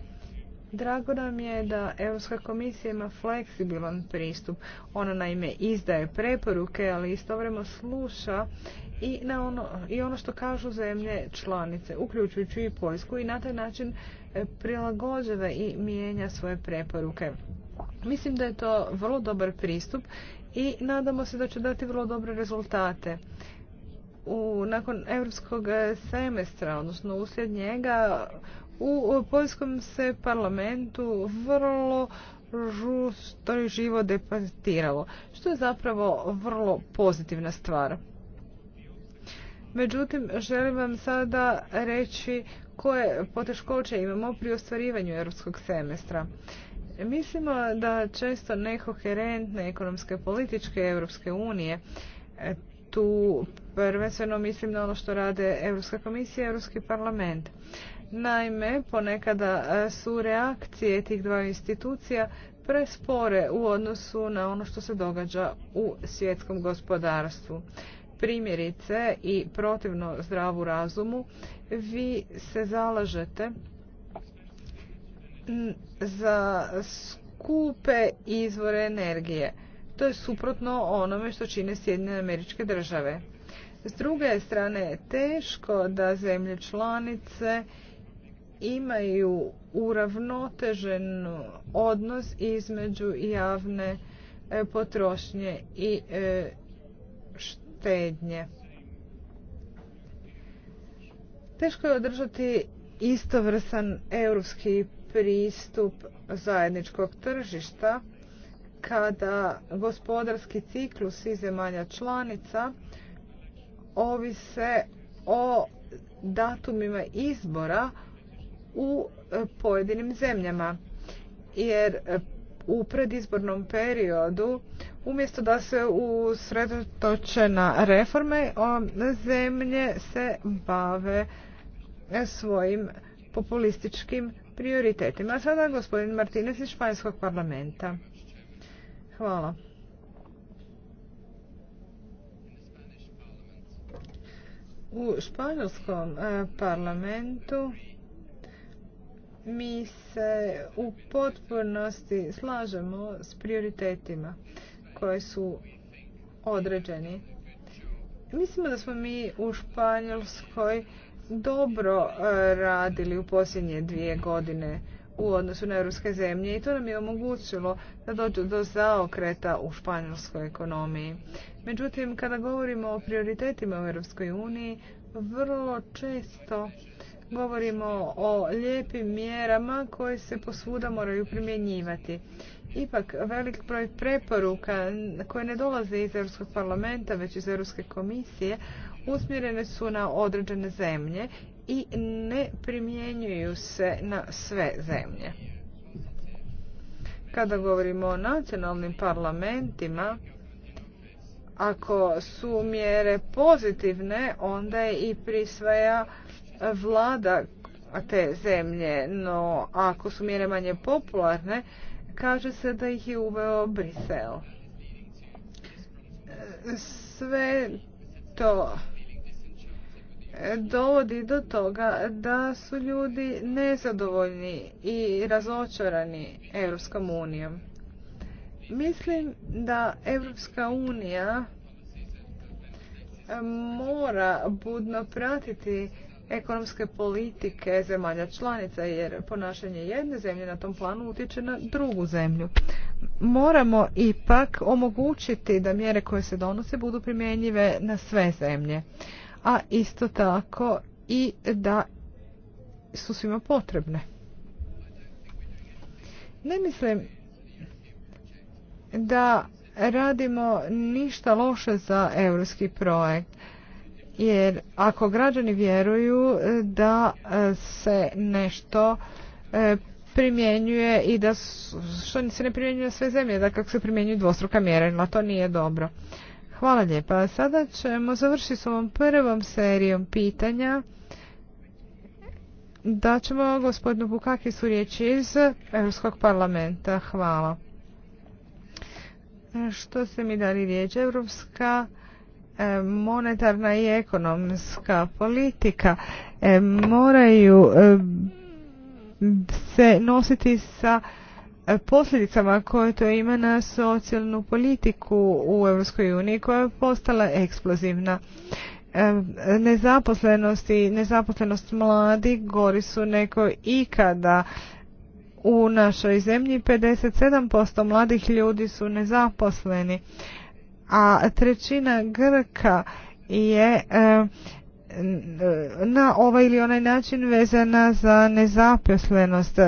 Drago nam je da Europska komisija ima fleksibilan pristup. Ona naime izdaje preporuke, ali istovremeno sluša i, na ono, i ono što kažu zemlje članice, uključujući i Poljsku, i na taj način e, prilagođava i mijenja svoje preporuke. Mislim da je to vrlo dobar pristup i nadamo se da će dati vrlo dobre rezultate u, nakon europskog semestra, odnosno uslijed njega, u poljskom se parlamentu vrlo žustro i živo debatiralo, što je zapravo vrlo pozitivna stvar. Međutim, želim vam sada reći koje poteškoće imamo pri ostvarivanju europskog semestra. Mislimo da često nekoherentne ekonomske političke Europske unije tu prvenstveno mislim na ono što rade Europska komisija i Europski parlament. Naime, ponekada e, su reakcije tih dva institucija prespore u odnosu na ono što se događa u svjetskom gospodarstvu. Primjerice i protivno zdravu razumu, vi se zalažete za skupe izvore energije to je suprotno onome što čine Sjedinjene američke države. S druge strane je teško da zemlje članice imaju uravnotežen odnos između javne e, potrošnje i e, štednje. Teško je održati istovrsan europski pristup zajedničkog tržišta kada gospodarski ciklus iz zemalja članica ovise o datumima izbora u e, pojedinim zemljama. Jer e, u predizbornom periodu umjesto da se usredotoče na reforme, zemlje se bave e, svojim populističkim prioritetima. Sada gospodin Martinez iz Španjskog parlamenta. Hvala. U španjolskom e, parlamentu mi se u potpunosti slažemo s prioritetima koje su određeni. Mislimo da smo mi u Španjolskoj dobro e, radili u posljednje dvije godine u odnosu na europske zemlje i to nam je omogućilo da dođu do zaokreta u španjolskoj ekonomiji. Međutim, kada govorimo o prioritetima u Europskoj uniji, vrlo često govorimo o lijepim mjerama koje se posvuda moraju primjenjivati. Ipak, velik broj preporuka koje ne dolaze iz Europskog parlamenta, već iz Europske komisije, usmjerene su na određene zemlje i ne primjenjuju se na sve zemlje. Kada govorimo o nacionalnim parlamentima, ako su mjere pozitivne, onda je i prisvaja vlada te zemlje, no ako su mjere manje popularne, kaže se da ih je uveo Brisel. Sve to dovodi do toga da su ljudi nezadovoljni i razočarani Europskom unijom. Mislim da Europska unija e, mora budno pratiti ekonomske politike zemalja članica jer ponašanje jedne zemlje na tom planu utječe na drugu zemlju. Moramo ipak omogućiti da mjere koje se donose budu primjenjive na sve zemlje a isto tako i da su svima potrebne. Ne mislim da radimo ništa loše za europski projekt. Jer ako građani vjeruju da se nešto e, primjenjuje i da što se ne primjenjuje na sve zemlje, da kako se primjenjuju dvostruka mjerenja, to nije dobro. Hvala lijepa. Sada ćemo završiti s ovom prvom serijom pitanja. Da ćemo gospodinu Bukakisu riječi iz Europskog parlamenta. Hvala. Što ste mi dali riječ? Europska e, monetarna i ekonomska politika e, moraju e, se nositi sa E, posljedicama koje to ima na socijalnu politiku u EU koja je postala eksplozivna. E, nezaposlenost i nezaposlenost mladi gori su neko ikada. U našoj zemlji 57% mladih ljudi su nezaposleni, a trećina Grka je e, na ovaj ili onaj način vezana za nezaposlenost.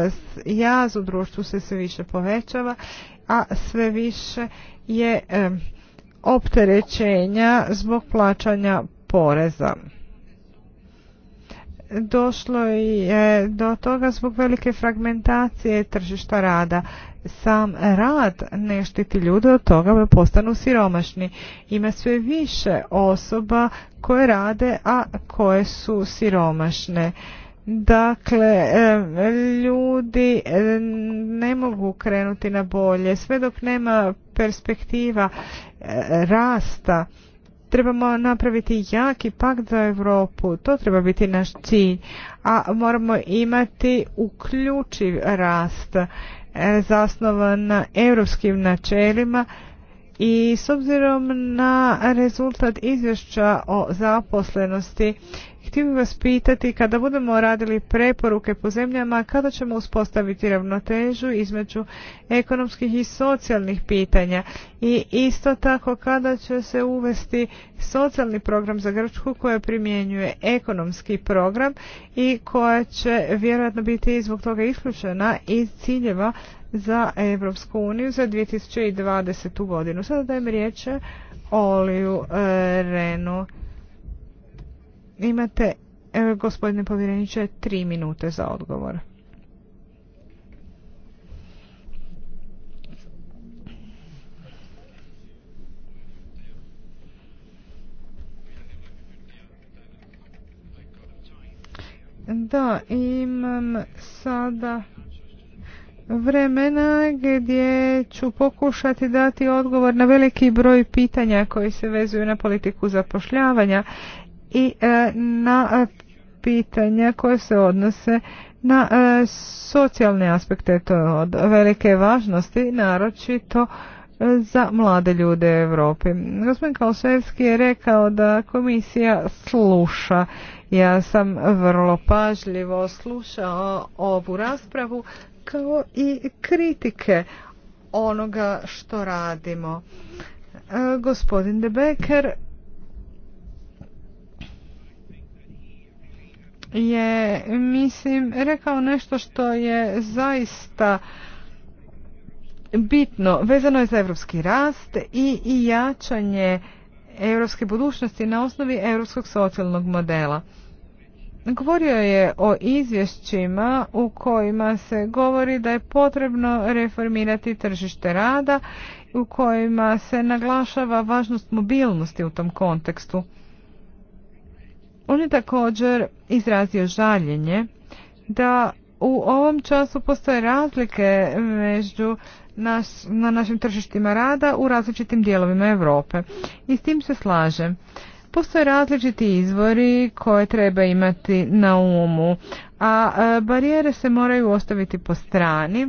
Jaz u društvu se sve više povećava, a sve više je opterećenja zbog plaćanja poreza. Došlo je do toga zbog velike fragmentacije tržišta rada sam rad ne štiti ljude od toga da postanu siromašni. Ima sve više osoba koje rade, a koje su siromašne. Dakle, ljudi ne mogu krenuti na bolje sve dok nema perspektiva e, rasta. Trebamo napraviti jaki pak za Europu, to treba biti naš cilj, a moramo imati uključiv rast E, zasnovan na europskim načelima i s obzirom na rezultat izvješća o zaposlenosti Htio bih vas pitati, kada budemo radili preporuke po zemljama, kada ćemo uspostaviti ravnotežu između ekonomskih i socijalnih pitanja? I isto tako, kada će se uvesti socijalni program za Grčku koja primjenjuje ekonomski program i koja će vjerojatno biti zbog toga isključena iz ciljeva za Europsku uniju za 2020. godinu. Sada dajem riječ Oliju eh, Renu. Imate, e, gospodine povjereniče, tri minute za odgovor. Da, imam sada vremena gdje ću pokušati dati odgovor na veliki broj pitanja koji se vezuju na politiku zapošljavanja i e, na e, pitanja koje se odnose na e, socijalne aspekte. To je od velike važnosti, naročito za mlade ljude u Europi. Gospodin Kalševski je rekao da komisija sluša. Ja sam vrlo pažljivo slušao ovu raspravu kao i kritike onoga što radimo. Gospodin De Becker je, mislim, rekao nešto što je zaista bitno. Vezano je za evropski rast i, i jačanje europske budućnosti na osnovi europskog socijalnog modela. Govorio je o izvješćima u kojima se govori da je potrebno reformirati tržište rada u kojima se naglašava važnost mobilnosti u tom kontekstu. On je također izrazio žaljenje da u ovom času postoje razlike među naš, na našim tržištima rada u različitim dijelovima Europe. I s tim se slažem. Postoje različiti izvori koje treba imati na umu, a e, barijere se moraju ostaviti po strani.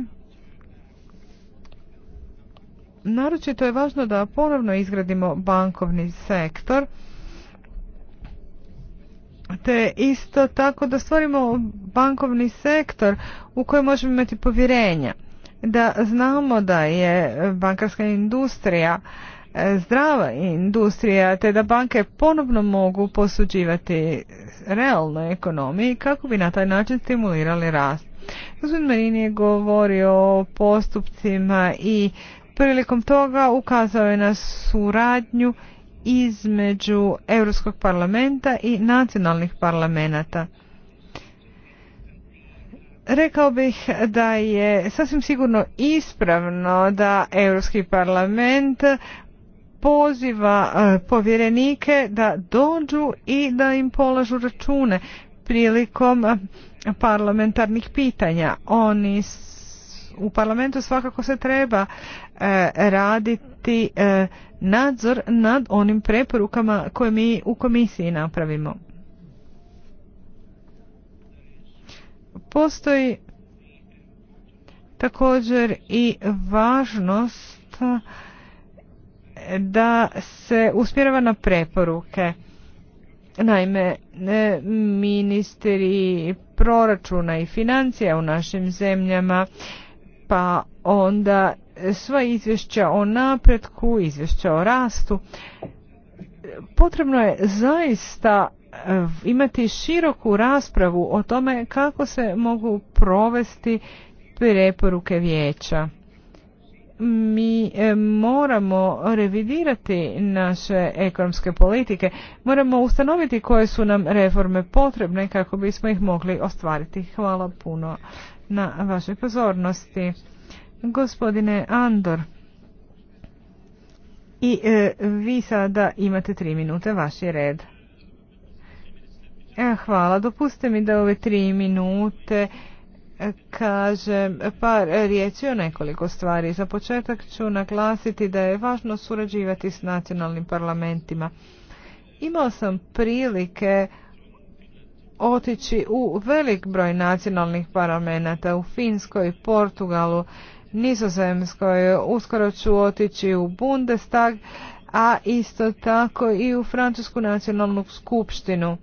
Naročito je važno da ponovno izgradimo bankovni sektor te isto tako da stvorimo bankovni sektor u kojem možemo imati povjerenja. Da znamo da je bankarska industrija e, zdrava industrija te da banke ponovno mogu posuđivati realnoj ekonomiji kako bi na taj način stimulirali rast. Gospodin Marini je govorio o postupcima i prilikom toga ukazao je na suradnju između Europskog parlamenta i nacionalnih parlamenta. Rekao bih da je sasvim sigurno ispravno da Europski parlament poziva e, povjerenike da dođu i da im polažu račune prilikom e, parlamentarnih pitanja. Oni u parlamentu svakako se treba e, raditi e, nadzor nad onim preporukama koje mi u komisiji napravimo. Postoji također i važnost da se usmjerava na preporuke. Naime, e, ministri proračuna i financija u našim zemljama pa onda sva izvješća o napretku, izvješća o rastu. Potrebno je zaista eh, imati široku raspravu o tome kako se mogu provesti preporuke vijeća. Mi eh, moramo revidirati naše ekonomske politike, moramo ustanoviti koje su nam reforme potrebne kako bismo ih mogli ostvariti. Hvala puno na vašoj pozornosti. Gospodine Andor, i e, vi sada imate tri minute, vaš red. E, hvala, dopuste mi da ove tri minute e, kažem par riječi o nekoliko stvari. Za početak ću naglasiti da je važno surađivati s nacionalnim parlamentima. Imao sam prilike otići u velik broj nacionalnih parlamenta u Finskoj, Portugalu, Nizozemskoj, uskoro ću otići u Bundestag, a isto tako i u Francusku nacionalnu skupštinu.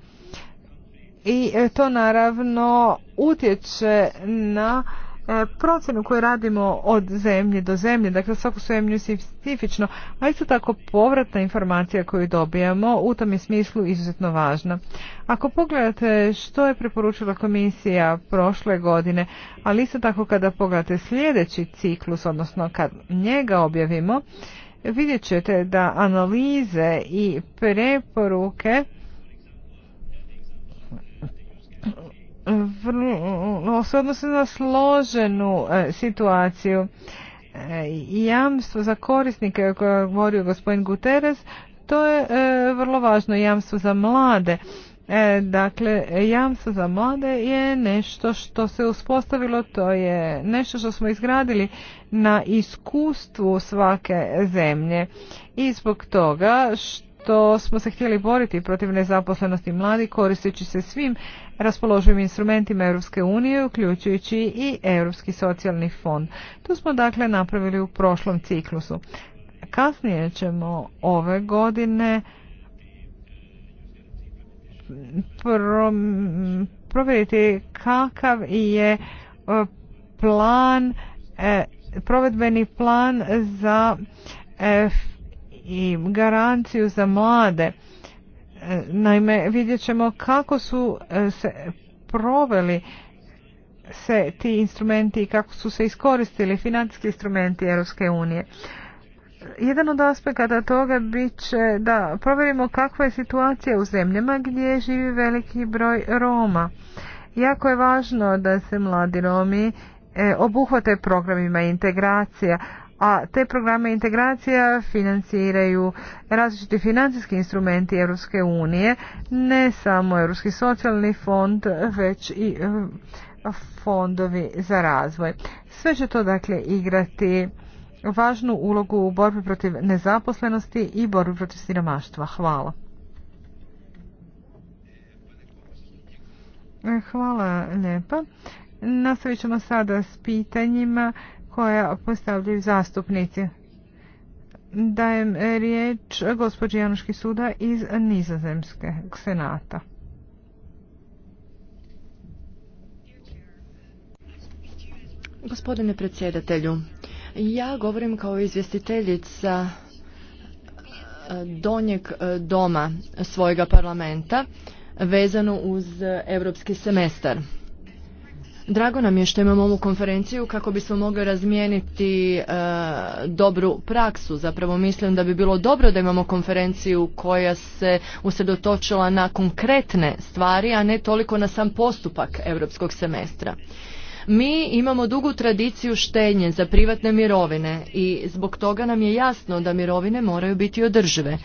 I e, to naravno utječe na E, Procenu koju radimo od zemlje do zemlje, dakle svaku zemlju specifično, a isto tako povratna informacija koju dobijamo u tom je smislu izuzetno važna. Ako pogledate što je preporučila komisija prošle godine, ali isto tako kada pogledate sljedeći ciklus, odnosno kad njega objavimo, vidjet ćete da analize i preporuke vrlo se odnosi na složenu e, situaciju. E, jamstvo za korisnike o je govorio gospodin Guterres, to je e, vrlo važno jamstvo za mlade. Dakle, jamstvo za mlade je nešto što se uspostavilo, to je nešto što smo izgradili na iskustvu svake zemlje i zbog toga što što smo se htjeli boriti protiv nezaposlenosti mladi koristeći se svim raspoloživim instrumentima Europske unije, uključujući i Europski socijalni fond. Tu smo dakle napravili u prošlom ciklusu. Kasnije ćemo ove godine provjeriti kakav je e, plan, e, provedbeni plan za e, i garanciju za mlade. E, naime, vidjet ćemo kako su e, se proveli se ti instrumenti i kako su se iskoristili financijski instrumenti Europske unije. Jedan od aspekata toga bit će da provjerimo kakva je situacija u zemljama gdje živi veliki broj Roma. Jako je važno da se mladi Romi e, obuhvate programima integracija, a te programe integracija financiraju različiti financijski instrumenti Europske unije, ne samo Europski socijalni fond, već i eh, fondovi za razvoj. Sve će to dakle igrati važnu ulogu u borbi protiv nezaposlenosti i borbi protiv siromaštva. Hvala. Eh, hvala lijepa. Nastavit ćemo sada s pitanjima koja postavljaju zastupnici. Dajem riječ gospođi Januški suda iz Nizozemske senata. Gospodine predsjedatelju, ja govorim kao izvjestiteljica e, donjeg e, doma svojega parlamenta vezano uz europski semestar. Drago nam je što imamo ovu konferenciju kako bismo mogli razmijeniti e, dobru praksu. Zapravo mislim da bi bilo dobro da imamo konferenciju koja se usredotočila na konkretne stvari, a ne toliko na sam postupak europskog semestra. Mi imamo dugu tradiciju štenje za privatne mirovine i zbog toga nam je jasno da mirovine moraju biti održive.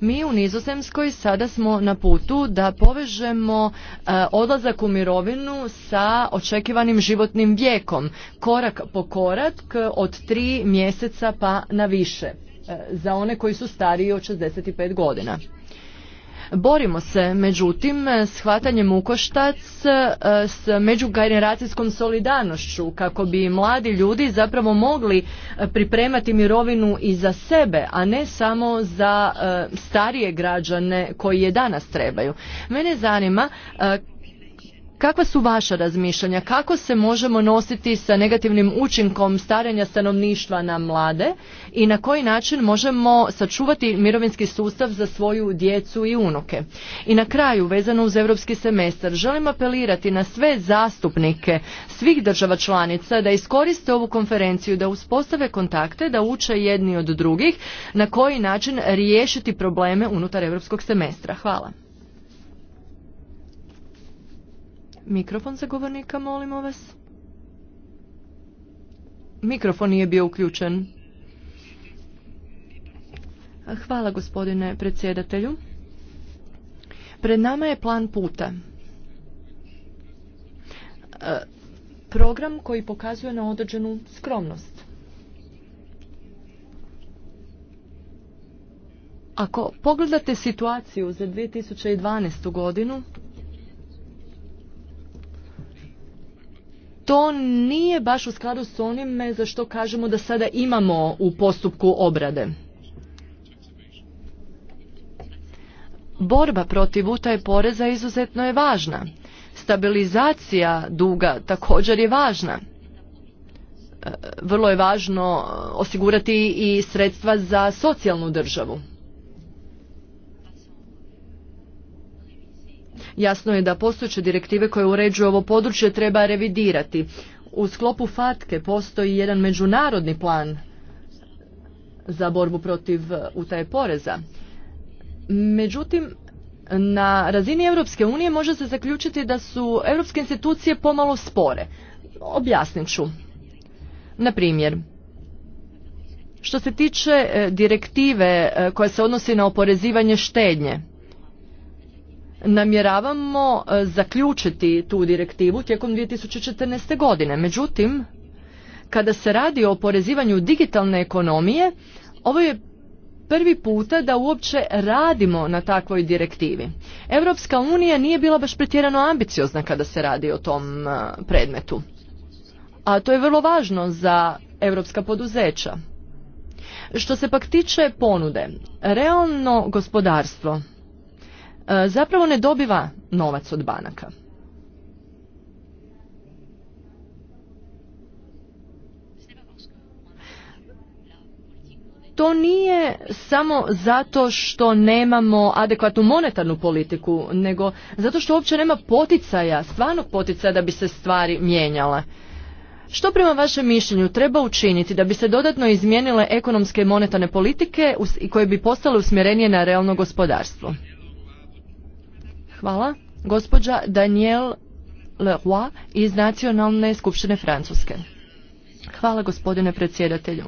Mi u Nizozemskoj sada smo na putu da povežemo eh, odlazak u mirovinu sa očekivanim životnim vijekom, korak po korak od tri mjeseca pa na više eh, za one koji su stariji od 65 godina. Borimo se, međutim, s hvatanjem u koštac e, s međugeneracijskom solidarnošću kako bi mladi ljudi zapravo mogli e, pripremati mirovinu i za sebe, a ne samo za e, starije građane koji je danas trebaju. Mene zanima Kakva su vaša razmišljanja? Kako se možemo nositi sa negativnim učinkom starenja stanovništva na mlade i na koji način možemo sačuvati mirovinski sustav za svoju djecu i unuke? I na kraju, vezano uz europski semestar, želim apelirati na sve zastupnike svih država članica da iskoriste ovu konferenciju, da uspostave kontakte, da uče jedni od drugih na koji način riješiti probleme unutar europskog semestra. Hvala. Mikrofon za govornika, molimo vas. Mikrofon nije bio uključen. Hvala gospodine predsjedatelju. Pred nama je plan puta. E, program koji pokazuje na određenu skromnost. Ako pogledate situaciju za 2012. godinu, to nije baš u skladu s onime za što kažemo da sada imamo u postupku obrade. Borba protiv utaje poreza izuzetno je važna. Stabilizacija duga također je važna. E, vrlo je važno e, osigurati i sredstva za socijalnu državu. Jasno je da postojeće direktive koje uređuju ovo područje treba revidirati. U sklopu FATKE postoji jedan međunarodni plan za borbu protiv uh, utaje poreza. Međutim, na razini Europske unije može se zaključiti da su europske institucije pomalo spore. Objasnit ću. Na primjer, što se tiče uh, direktive uh, koja se odnosi na oporezivanje štednje, namjeravamo e, zaključiti tu direktivu tijekom 2014. godine. Međutim, kada se radi o oporezivanju digitalne ekonomije, ovo je prvi puta da uopće radimo na takvoj direktivi. Europska unija nije bila baš pretjerano ambiciozna kada se radi o tom e, predmetu. A to je vrlo važno za europska poduzeća. Što se pak tiče ponude, realno gospodarstvo E, zapravo ne dobiva novac od banaka. To nije samo zato što nemamo adekvatnu monetarnu politiku, nego zato što uopće nema poticaja, stvarnog poticaja da bi se stvari mijenjale. Što prema vašem mišljenju treba učiniti da bi se dodatno izmijenile ekonomske i monetarne politike koje bi postale usmjerenije na realno gospodarstvo? Hvala. Gospođa daniel Leroy iz Nacionalne skupštine Francuske. Hvala gospodine predsjedatelju.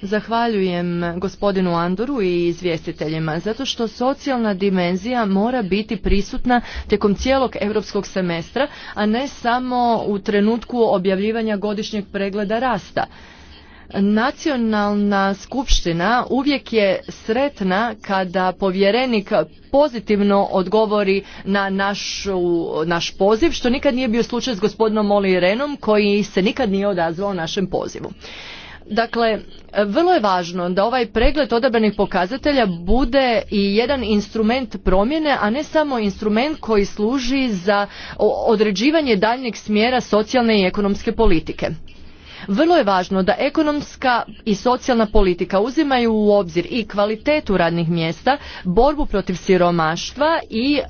Zahvaljujem gospodinu Andoru i izvjestiteljima, zato što socijalna dimenzija mora biti prisutna tijekom cijelog europskog semestra, a ne samo u trenutku objavljivanja godišnjeg pregleda rasta. Nacionalna skupština uvijek je sretna kada povjerenik pozitivno odgovori na našu, naš poziv, što nikad nije bio slučaj s gospodinom Oli Renom koji se nikad nije odazvao našem pozivu. Dakle, vrlo je važno da ovaj pregled odabranih pokazatelja bude i jedan instrument promjene, a ne samo instrument koji služi za određivanje daljnjeg smjera socijalne i ekonomske politike. Vrlo je važno da ekonomska i socijalna politika uzimaju u obzir i kvalitetu radnih mjesta, borbu protiv siromaštva i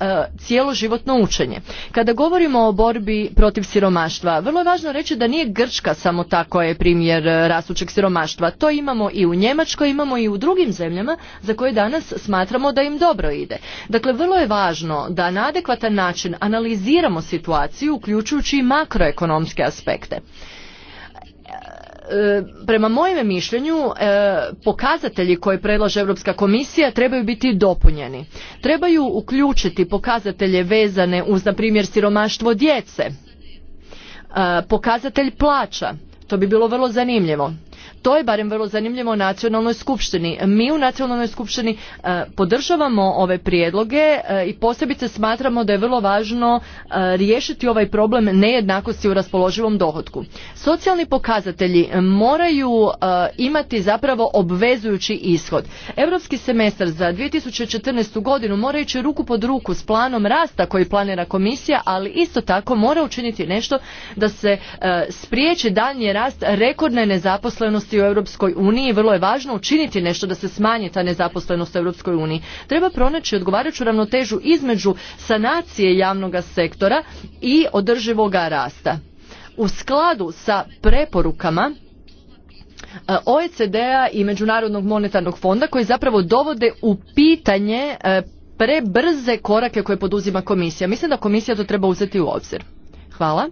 e, životno učenje. Kada govorimo o borbi protiv siromaštva, vrlo je važno reći da nije Grčka samo tako je primjer e, rastućeg siromaštva. To imamo i u Njemačkoj, imamo i u drugim zemljama za koje danas smatramo da im dobro ide. Dakle, vrlo je važno da na adekvatan način analiziramo situaciju uključujući i makroekonomske aspekte. E, prema mojem mišljenju e, pokazatelji koje predlaže Europska komisija trebaju biti dopunjeni. Trebaju uključiti pokazatelje vezane uz, na primjer, siromaštvo djece, e, pokazatelj plaća, to bi bilo vrlo zanimljivo to je barem vrlo zanimljivo u nacionalnoj skupštini. Mi u nacionalnoj skupštini e, podržavamo ove prijedloge e, i posebice smatramo da je vrlo važno e, riješiti ovaj problem nejednakosti u raspoloživom dohotku. Socijalni pokazatelji moraju imati zapravo obvezujući ishod. Europski semestar za 2014. godinu mora ići ruku pod ruku s planom rasta koji planira komisija, ali isto tako mora učiniti nešto da se spriječi daljnji rast rekordne nezaposlenosti u Europskoj uniji, vrlo je važno učiniti nešto da se smanji ta nezaposlenost u Europskoj uniji. Treba pronaći odgovarajuću ravnotežu između sanacije javnog sektora i održivoga rasta. U skladu sa preporukama e, OECD-a i Međunarodnog monetarnog fonda koji zapravo dovode u pitanje e, prebrze korake koje poduzima komisija. Mislim da komisija to treba uzeti u obzir. Hvala.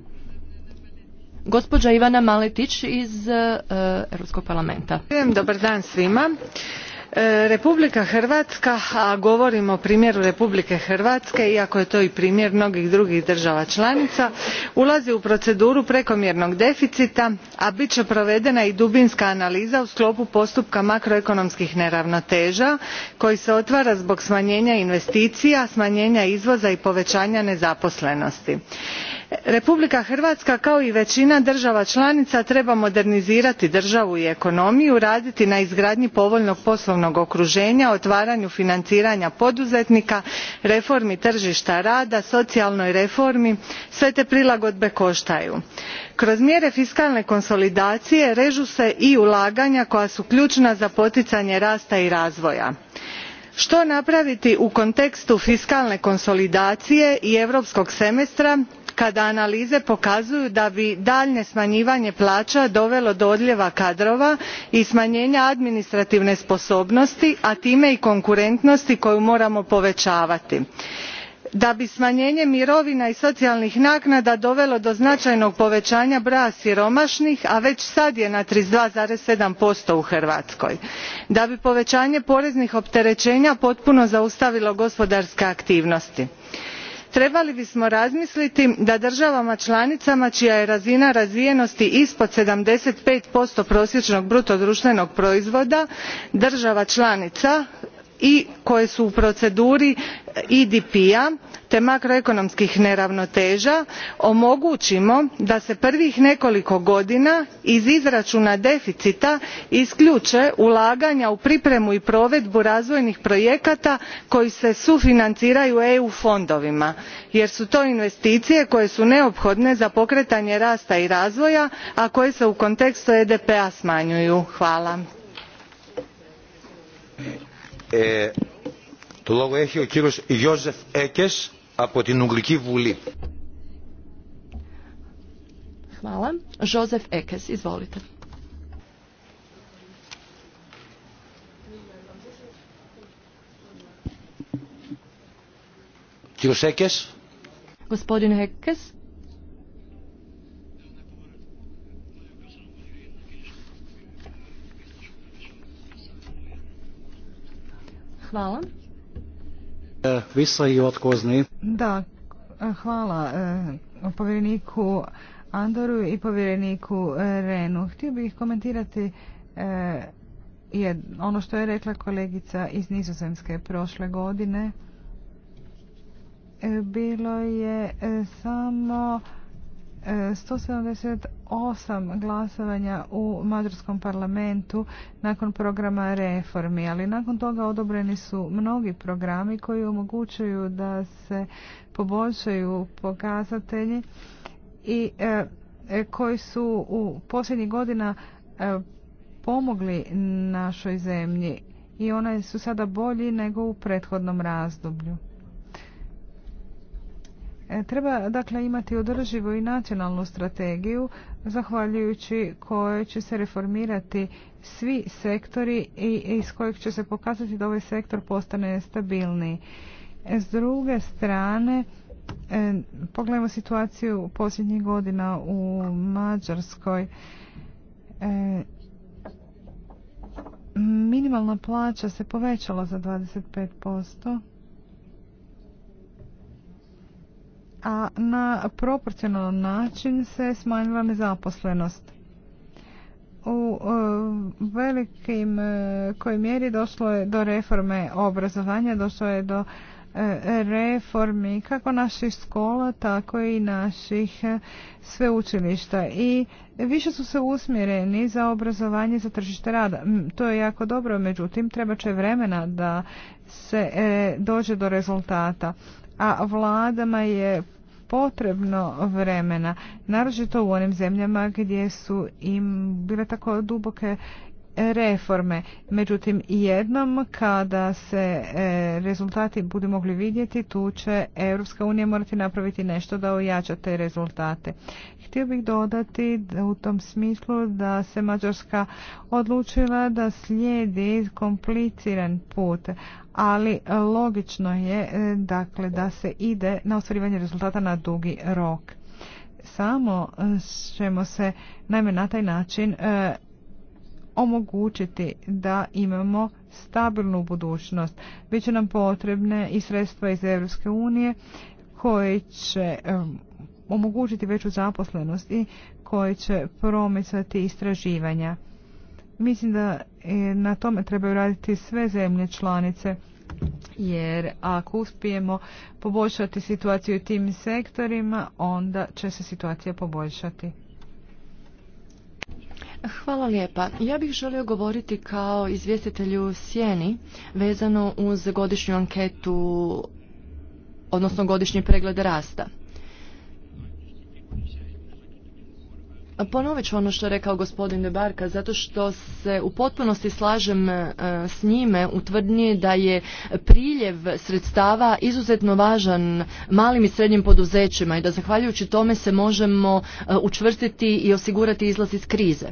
Gospođa Ivana Maletić iz e, Europskog parlamenta. Dobar dan svima. E, Republika Hrvatska, a govorimo o primjeru Republike Hrvatske, iako je to i primjer mnogih drugih država članica, ulazi u proceduru prekomjernog deficita, a bit će provedena i dubinska analiza u sklopu postupka makroekonomskih neravnoteža koji se otvara zbog smanjenja investicija, smanjenja izvoza i povećanja nezaposlenosti republika hrvatska kao i većina država članica treba modernizirati državu i ekonomiju raditi na izgradnji povoljnog poslovnog okruženja otvaranju financiranja poduzetnika reformi tržišta rada socijalnoj reformi sve te prilagodbe koštaju kroz mjere fiskalne konsolidacije režu se i ulaganja koja su ključna za poticanje rasta i razvoja što napraviti u kontekstu fiskalne konsolidacije i europskog semestra kada analize pokazuju da bi daljnje smanjivanje plaća dovelo do odljeva kadrova i smanjenja administrativne sposobnosti a time i konkurentnosti koju moramo povećavati da bi smanjenje mirovina i socijalnih naknada dovelo do značajnog povećanja broja siromašnih a već sad je na thirty two seven u hrvatskoj da bi povećanje poreznih opterećenja potpuno zaustavilo gospodarske aktivnosti trebali bismo razmisliti da državama članicama čija je razina razvijenosti ispod seventy five prosječnog bruto proizvoda država članica i koje su u proceduri edp a te makroekonomskih neravnoteža omogućimo da se prvih nekoliko godina iz izračuna deficita isključe ulaganja u pripremu i provedbu razvojnih projekata koji se sufinanciraju eu fondovima jer su to investicije koje su neophodne za pokretanje rasta i razvoja a koje se u kontekstu edp a smanjuju. hvala το λόγο έχει ο κύριος Ιώζεφ Έκες από την Hvala. Ekes, izvolite. Κύριος ekes Gospodin Ekes. Hvala. E, da, e, hvala e, povjereniku Andoru i povjereniku Renu. Htio bih komentirati ono što je rekla kolegica iz Nizozemske prošle godine bilo je samo 178 glasovanja u Mađarskom parlamentu nakon programa reformi, ali nakon toga odobreni su mnogi programi koji omogućuju da se poboljšaju pokazatelji i e, koji su u posljednjih godina e, pomogli našoj zemlji i one su sada bolji nego u prethodnom razdoblju. E, treba dakle imati održivu i nacionalnu strategiju zahvaljujući koje će se reformirati svi sektori i iz kojih će se pokazati da ovaj sektor postane stabilniji. E, s druge strane, e, pogledajmo situaciju posljednjih godina u Mađarskoj. Minimalna plaća se povećala za 25%. a na proporcionalan način se smanjila nezaposlenost. U e, velikim e, kojoj mjeri došlo je do reforme obrazovanja, došlo je do e, reformi kako naših škola, tako i naših sveučilišta. I više su se usmjereni za obrazovanje za tržište rada. To je jako dobro, međutim treba će vremena da se dođe do rezultata a vladama je potrebno vremena, naročito u onim zemljama gdje su im bile tako duboke reforme. Međutim, jednom kada se e, rezultati budu mogli vidjeti, tu će Europska unija morati napraviti nešto da ojača te rezultate. Htio bih dodati u tom smislu da se Mađarska odlučila da slijedi kompliciran put, ali logično je e, dakle da se ide na ostvarivanje rezultata na dugi rok. Samo e, ćemo se naime na taj način omogućiti da imamo stabilnu budućnost. Biće nam potrebne i sredstva iz Europske unije koje će omogućiti veću zaposlenost i koje će promicati istraživanja. Mislim da e, na tome trebaju raditi sve zemlje članice jer ako uspijemo poboljšati situaciju u tim sektorima, onda će se situacija poboljšati. Hvala lijepa. Ja bih želio govoriti kao izvjestitelju Sjeni vezano uz godišnju anketu, odnosno godišnji pregled rasta. Ponovit ću ono što je rekao gospodin Debarka, zato što se u potpunosti slažem e, s njime u tvrdnji da je priljev sredstava izuzetno važan malim i srednjim poduzećima i da zahvaljujući tome se možemo e, učvrstiti i osigurati izlaz iz krize.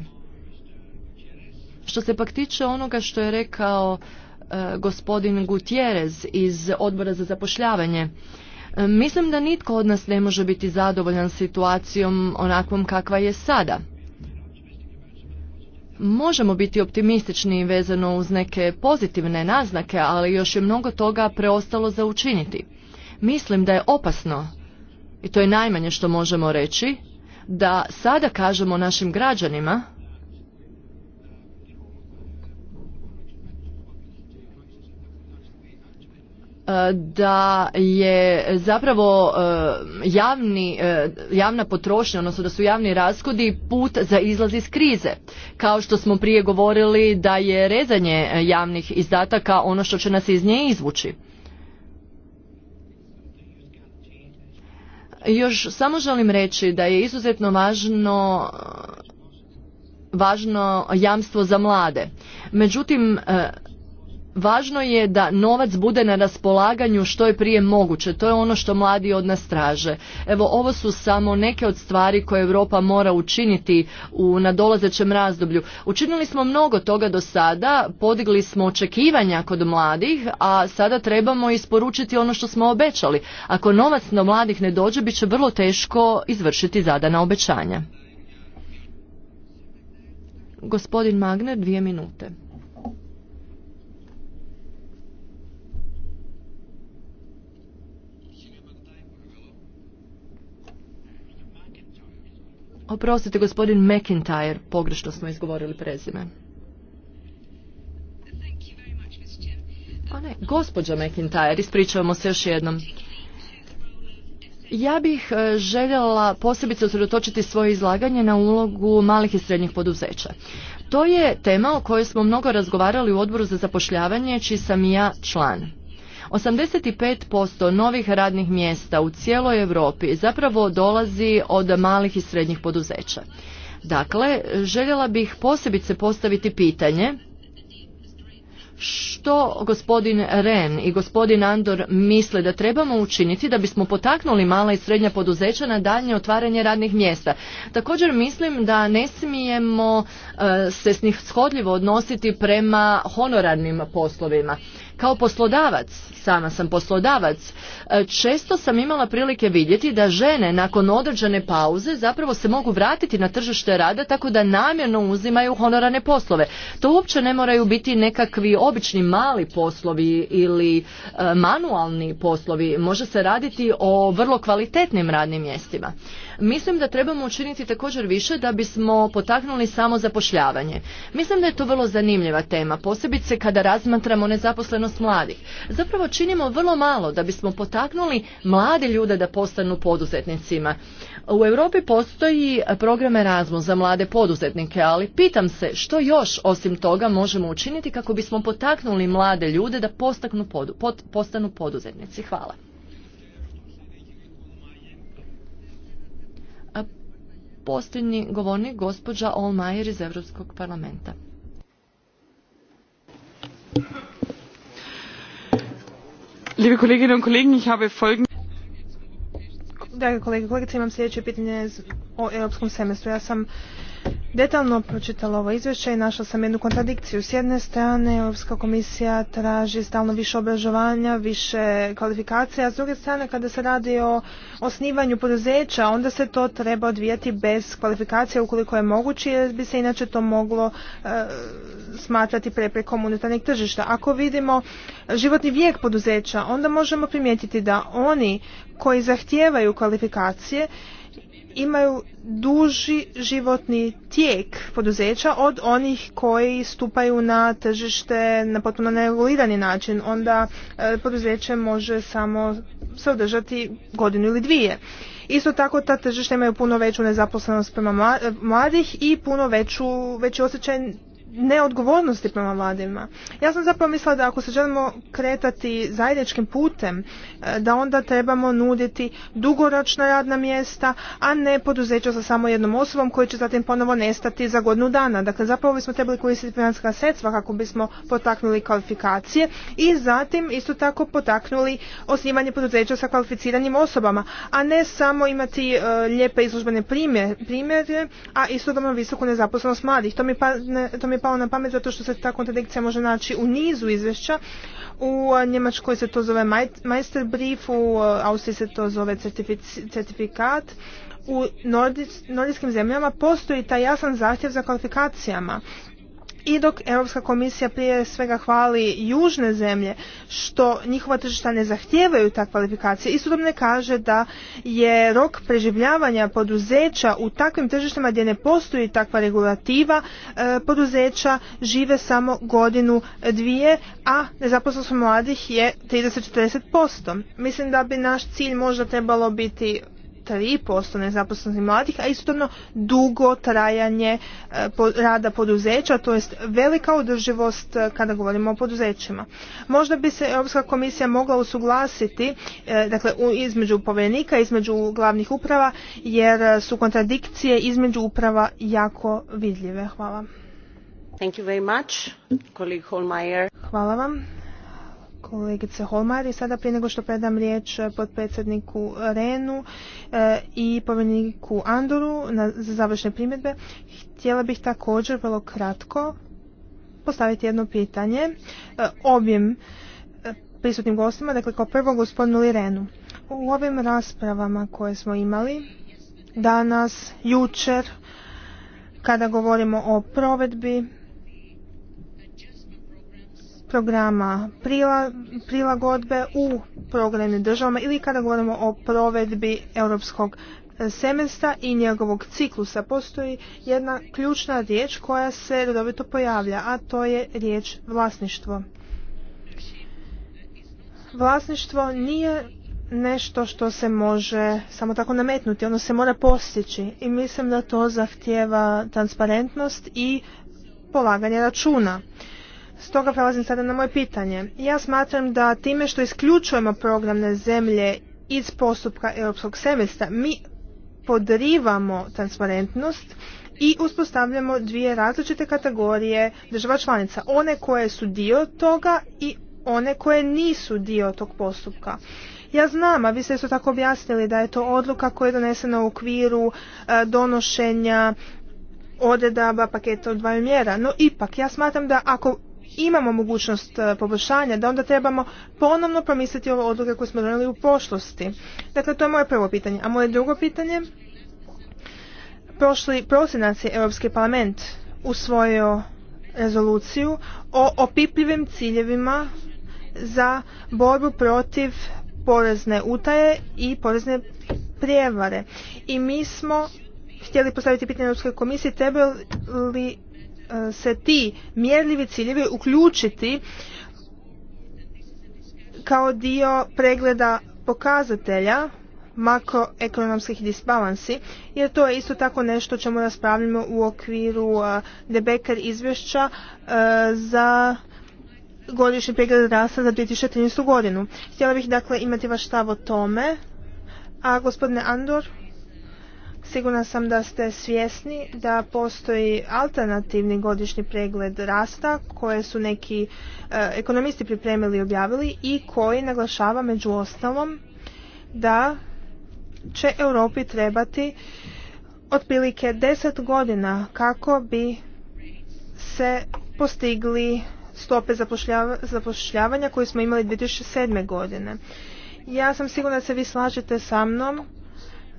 Što se pak tiče onoga što je rekao e, gospodin Gutierrez iz odbora za zapošljavanje, e, mislim da nitko od nas ne može biti zadovoljan situacijom onakvom kakva je sada. Možemo biti optimistični vezano uz neke pozitivne naznake, ali još je mnogo toga preostalo za učiniti. Mislim da je opasno, i to je najmanje što možemo reći, da sada kažemo našim građanima E, da je zapravo e, javni, e, javna potrošnja, odnosno da su javni raskodi put za izlaz iz krize. Kao što smo prije govorili da je rezanje javnih izdataka ono što će nas iz nje izvući. Još samo želim reći da je izuzetno važno važno jamstvo za mlade. Međutim, Važno je da novac bude na raspolaganju što je prije moguće. To je ono što mladi od nas traže. Evo, ovo su samo neke od stvari koje Europa mora učiniti u nadolazećem razdoblju. Učinili smo mnogo toga do sada, podigli smo očekivanja kod mladih, a sada trebamo isporučiti ono što smo obećali. Ako novac do mladih ne dođe, bit će vrlo teško izvršiti zadana obećanja. Gospodin Magner, dvije minute. Oprostite, gospodin McIntyre, pogrešno smo izgovorili prezime. Pa ne, gospođa McIntyre, ispričavamo se još jednom. Ja bih e, željela posebice usredotočiti svoje izlaganje na ulogu malih i srednjih poduzeća. To je tema o kojoj smo mnogo razgovarali u odboru za zapošljavanje, čiji sam i ja član. 85% novih radnih mjesta u cijeloj Europi zapravo dolazi od malih i srednjih poduzeća. Dakle, željela bih posebice postaviti pitanje što gospodin Ren i gospodin Andor misle da trebamo učiniti da bismo potaknuli mala i srednja poduzeća na daljnje otvaranje radnih mjesta. Također mislim da ne smijemo e, s njih shodljivo odnositi prema honorarnim poslovima. Kao poslodavac sama sam poslodavac, e, često sam imala prilike vidjeti da žene nakon određene pauze zapravo se mogu vratiti na tržište rada tako da namjerno uzimaju honorane poslove. To uopće ne moraju biti nekakvi obični mali poslovi ili e, manualni poslovi. Može se raditi o vrlo kvalitetnim radnim mjestima. Mislim da trebamo učiniti također više da bismo potaknuli samo zapošljavanje. Mislim da je to vrlo zanimljiva tema, posebice kada razmatramo nezaposlenost mladih. Zapravo činimo vrlo malo da bismo potaknuli mlade ljude da postanu poduzetnicima. U Europi postoji program Erasmus za mlade poduzetnike, ali pitam se što još osim toga možemo učiniti kako bismo potaknuli mlade ljude da postanu poduzetnici. Hvala. A posljednji govornik, gospođa Olmajer iz Europskog parlamenta. Liebe Kolleginnen und Kollegen, ich habe folgende imam sljedeće pitanje o europskom semestru. Ja sam detaljno pročitala ovo izvješće i našla sam jednu kontradikciju. S jedne strane, Europska komisija traži stalno više obrazovanja, više kvalifikacija, a s druge strane, kada se radi o osnivanju poduzeća, onda se to treba odvijati bez kvalifikacija ukoliko je moguće, jer bi se inače to moglo e, smatrati preprekom unutarnjeg tržišta. Ako vidimo životni vijek poduzeća, onda možemo primijetiti da oni koji zahtijevaju kvalifikacije imaju duži životni tijek poduzeća od onih koji stupaju na tržište na potpuno neregulirani način. Onda e, poduzeće može samo se održati godinu ili dvije. Isto tako ta tržišta imaju puno veću nezaposlenost prema mladih i puno veću, veći osjećaj neodgovornosti prema mladima. Ja sam zapravo mislila da ako se želimo kretati zajedničkim putem, e, da onda trebamo nuditi dugoročna radna mjesta, a ne poduzeća sa samo jednom osobom koji će zatim ponovo nestati za godinu dana. Dakle, zapravo bismo trebali koristiti financijska sredstva kako bismo potaknuli kvalifikacije i zatim isto tako potaknuli osnivanje poduzeća sa kvalificiranim osobama, a ne samo imati e, lijepe izložbene primjere, a istodobno visoku nezaposlenost mladih. To mi, pa-, to mi je palo na pamet zato što se ta kontradikcija može naći u nizu izvješća. U Njemačkoj se to zove Meisterbrief, u Austriji se to zove certifikat. U nordijskim zemljama postoji taj jasan zahtjev za kvalifikacijama i dok Europska komisija prije svega hvali južne zemlje što njihova tržišta ne zahtijevaju ta kvalifikacija, istodobno ne kaže da je rok preživljavanja poduzeća u takvim tržištima gdje ne postoji takva regulativa e, poduzeća žive samo godinu dvije, a nezaposlenost mladih je 30-40%. Mislim da bi naš cilj možda trebalo biti 3% nezaposlenih mladih, a istotno dugo trajanje e, rada poduzeća, to jest velika održivost e, kada govorimo o poduzećima. Možda bi se Europska komisija mogla usuglasiti e, dakle, između povjerenika, između glavnih uprava, jer su kontradikcije između uprava jako vidljive. Hvala. Thank you very much. Hvala vam kolegice Holmar i sada prije nego što predam riječ eh, potpredsjedniku Renu eh, i povjereniku Andoru na, za završne primjedbe, htjela bih također vrlo kratko postaviti jedno pitanje eh, ovim prisutnim gostima, dakle kao prvo gospodinu Lirenu. U ovim raspravama koje smo imali danas, jučer, kada govorimo o provedbi programa prilagodbe u programnim državama ili kada govorimo o provedbi europskog e, semestra i njegovog ciklusa postoji jedna ključna riječ koja se redovito pojavlja, a to je riječ vlasništvo. Vlasništvo nije nešto što se može samo tako nametnuti, ono se mora postići i mislim da to zahtjeva transparentnost i polaganje računa. Stoga prelazim sada na moje pitanje. Ja smatram da time što isključujemo programne zemlje iz postupka europskog semestra, mi podrivamo transparentnost i uspostavljamo dvije različite kategorije država članica. One koje su dio toga i one koje nisu dio tog postupka. Ja znam, a vi ste isto tako objasnili da je to odluka koja je donesena u okviru e, donošenja odredaba paketa od dvaju mjera. No ipak, ja smatram da ako imamo mogućnost e, poboljšanja, da onda trebamo ponovno promisliti ove odluke koje smo donijeli u prošlosti. Dakle, to je moje prvo pitanje. A moje drugo pitanje, prošli prosinac je Europski parlament usvojio rezoluciju o opipljivim ciljevima za borbu protiv porezne utaje i porezne prijevare. I mi smo htjeli postaviti pitanje Europskoj komisije treba li E, se ti mjerljivi ciljevi uključiti kao dio pregleda pokazatelja makroekonomskih disbalansi, jer to je isto tako nešto čemu raspravljamo u okviru e, Debecker izvješća e, za godišnji pregled rasta za 2013. godinu. Htjela bih dakle imati vaš stav o tome. A gospodine Andor? Sigurna sam da ste svjesni da postoji alternativni godišnji pregled rasta koje su neki e, ekonomisti pripremili i objavili i koji naglašava među ostalom da će Europi trebati otprilike 10 godina kako bi se postigli stope zapošljavanja koje smo imali 2007. godine. Ja sam sigurna da se vi slažete sa mnom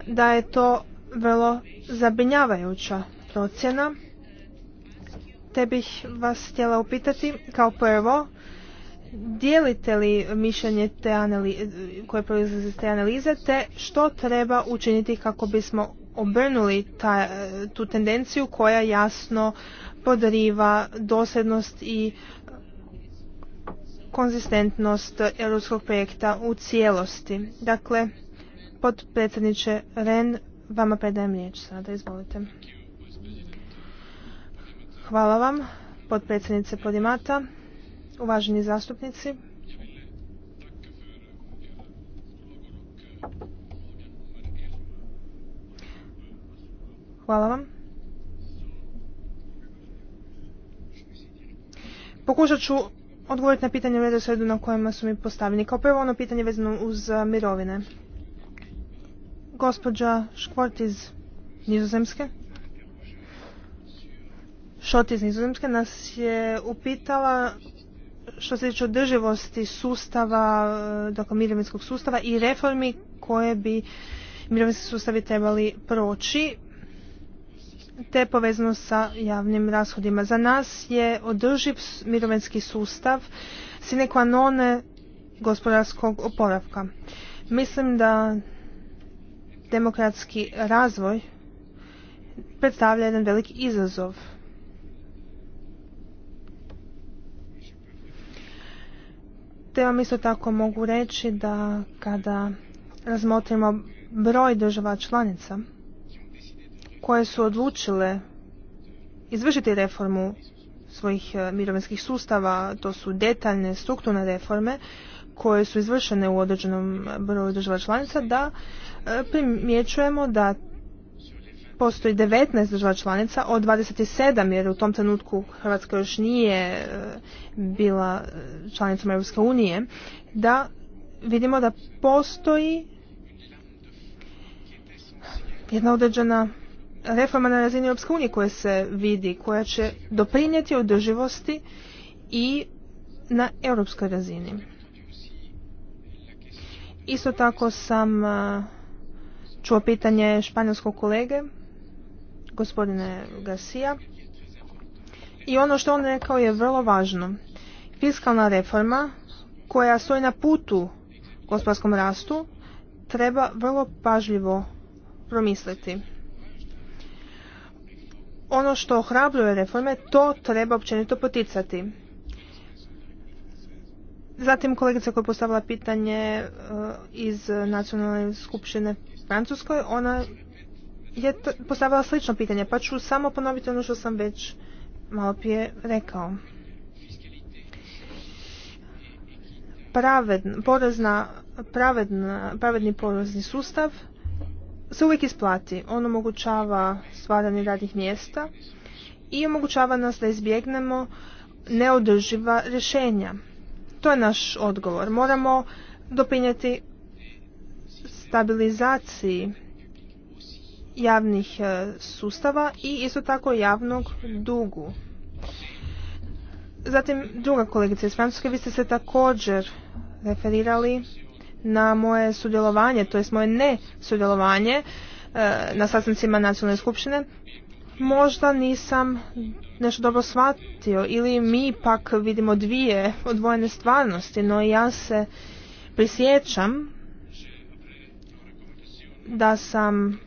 da je to vrlo zabrinjavajuća procjena, te bih vas htjela upitati kao prvo, dijelite li mišljenje te analize, koje proizlaze iz te analize, te što treba učiniti kako bismo obrnuli ta, tu tendenciju koja jasno podriva dosljednost i konzistentnost europskog projekta u cijelosti. Dakle, potpredsjedniče Ren, Vama predajem riječ sada, izvolite. Hvala vam, podpredsjednice Podimata, uvaženi zastupnici. Hvala vam. Pokušat ću odgovoriti na pitanje u redoslijedu na kojima su mi postavljeni. Kao prvo ono pitanje vezano uz mirovine. Gospođa Škvort iz Nizozemske. Šot iz Nizozemske nas je upitala što se tiče održivosti sustava, e, dakle mirovinskog sustava i reformi koje bi mirovinski sustavi trebali proći te povezano sa javnim rashodima. Za nas je održiv mirovinski sustav sine qua gospodarskog oporavka. Mislim da demokratski razvoj predstavlja jedan veliki izazov. Te vam isto tako mogu reći da kada razmotrimo broj država članica koje su odlučile izvršiti reformu svojih e, mirovinskih sustava, to su detaljne strukturne reforme koje su izvršene u određenom broju država članica, da E, primjećujemo da postoji 19 država članica od 27 jer u tom trenutku Hrvatska još nije e, bila e, članicom Europske unije da vidimo da postoji jedna određena reforma na razini Europske unije koja se vidi, koja će doprinijeti održivosti i na europskoj razini. Isto tako sam čuo pitanje španjolskog kolege, gospodine Garcia. I ono što on rekao je vrlo važno. Fiskalna reforma koja stoji na putu gospodarskom rastu treba vrlo pažljivo promisliti. Ono što ohrabruje reforme, to treba općenito poticati. Zatim kolegica koja je postavila pitanje e, iz Nacionalne skupštine Francuskoj, ona je postavila slično pitanje, pa ću samo ponoviti ono što sam već malo prije rekao. porezna, pravedni porezni sustav se uvijek isplati. On omogućava stvaranje radnih mjesta i omogućava nas da izbjegnemo neodrživa rješenja. To je naš odgovor. Moramo doprinijeti stabilizaciji javnih e, sustava i isto tako javnog dugu. Zatim druga kolegica iz Francuske, vi ste se također referirali na moje sudjelovanje, to jest moje ne sudjelovanje e, na sastancima nacionalne skupštine. Možda nisam nešto dobro shvatio ili mi pak vidimo dvije odvojene stvarnosti, no ja se prisjećam da sam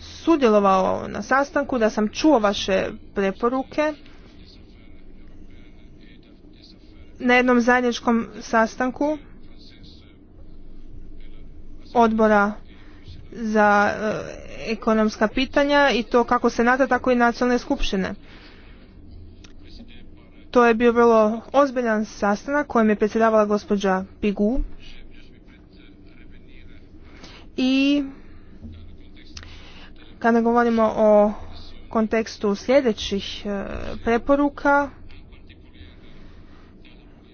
sudjelovao na sastanku, da sam čuo vaše preporuke na jednom zajedničkom sastanku odbora za e, ekonomska pitanja i to kako senata tako i nacionalne skupštine. To je bio vrlo ozbiljan sastanak kojem je predsjedavala gospođa Pigu i kada govorimo o kontekstu sljedećih e, preporuka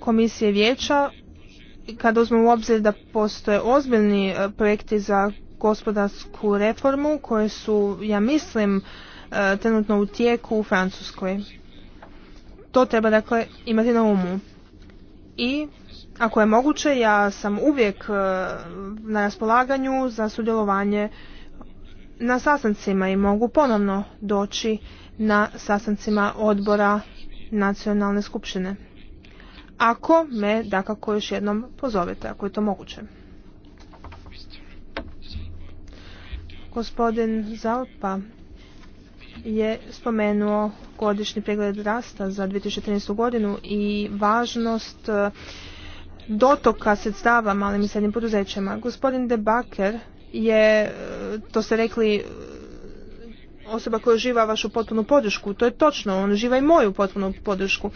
komisije vijeća kada uzmemo u obzir da postoje ozbiljni e, projekti za gospodarsku reformu koje su, ja mislim, e, trenutno u tijeku u Francuskoj. To treba dakle imati na umu. I ako je moguće, ja sam uvijek e, na raspolaganju za sudjelovanje na sastancima i mogu ponovno doći na sastancima odbora nacionalne skupštine. Ako me dakako još jednom pozovete, ako je to moguće. Gospodin Zalpa je spomenuo godišnji pregled rasta za 2013. godinu i važnost e, dotoka sredstava malim i srednjim poduzećima. Gospodin De Baker je, e, to ste rekli, e, osoba koja uživa vašu potpunu podršku. To je točno, on uživa i moju potpunu podršku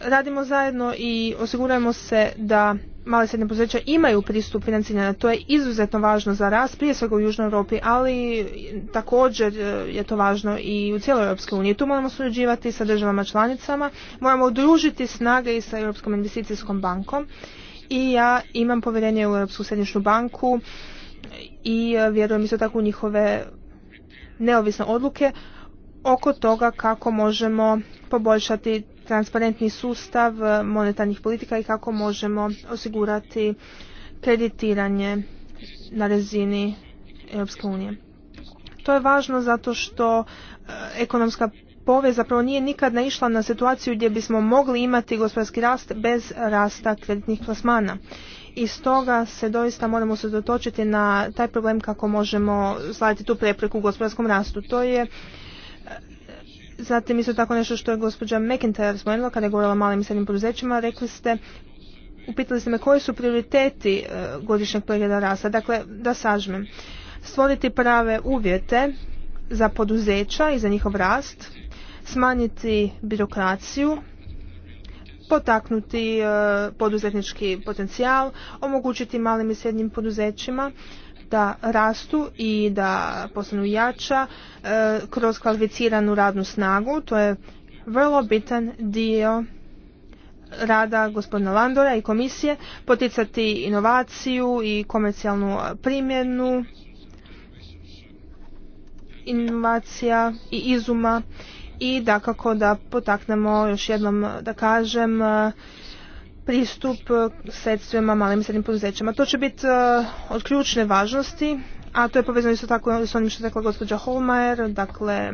radimo zajedno i osigurujemo se da male srednje poduzeća imaju pristup financiranja. To je izuzetno važno za rast, prije svega u Južnoj Europi, ali također e, je to važno i u cijeloj Europskoj uniji. Tu moramo surađivati sa državama članicama, moramo udružiti snage i sa Europskom investicijskom bankom i ja imam povjerenje u Europsku središnju banku i e, vjerujem isto tako u njihove neovisne odluke oko toga kako možemo poboljšati transparentni sustav eh, monetarnih politika i kako možemo osigurati kreditiranje na razini Europske unije. To je važno zato što eh, ekonomska povez zapravo nije nikad naišla na situaciju gdje bismo mogli imati gospodarski rast bez rasta kreditnih plasmana. I stoga se doista moramo se dotočiti na taj problem kako možemo slaviti tu prepreku u gospodarskom rastu. To je eh, Zatim isto tako nešto što je gospođa McIntyre spomenula kada je govorila o malim i srednjim poduzećima, rekli ste, upitali ste me koji su prioriteti e, godišnjeg pregleda rasta. Dakle, da sažmem, stvoriti prave uvjete za poduzeća i za njihov rast, smanjiti birokraciju, potaknuti e, poduzetnički potencijal, omogućiti malim i srednjim poduzećima da rastu i da postanu jača e, kroz kvalificiranu radnu snagu. To je vrlo bitan dio rada gospodina Landora i komisije poticati inovaciju i komercijalnu primjenu inovacija i izuma i dakako da potaknemo još jednom da kažem e, pristup e, sredstvima malim i srednjim poduzećima. To će biti e, od ključne važnosti, a to je povezano isto tako s onim što je rekla gospođa Holmajer, dakle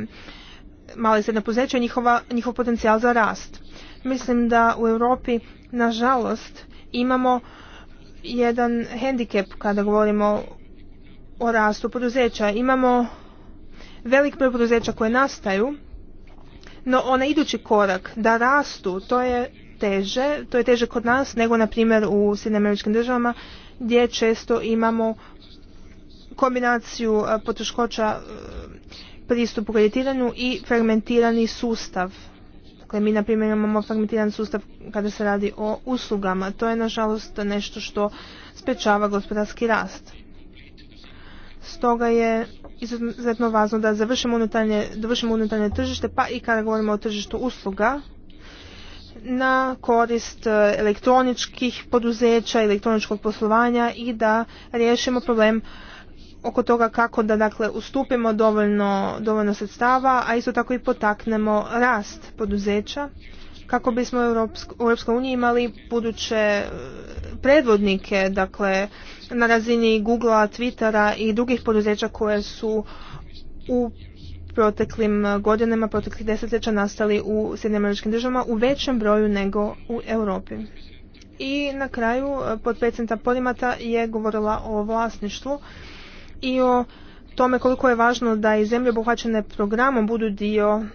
mala i srednja poduzeća i njihov potencijal za rast. Mislim da u Europi, nažalost, imamo jedan hendikep kada govorimo o rastu poduzeća. Imamo velik broj poduzeća koje nastaju, no onaj idući korak da rastu, to je teže, to je teže kod nas nego na primjer u Sjedinim američkim državama gdje često imamo kombinaciju e, poteškoća e, pristupu kreditiranju i fragmentirani sustav. Dakle, mi na primjer imamo fragmentiran sustav kada se radi o uslugama. To je nažalost nešto što sprečava gospodarski rast. Stoga je izuzetno važno da završimo unutarnje, dovršimo unutarnje tržište, pa i kada govorimo o tržištu usluga, na korist e, elektroničkih poduzeća, elektroničkog poslovanja i da riješimo problem oko toga kako da dakle ustupimo dovoljno, dovoljno sredstava, a isto tako i potaknemo rast poduzeća kako bismo u EU uniji imali buduće e, predvodnike, dakle na razini Googlea, Twittera i drugih poduzeća koje su u proteklim e, godinama, proteklih desetljeća nastali u Sjedinim američkim državama u većem broju nego u Europi. I na kraju e, potpredsjednica Polimata je govorila o vlasništvu i o tome koliko je važno da i zemlje obuhvaćene programom budu dio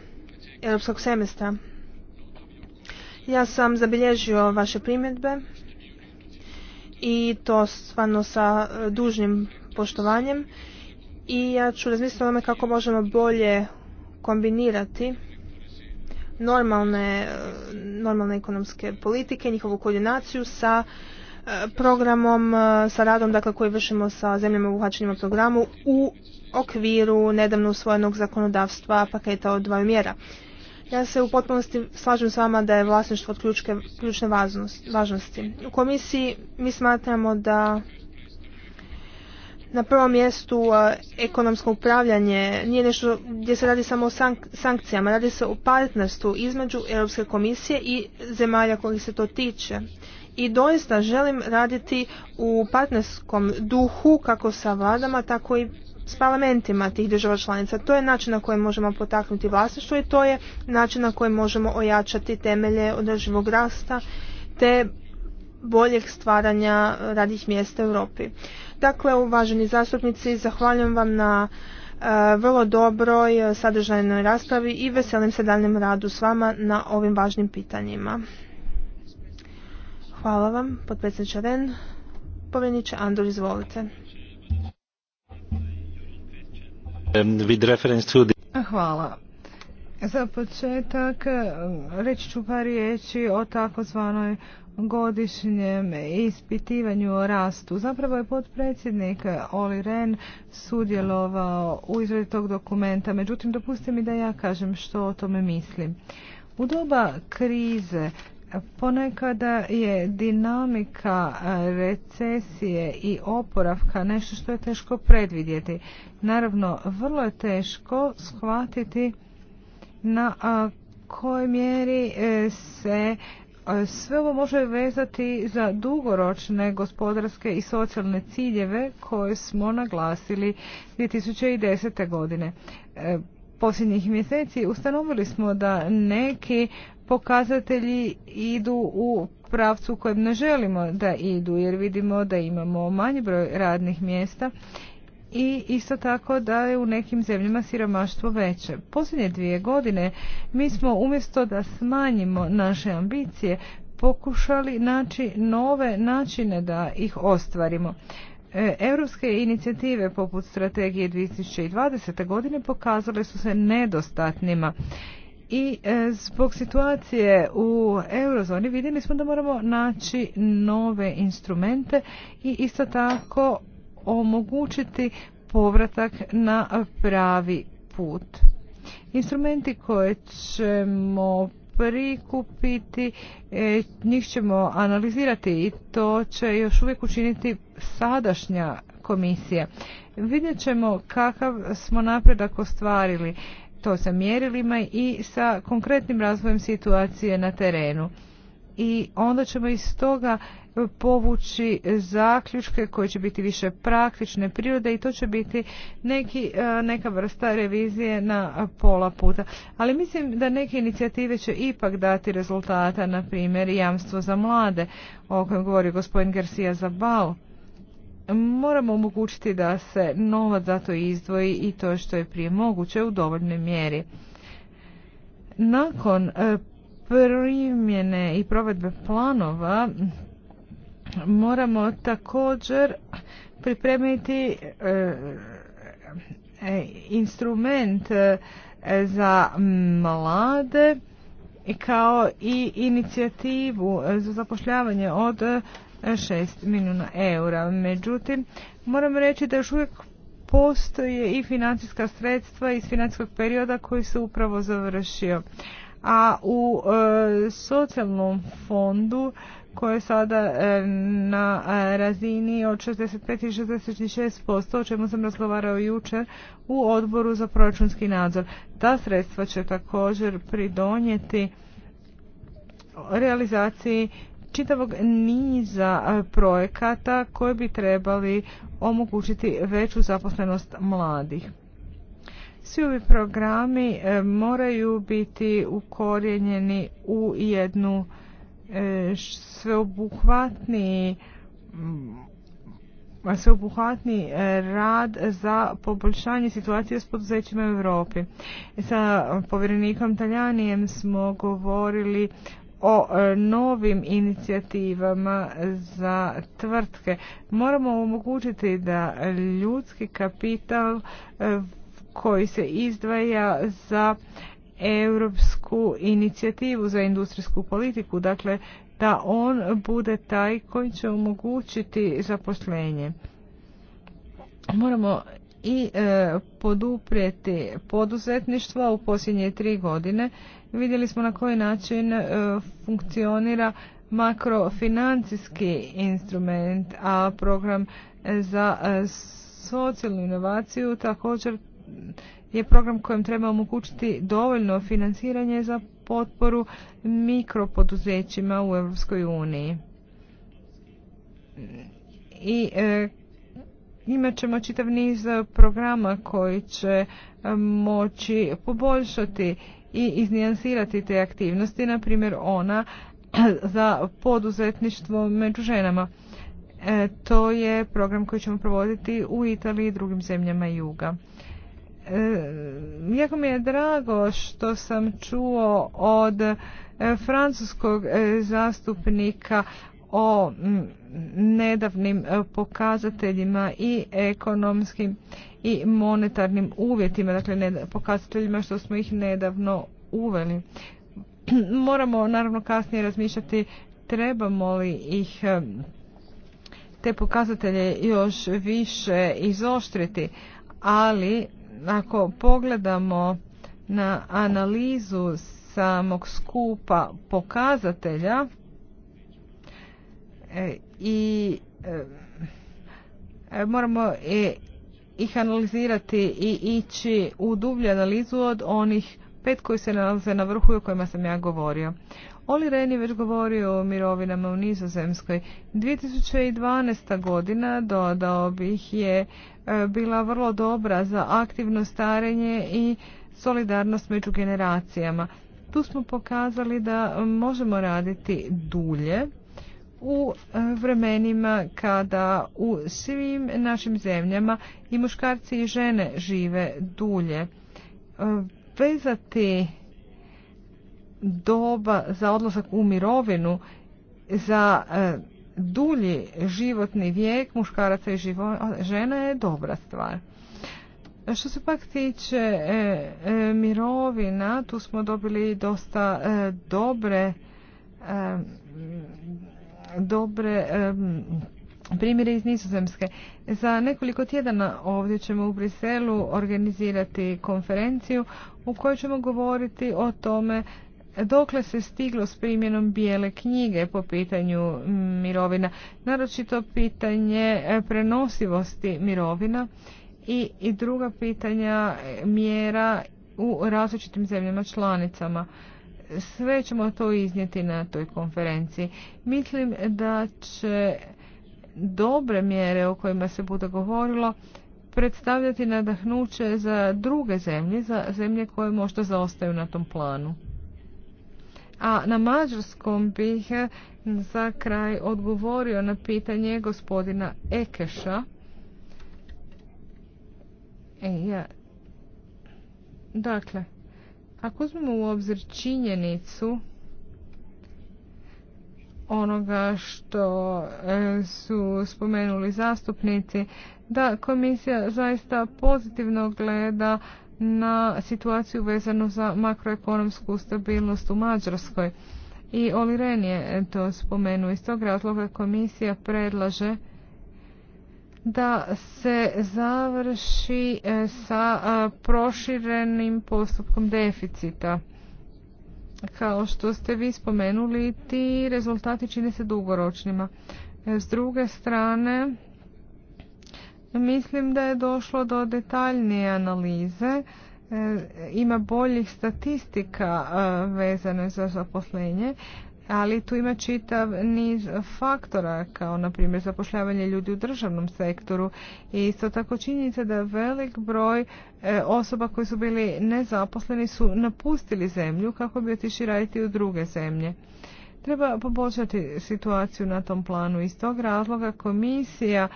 europskog semestra. Ja sam zabilježio vaše primjedbe i to stvarno sa e, dužnim poštovanjem i ja ću razmisliti o tome kako možemo bolje kombinirati normalne, normalne ekonomske politike, njihovu koordinaciju sa e, programom, e, sa radom dakle, koji vršimo sa zemljama obuhvaćenima programu u okviru nedavno usvojenog zakonodavstva paketa od dvaju mjera. Ja se u potpunosti slažem s vama da je vlasništvo od ključne važnosti. U komisiji mi smatramo da na prvom mjestu ekonomsko upravljanje nije nešto gdje se radi samo o sankcijama, radi se o partnerstvu između Europske komisije i zemalja kojih se to tiče. I doista želim raditi u partnerskom duhu kako sa vladama, tako i s parlamentima tih država članica. To je način na koji možemo potaknuti vlasništvo i to je način na koji možemo ojačati temelje održivog rasta te boljeg stvaranja radnih mjesta u Europi. Dakle, uvaženi zastupnici, zahvaljujem vam na e, vrlo dobroj e, sadržajnoj raspravi i veselim se daljem radu s vama na ovim važnim pitanjima. Hvala vam, potpredsjedniče Ren. Povjedniče Andor, izvolite. Um, Hvala. Za početak um, reći ću par riječi o takozvanoj godišnjem ispitivanju o rastu. Zapravo je potpredsjednik Oli Ren sudjelovao u izradi tog dokumenta, međutim dopustite mi da ja kažem što o tome mislim. U doba krize ponekada je dinamika recesije i oporavka nešto što je teško predvidjeti. Naravno, vrlo je teško shvatiti na kojoj mjeri e, se sve ovo može vezati za dugoročne gospodarske i socijalne ciljeve koje smo naglasili 2010. godine. E, posljednjih mjeseci ustanovili smo da neki pokazatelji idu u pravcu u kojem ne želimo da idu jer vidimo da imamo manji broj radnih mjesta i isto tako da je u nekim zemljama siromaštvo veće. Posljednje dvije godine mi smo umjesto da smanjimo naše ambicije pokušali naći nove načine da ih ostvarimo. Europske inicijative poput strategije 2020. godine pokazale su se nedostatnima i e, zbog situacije u eurozoni vidjeli smo da moramo naći nove instrumente i isto tako omogućiti povratak na pravi put. Instrumenti koje ćemo prikupiti, e, njih ćemo analizirati i to će još uvijek učiniti sadašnja komisija. Vidjet ćemo kakav smo napredak ostvarili to sa mjerilima i sa konkretnim razvojem situacije na terenu. I onda ćemo iz toga povući zaključke koje će biti više praktične prirode i to će biti neki, e, neka vrsta revizije na pola puta. Ali mislim da neke inicijative će ipak dati rezultata, na primjer jamstvo za mlade, o kojem govori gospodin Garcia Zabao. Moramo omogućiti da se novac za to izdvoji i to što je prije moguće u dovoljnoj mjeri. Nakon e, primjene i provedbe planova moramo također pripremiti e, e, instrument e, za mlade kao i inicijativu za zapošljavanje od 6 milijuna eura. Međutim, moram reći da još uvijek postoje i financijska sredstva iz financijskog perioda koji se upravo završio. A u socijalnom fondu koje je sada e, na e, razini od 65 i 66%, o čemu sam razgovarao jučer u odboru za proračunski nadzor. Ta sredstva će također pridonijeti realizaciji čitavog niza e, projekata koji bi trebali omogućiti veću zaposlenost mladih. Svi ovi programi moraju biti ukorijenjeni u jednu E, sveobuhvatni mm, sveobuhvatni e, rad za poboljšanje situacije s poduzećima u Europi. E, sa povjerenikom Taljanijem smo govorili o novim inicijativama za tvrtke. Moramo omogućiti da ljudski kapital koji se izdvaja za europsku inicijativu za industrijsku politiku, dakle da on bude taj koji će omogućiti zaposlenje. Moramo i e, poduprijeti poduzetništvo u posljednje tri godine. Vidjeli smo na koji način e, funkcionira makrofinancijski instrument, a program za e, socijalnu inovaciju također je program kojem treba omogućiti dovoljno financiranje za potporu mikropoduzećima u Europskoj uniji. I e, imat ćemo čitav niz programa koji će e, moći poboljšati i iznijansirati te aktivnosti, na primjer ona za poduzetništvo među ženama. E, to je program koji ćemo provoditi u Italiji i drugim zemljama juga. E, jako mi je drago što sam čuo od e, francuskog e, zastupnika o nedavnim pokazateljima i ekonomskim i monetarnim uvjetima, dakle pokazateljima što smo ih nedavno uveli. Moramo naravno kasnije razmišljati trebamo li ih te pokazatelje još više izoštriti, ali ako pogledamo na analizu samog skupa pokazatelja e, i e, e, moramo ih analizirati i ići u dublju analizu od onih pet koji se nalaze na vrhu i o kojima sam ja govorio. Oli Ren je već govorio o mirovinama u Nizozemskoj. 2012. godina, dodao bih, je e, bila vrlo dobra za aktivno starenje i solidarnost među generacijama. Tu smo pokazali da možemo raditi dulje u e, vremenima kada u svim našim zemljama i muškarci i žene žive dulje. E, Vezati doba za odlazak u mirovinu za e, dulji životni vijek muškaraca i žena je dobra stvar. Što se pak tiče e, e, mirovina, tu smo dobili dosta dobre dobre primjere iz Nizozemske. Za nekoliko tjedana ovdje ćemo u Briselu organizirati konferenciju u kojoj ćemo govoriti o tome dokle se stiglo s primjenom bijele knjige po pitanju mirovina, naročito pitanje e, prenosivosti mirovina i, druga pitanja e, mjera u različitim zemljama članicama. Sve ćemo to iznijeti na toj konferenciji. Mislim da će dobre mjere o kojima se bude govorilo predstavljati nadahnuće za druge zemlje, za zemlje koje možda zaostaju na tom planu. A na mađarskom bih eh, za kraj odgovorio na pitanje gospodina Ekeša. E, dakle, ako uzmemo u obzir činjenicu onoga što eh, su spomenuli zastupnici, da komisija zaista pozitivno gleda na situaciju vezanu za makroekonomsku stabilnost u Mađarskoj. I Oli Ren je to spomenuo. Iz tog razloga komisija predlaže da se završi e, sa proširenim postupkom deficita. Kao što ste vi spomenuli, ti rezultati čine se dugoročnima. E, s druge strane, Mislim da je došlo do detaljnije analize, e, ima boljih statistika e, vezane za zaposlenje, ali tu ima čitav niz faktora, kao na primjer zapošljavanje ljudi u državnom sektoru i isto tako činjenica da velik broj e, osoba koji su bili nezaposleni su napustili zemlju kako bi otišli raditi u druge zemlje. Treba poboljšati situaciju na tom planu. Iz tog razloga komisija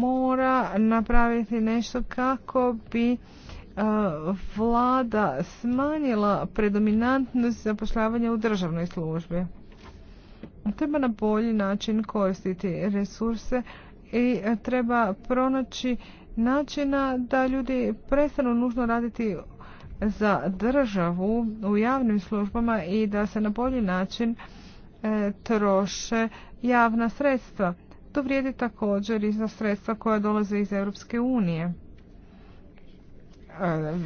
mora napraviti nešto kako bi e, vlada smanjila predominantnost zapošljavanja u državnoj službi. Treba na bolji način koristiti resurse i e, treba pronaći načina da ljudi prestanu nužno raditi za državu u javnim službama i da se na bolji način e, troše javna sredstva. To vrijedi također i za sredstva koja dolaze iz Europske unije.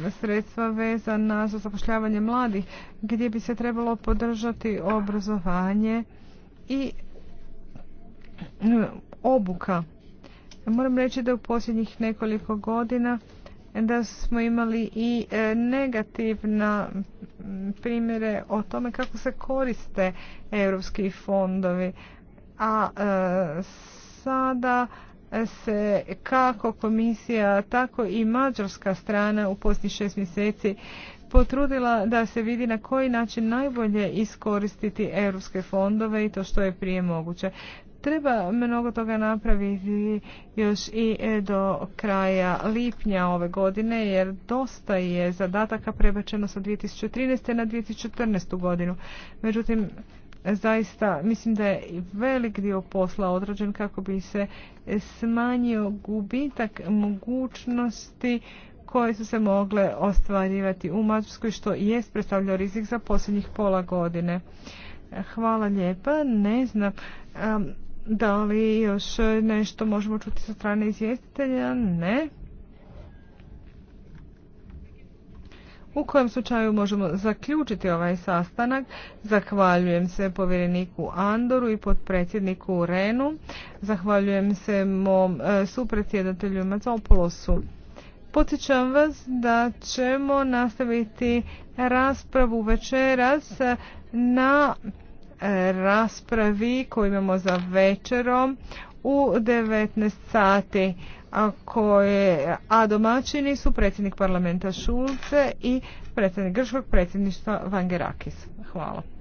E, sredstva vezana za zapošljavanje mladih, gdje bi se trebalo podržati obrazovanje i e, obuka. Moram reći da u posljednjih nekoliko godina da smo imali i e, negativna primjere o tome kako se koriste europski fondovi a e, sada se kako komisija, tako i mađarska strana u posljednjih šest mjeseci potrudila da se vidi na koji način najbolje iskoristiti europske fondove i to što je prije moguće. Treba mnogo toga napraviti još i e, do kraja lipnja ove godine jer dosta je zadataka prebačeno sa 2013. na 2014. godinu. Međutim, zaista mislim da je velik dio posla odrađen kako bi se smanjio gubitak mogućnosti koje su se mogle ostvarivati u Mađarskoj što jest predstavljao rizik za posljednjih pola godine. Hvala lijepa. Ne znam da li još nešto možemo čuti sa strane izvjestitelja? Ne. u kojem slučaju možemo zaključiti ovaj sastanak. Zahvaljujem se povjereniku Andoru i podpredsjedniku Renu. Zahvaljujem se mom e, supredsjedatelju Macopolosu. Podsjećam vas da ćemo nastaviti raspravu večeras na e, raspravi koju imamo za večerom u 19 sati a je a domaćini su predsjednik parlamenta Šulce i predsjednik Grškog predsjedništva Vangerakis. Hvala.